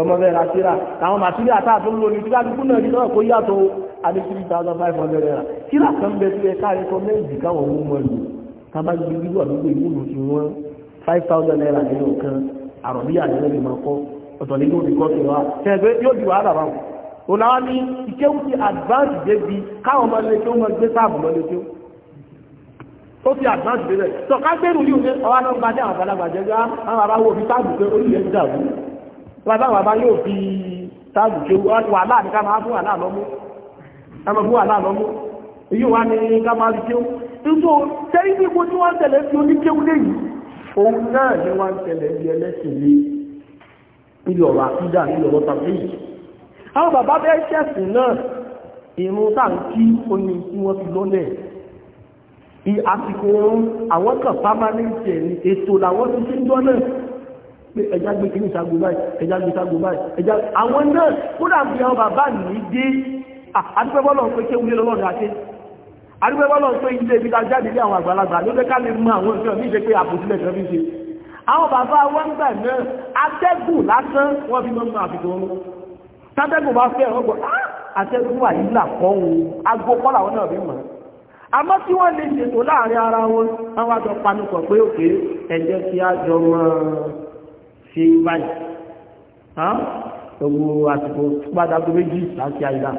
ọmọ bẹ́ẹ̀ ra síra àwọn màtíríà tá a tó ń lò ní tí káàkiri náà nítorí kó yàtọ̀ adé three thousand five hundred naira síra kan bẹ sílẹ̀ káàrí kan méjì káwọn owó mọ̀ lò tábà gbé wíwú àdúgbò ìwúlò tí wọ́n five thousand naira nínú kan àròbíyà nínú ìlú máa kọ́ ọ̀tọ̀ nínú ìkọ́ tó wá tẹ̀gbẹ́ yóò di wàhálà báwọn òun làwọn ní ìkéwù ti advance débi káwọn ọmọ ó fi advance bẹ̀rẹ̀ tọ́ka gbẹ́rù yìí ní ọwá lọ́gbà dé àwọn àgbàlagbà jẹ́ gbá àwọn àbá wo fi táàbù pé orí yẹn dàbú wọn àwọn àbá yóò fi táàbù pé wà láàrin ká máa fún wà láàlọ́mú ká máa fún wà láàlọ́mú èyí wà ní ká máa fi kéwú nígbò tẹ́rí bí mo tí wọ́n tẹ̀lé fi oníkéwú léyìí òun náà ni wọ́n tẹ̀lé fi ẹlẹ́sìn ní ilé ọ̀rọ̀ àfídà ilé ọ̀rọ̀ tàbí àwọn bàbá bẹ́ẹ̀ ṣẹ̀sìn náà ìrún táà ń kí oní tí wọ́n fi lọ́lẹ̀ àsìkò oorun àwọn kan permanent ní ètò làwọn ti ṣe ń jọ náà pé ẹja gbé kìíní ìṣàgbò báyìí ẹja gbé ìṣàgbò báyìí ẹja àwọn náà kódà bí àwọn bàbá nìí dé àdúgbẹ́bọ́lọ̀ pé kéwúlé lọ́lọ́dún àti àdúgbẹ́bọ́lọ̀ pé ilé ibi ta jáde ní àwọn àgbàlagbà ló fẹ́ ká lè mọ àwọn ìṣẹ́ mi ṣe pé àpòsílẹ̀ kan fi ṣe àwọn bàbá wọn gbà náà atẹ́gùn lásán wọ́n fi mọ́ àfikún wọn tátẹ́gùn bá fẹ́ ọgbọ̀n ah, atẹ́gùn àyílà kọ́ òun agbókọ́ làwọn náà fi mọ̀ àmọ́ tí wọ́n lè ṣètò láàrin ara wọn àwọn àjọ panupọ̀ pé òkè ẹ jẹ́ kí a jọ máa ṣe báyìí ewu àsìkò pàdàgbò méjì láti àìdá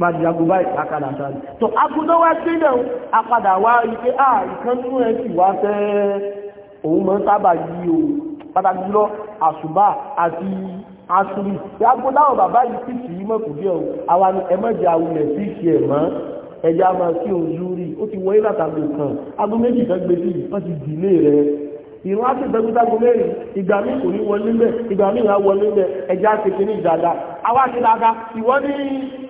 pàdàgbò báyìí àkàdà sáré tó agbódọ́ wá sí náà àpadà wá ike à ìkánú ẹ̀ sì wá fẹ́ òun mọ́ sábà yí o pàtàkì lọ àṣùbà àti asùnì ìyàgbó láwọn bàbá yìí sì sí mọ̀kù díẹ̀ o àwa ni ẹ̀mọ́jà awulẹ̀ sí ìṣe ẹ̀mọ́ ẹ̀yà máa kí òun lórí ó ti wọ́n ìlàtàgbò kan agbó méjì fẹ́gbé sí wọ́n ti dìlé rẹ̀ ìrún á sì fẹ́gbẹ́tàgbó mẹ́rin ìgbà míì kò ní wọlé mẹ́ ìgbà míì wá wọlé mẹ́ ti fi ní ìdàdà àwa ti dada ìwọ ní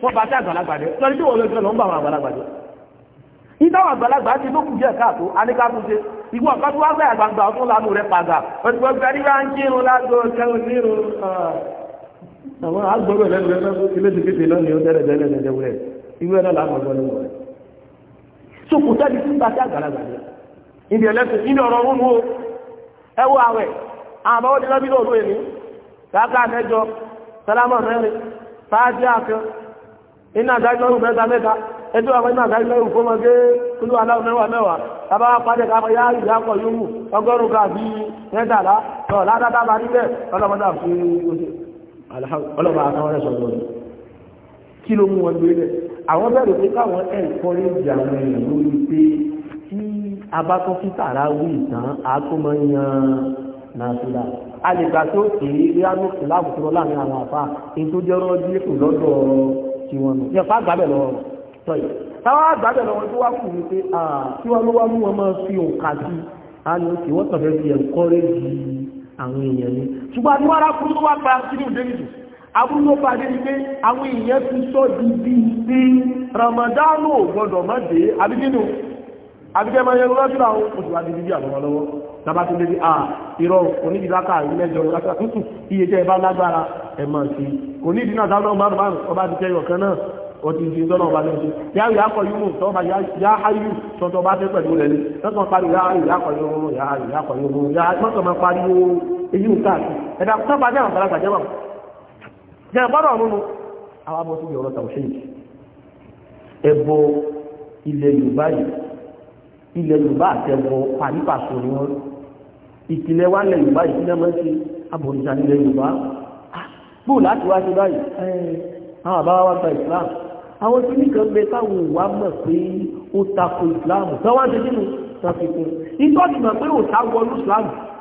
wọ́n bá sí àgbàlagbà jẹ́ tí wọ́n lọ sọ lọ́nbà àwọn àgbàlagbà jẹ́ ìdáwọn àgbàlagbà ti lókùn jẹ́ káàtó aníkàtúnṣe ìwọ kan tó wá gbé àgbàgbà ọtún lánàá irú ẹ̀ náà làwọn ọgbọ́n tupu wọ̀ rẹ̀ tó kò sẹ́ni tí ń bá sí àgbàlagbà rẹ̀ ìdí ẹlẹ́sìn ìdí ọ̀rọ̀ òun wo a wo àwẹ̀ àwọn àbáwọ́ dín lábí lóòrùn èmi káàkà mẹ́jọ sálámà mẹ́rin fáájì iná mẹ́ta mẹ́ta ẹjọ́ àwọn iná fún ọmọdé kúlú aláwọ̀ mẹ́wàá mẹ́wàá pàdé yá yóò káàbí mẹ́tàlá lọ bá níbẹ̀ àwọn bẹ̀rù pé káwọn ẹ̀kọ́rí ìjà àwọn èèyàn lórí pé tí a bá tó fi tààrà wí ìtàn a tó mọ́ yan nàṣúlá a lè gbà tó kì í rí ánú láàbù tó láàrin àwọn àfà ní jẹ́ ọ̀rọ̀ díẹ̀ kù lọ́dọ̀ tí wọ́n nù yẹn fà gbàbẹ̀ lọ́wọ́ sọ́yì táwọn àgbàbẹ̀ lọ́wọ́ tó wá kù ní pé tí wọ́n ló wá mú wọn máa fi òǹkà sí a ní òkè wọ́n tọ̀fẹ́ fi ẹ̀kọ́rí àwọn èèyàn ni ṣùgbọ́n àdúrà kúrú tó wá gba sínú dé nìyí abúlé bá dé ní pé àwọn èèyàn ti sọ di bí sí ramadanu gbọdọ̀ má dé abíkínú abíkẹ́ máa yẹn lọ́jọ́ àwọn oṣù wa di bíbí àwọn lọ́wọ́ tàbá tó lébi à irọ́ onídìláka mẹ́jọ lákà tútù iye jẹ́ ìbá lágbára ẹ̀mọ̀ sí onídìínà dáná márùn márùn ọba ti kẹyọ kan náà wọ́n ti di sọ́nà ọba lẹ́sẹ̀ yá yà kọ yúmù tọ́ba yá ayú tọ́tọ́ bá tẹ́ pẹ̀lú rẹ̀ ní lọ́tọ̀ parí yá ayú yá kọ yúmù yá ayú yá kọ yúmù yá mọ́tọ̀ máa parí yó eyín káàkiri ẹ̀dá tọ́ba jẹ́ àwọn àgbàlagbà jẹ́ wọn jẹ́ ìbára ọ̀run nu àwọn abọ́ síbi ọ̀rọ̀ tàwọn ṣéyìí ẹbọ ilẹ̀ yorùbá yìí ilẹ̀ yorùbá àtẹ̀wọ̀ pàrípàṣọ ni wọ́n ìpìlẹ̀ wa ilẹ̀ yorùbá ìpìlẹ̀ máa ń ṣe abòrìṣà ilẹ̀ yorùbá ah, bóò láti wá ṣe báyìí àwọn àbáwá wá gba islam àwọn tí nìkan bẹ táwọn ìwà mọ̀ pé ó tako islam tó wá ṣe nínú tó fi kún ìtọ́jú mọ̀ pé ò sá wọnú islam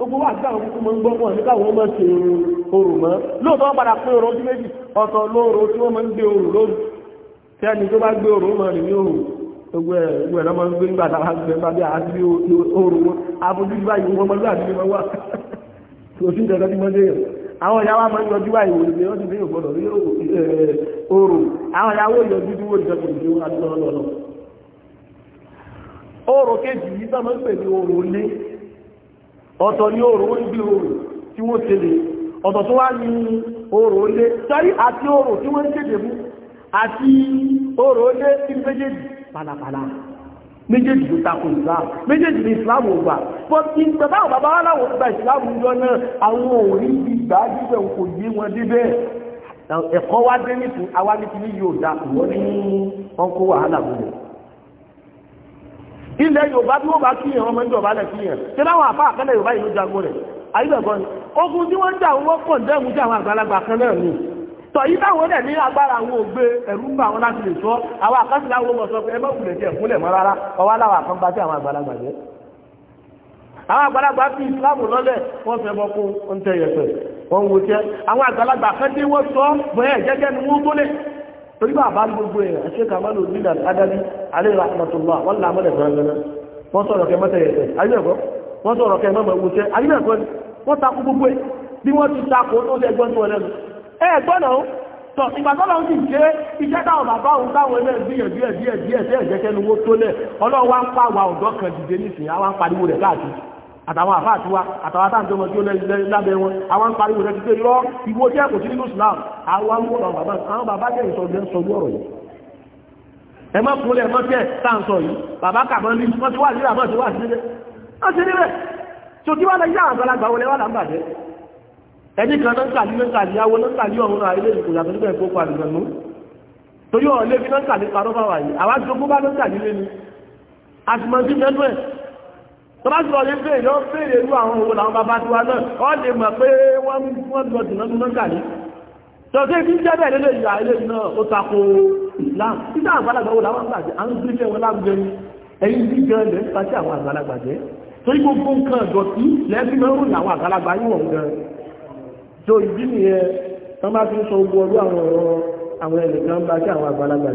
gbogbo wa àti àwọn kúkú máa ń gbọ́ wọn nígbà wọn máa ṣe orò mọ́ lóòótọ́ wọn padà pé orò ọdún méjì ọ̀tọ̀ lóòrò tí wọ́n máa ń gbé orò lóòrò tí ẹni tó bá gbé orò ó máa rìn ní orò gbogbo ẹ gbogbo ẹ lọ́mọ ń gbé nígbà táwọn àgbẹ̀ bá bí àti orò wọn abojú báyìí wọn máa láti máa wà òfin dandan tí wọ́n dé yẹn àwọn ìyàwó máa ń yọjú báyìí wò lè ọdún yóò gbọdọ̀ rí orò eh, àwọn ìyàwó yọjú tí wọ́n dẹ̀kùn tí wọ́n adúlọ́lọ́lọ́ orò kejì yìí sọ́mọ́ ń pè ní orò lé ọ̀tọ̀ ní oòrùn níbi oòrùn tí wọ́n tẹ̀lé ọ̀tọ̀ tó wá ní oòrùn lé sọ́rí àti oòrùn tí wọ́n tẹ̀lé mú àti oòrùn lé sí méjèèjì pàlàpàlà méjèèjì ló takò islam méjèèjì ní islam ò gbà bọ́tí bàbá àwọn bàbá aláwọ̀ gba islam yọ wá dé nìtú ilẹ̀ yorùbá bí wọ́n bá kí yẹn ọmọ ìjọba lẹ̀ kí yẹn ṣe láwọn àfa àkẹ́lẹ̀ yorùbá yìí ló jago rẹ̀ ayélujára ni ogun tí wọ́n jà wọ́n pọ̀ ń dẹ́gun àwọn àgbàlagbà kan náà ni tọ̀yí táwọn dẹ̀ ní agbára àwọn ògbé ẹ̀rú bá wọn láti lè sọ àwọn sọ pé ẹ torí bá àbá gbogbo ẹ̀ ẹ̀ṣẹ́ kàmálò nílà adájú alẹ́ rahmatullah wọ́n là mọ́lẹ̀ gbọ́ngbọ́n wọ́n sọ̀rọ̀ kẹ mọ́tẹ̀ ẹ̀ṣẹ̀ ayẹ́kọ́ wọ́n sọ̀rọ̀ kẹ mọ́mọ̀ ewúṣẹ́ ayẹ́kọ́ wọ́n takú gbogbo ẹ̀ bí wọ́n ti takò tó lẹ́ gbọ́n tó ẹlẹ́nu ẹ̀ gbọ́nà ó tọ̀ ìgbà tọ́lọ́ ń sì jẹ́ iṣẹ́ táwọn bàbá òun táwọn ẹlẹ́ gbìyànjú ẹ̀ díẹ̀ díẹ̀ tẹ́ ẹ̀jẹ̀ kẹ́nu wó tó lẹ̀ ọlọ́run ń pa àwa dìde nísìnyí àwọn pariwo rẹ̀ káàkiri àtàwọn àfáà tí wá àtàwọn àtàǹtọ́ ọmọ tí ó lábẹ́ wọn àwọn ń pariwo rẹ̀ ti pé irọ́ ìwò jẹ́ kò sí nínú Islam àwọn ń wọ́n bàbá àwọn bàbá jẹ́ ìsọ̀rọ̀ sọ̀rọ̀ ọ̀rọ̀ yìí ẹ mọ́ kúnlẹ̀ mọ́ tẹ́ sáǹsọ̀ yìí bàbá kàmọ́ ní wọ́n ti wà nílà mọ́ ti wà sílẹ̀ wọ́n ti nílẹ̀ tó kí wá lọ yá àgbàlagbà wọlé wà láǹbàdẹ́ ẹni kan náà ń kàlí ló ń kàlí awó ló ń kàlí ọ̀run àìlè ìkò yàtọ̀ nígbà ìkókò àlùmọ̀nù torí ọ̀lẹ́bí náà ń kàlí parọ́ bá wà yìí àwọn àjọgbó bá ló ń kàlí lé tọ́lájúlọ ní bèèrè lọ bèèrè irú àwọn owó làwọn bàbá tí wá náà ọ́ lè mọ̀ pé wọ́n lọ dùnà dùnà gàrí tọ́sí ibi jẹ́ bẹ̀rẹ̀ lè yà ilé náà ó tako Islam títà àgbàlagbà wo làwọn àgbàjẹ́ à ń gbé jẹ́ wọn lágbẹ́ ẹ̀yìn bí gan lẹ́ ń pàṣẹ àwọn àgbàlagbà jẹ́ tó yí gbogbo nǹkan ìdọ̀tí lẹ́bí máa ń rò àwọn àgbàlagbà yìí wọ̀n gan tó ìdí nìyẹn wọ́n bá fi ń sọ gbogbo ọdún àwọn ọ̀rọ̀ àwọn ẹnìkan ń bá sí àwọn àgbàlagbà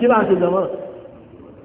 jẹ́ kò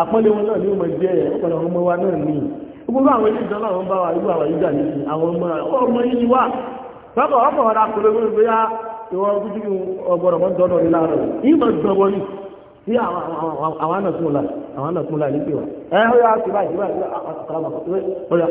àpọ́nlé wọn náà ní ọmọ jẹ́ ọ̀pọ̀lọpọ̀ ọmọ wa náà ní gbogbo àwọn ilé ìjọba bá nìyí àwọn ọmọ ọmọ yìí wà ọ̀rọ̀ wọn gbé yá ìwọ ọgbọ̀rọ̀ mọ́ dọ́dọ̀ ní láàárọ̀ ìmọ̀ gbọ̀wọ́ ni sí àwọn náà àwọn náà ní pèwà ẹ sí báyìí báyìí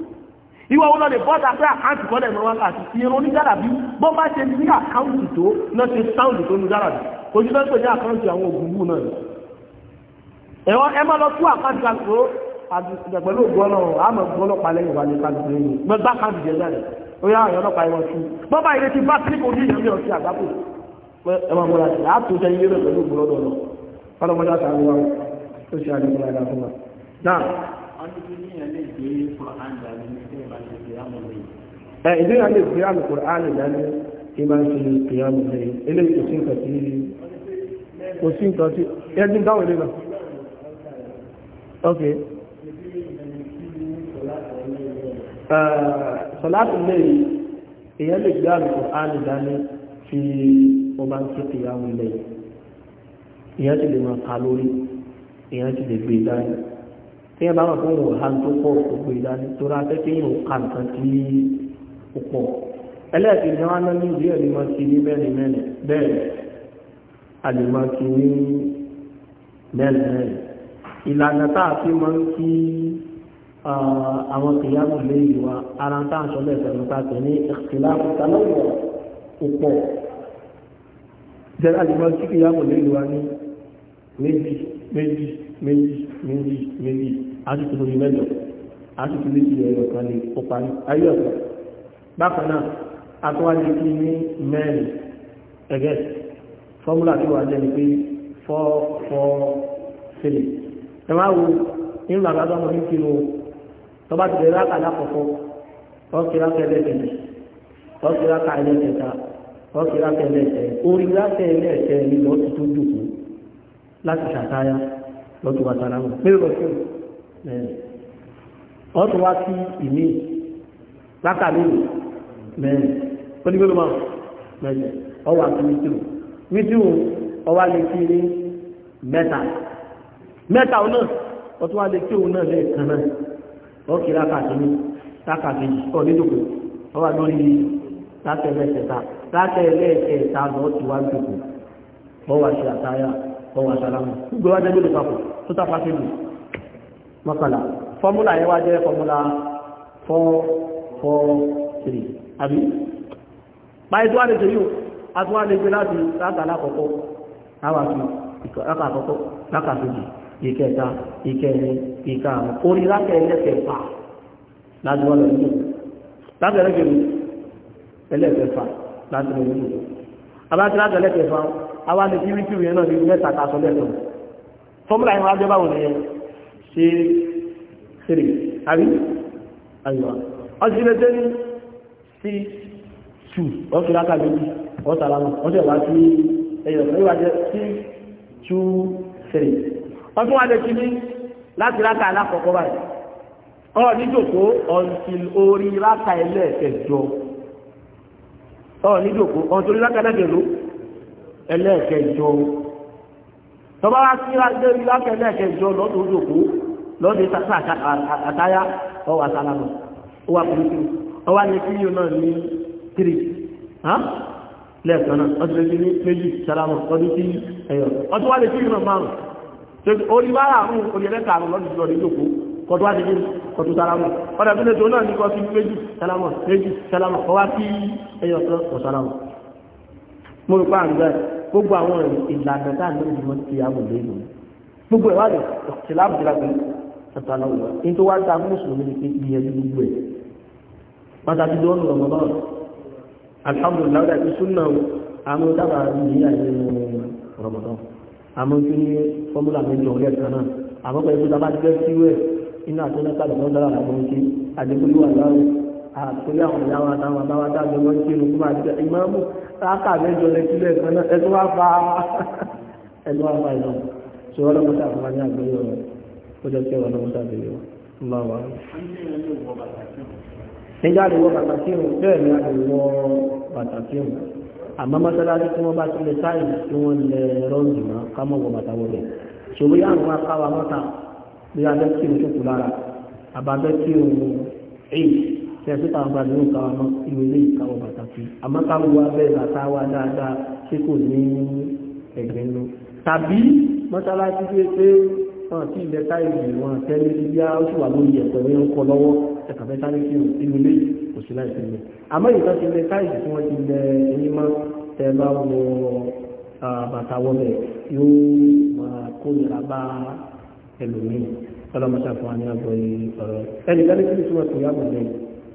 ìwọ wọn lọ́dẹ̀ bọ́ta pé àkáǹtì kọ́lẹ̀ mọ́ wá láti ìrún onídàràbí bọ́ bá ṣe ní àkáǹtì tó náà ṣe sáùndì tó ní dàràbí ojú lọ́sọ̀ ní àkáǹtì àwọn ògùn wù náà ẹ̀wọ́n ẹ má lọ tú àkáǹtì àkó pẹ̀lú ògùn ọlọ́run àmọ̀ ògùn ọlọ́pàá lẹ́yìn wà ní káàdì lẹ́yìn gbọ́dá káàdì jẹ́ jáde ó yá àwọn ọlọ́pàá ìwọ̀n tú bọ́ bá ilé ti bá kíríkò ní ìyẹn ní ọtí àgbákò ẹ̀wọ̀n mọ́ra sí àtúnṣe ilé rẹ̀ pẹ̀lú ògùn ọlọ́dọ̀ lọ ìdí náà lè fi àmì kùránì dání kí máa ń ṣe kìyàmù lè ilé kò sí nǹkan tí kò sí nǹkan tí ẹni dáwọn ilé náà ok sọ̀láàtì lè èyàn lè gbé àmì kùránì dání fi ó máa ń ṣe kìyàmù lè èyàn ti lè máa kà lórí èyàn ti lè gbé dání tí ẹ bá wà fún wòhán tó pọ̀ gbogbo ìdáni tó rà pé kí yóò ka nǹkan tí ó pọ̀ ẹlẹ́ẹ̀kejì wọn á ní ìwé ẹ̀rí máa ti ní mẹ́rin mẹ́rin bẹ́ẹ̀ a lè máa ti ní mẹ́rin mẹ́rin ìlànà tá a fi máa ń kí àwọn kìyàmù léyìí wa ara tá a sọ lẹ́sẹ̀ nípa tẹ̀ ní ìkìláàmù tálọ́wọ̀ ó pọ̀ jẹ́ máa kí kìyàmù léyìí wa ní méjì méjì méjì méjì méjì àtúntò lórí mẹ́jọ àtúntò méjì ẹ̀rọ kan lè kó parí ayé ọ̀pọ̀ bákan náà atúwájú kí ní mẹ́rin ẹ̀gẹ́ fọ́múlà tí wàá jẹ́ ni pé fọ́ fọ́ sílẹ̀ ẹ máa wo nínú àgbàdo ọmọ yìí kiri o tọ́ba ti bẹ̀rẹ̀ lákàlá kọ̀kọ́ ọ̀kìlá kẹlẹ̀ kẹlẹ̀ ọ̀kìlá kẹlẹ̀ kẹta ọ̀kìlá kẹlẹ̀ kẹ orí lákẹlẹ̀ kẹ ni lọ́ọ́ ti tó dùkú láti ṣàtáyà lọ́tùwàtà náà mẹ́rin wọ́n tún wá sí ìmí látàlú mẹ́rin onígbèrè máa mẹ́rin ọwọ́ àti mítìrù mítìrù ọwọ́ lè fi ní mẹ́ta mẹ́ta ọ̀nà wọ́n tún wá lè kí òun náà lẹ́ẹ̀kan náà wọ́n kí lákàtí ní lákàtí ọ̀ nídòkó ọwọ́ lórí látẹ̀lẹ́sẹ̀ta látẹ̀lẹ́sẹ̀ta lọ́ọ́ ti wá dòkó wọ́n wá ṣe àtàyà wọ́n wá ṣàlámù gbogbo wájú ló lè papọ̀ tó tápá sí ìlú mọ́kànlá fọ́múlà yẹn wá jẹ́ fọ́múlà 443 àbí báyìí tó wà lè tẹ̀yìn a tó wà lè gbé láti láta lákọ̀ọ́kọ́ láwà sí láka àkọ́kọ́ láka fèjì ìkẹta ìkẹrin ìkarùn orí láka ẹlẹ́kẹ̀ẹ́fà láti wọ́n lọ sí láti ẹlẹ́kẹ̀ẹ́fà ẹlẹ́kẹ̀ẹ́fà láti lọ sí abájá láti ẹlẹ́kẹ̀ẹ́fà àwọn àti kíríkìrì yẹn náà ní fọ́múlà yẹn wá jẹ́ báwọn nìyẹn ṣe three àbí àyíwá ọ̀sìnlẹ̀tẹ́ ní sí two ọ̀sìn láta méjì ọ̀tàlá náà ọ̀sìn ọ̀wá sí ẹ̀yọ̀ ìwà jẹ́ sí two three ọdún wa lè ti ní láti láta alákọ̀ọ́kọ́ báyìí ọ̀ níjòkó until orí láta ẹlẹ́ẹ̀kẹjọ ọ̀ níjòkó until orí láta ẹlẹ́ẹ̀kẹjọ tọ́ba wá sí lérí lákẹ́lẹ́ kẹjọ lọ́dún òjòkó lọ́dún sàkà àtàyà ọwà sálámù ọwà burúkú ọwà ní kíyò náà ní tírì lẹ́ẹ̀kan náà ọdún ní méjì sálámù ọdún sí ẹ̀yọ ọdún wá lè kíyò náà márùn orí bára àwọn olùyẹ̀lẹ́ka àrùn lọ́dún lọ́dún òjòkó kọtù wá dídí kọtù sálámù ọdún abúlé tó náà ní kọtù méjì sálámù méjì sálámù ọwà sí ẹ̀yọ kan ọ̀sálámù mo rò pa àrùn bẹ́ẹ̀ gbogbo àwọn ìlànà tá à ń lò ní wọn ti àwọn ìlú ìlú gbogbo ẹ̀ wá lè ṣìláàmù ti lágbè ṣàtà náà wọ̀ ní tó wá dá mùsùlùmí ni pé gbìyànjú gbogbo ẹ̀ pàtàkì tó ń lọ mọ́ náà alhamdulilayi dàbí súnà àwọn dábà ìyá ìlú rọmọdán àmọ́ tí ní fọ́múlà mẹ́jọ lẹ́ẹ̀kan náà àmọ́ pẹ̀lú tó dábà jẹ́ síwẹ̀ iná àtúnyẹ́ká lọ́wọ́ dára àwọn ohun tí àdékúlù àláwọ̀ àtúnyẹ́ àwọn ìyáwó àtàwọn àbáwá dáàbò wọn kí inú kúmọ̀ àti ìmáàmù ráka mẹ́jọ lẹ́kílẹ̀ kan náà ẹ̀tọ́ wá fa ẹ̀lú àmà ìlú ṣùgbọ́n lọ́mọ sí àfọwọ́ ní àgbẹ̀yẹ rẹ̀ ó jẹ́ kí ọ̀rọ̀ lọ́mọ sí àgbẹ̀yẹ rẹ̀ ńlá wa. nígbà bàtà tí òun bẹ́ẹ̀ ni a lè wọ bàtà tí òun àmọ́ mọ́sálásí tí wọ́n bá ti lè sáyìn tí wọ́n lè rọ́ọ̀dì mọ́ ká mọ̀ wọ bàtà wọlé ṣòwò yá àwọn akáwa mọ́ta ṣe ṣe táwọn bá nínú káwọn náà ìwé ilé ìkáwọn pàtàkì àmọ́ káwọn wá bẹ́ẹ̀ bàtà wá dáadáa ṣé kò ní ẹ̀gbẹ́ nù. tàbí mọ́ṣáláṣí pé pé wọn ti ilẹ̀ táìlì wọn tẹ́lẹ̀ bí a ó sì wà lórí ẹ̀pẹ́ ní ń kọ lọ́wọ́ ẹ̀ka fẹ́ sáré sí inú ilé kò sí láì sílẹ̀. àmọ́ ìtàn ti ilẹ̀ táìlì tí wọ́n ti lẹ ẹyin mọ́ tẹ bá wọ bàtà wọlé yóò máa kó ìlà bá ẹlòmíì ọlọ́mọṣàfọ̀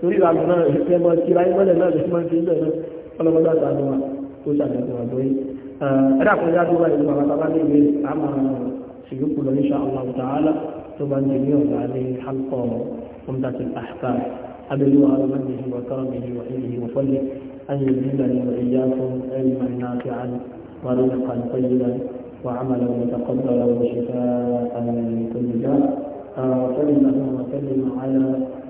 torí ìlànà náà ìfẹ́ mọ́ sí ráyé mọ́lẹ̀ náà lọ́sí máa ń fi ilẹ̀ náà ọlọ́mọdé àtàwọn wa ó ṣàtẹ̀kùn àgbọ̀ yìí ẹ̀rọ àkọjá tó wà nínú àwọn tábà níbi àmà ṣìyókù lọ insha Allah ta'ala tó bá ń jẹ ní ọ̀gá ní halqa umdatul ahkam abẹ́lú àwọn ọmọdé وكرمه وعلمه وفضله أن يزيدني وإياكم علما نافعا ورزقا طيبا وعملا متقبلا وشفاء من كل داء وصلى اللهم وسلم على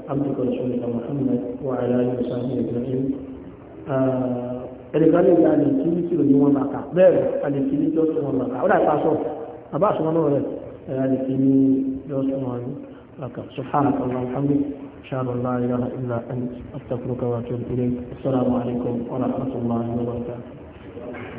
عبدك ورسولك محمد وعلى آله وصحبه أجمعين ẹnìkan lè gba àlè kí kìlò ní wọn bàtà bẹ́ẹ̀ àlè kí ní jọsùn wọn bàtà ó dàgbà sọ àbá àsùnmọ náà rẹ àlè kí ní jọsùn wọn bàtà subhanaka allahumma hamdika ashhadu an la ilaha illa anta astaghfiruka wa atubu ilayk assalamu alaikum wa rahmatullahi wa barakatuh.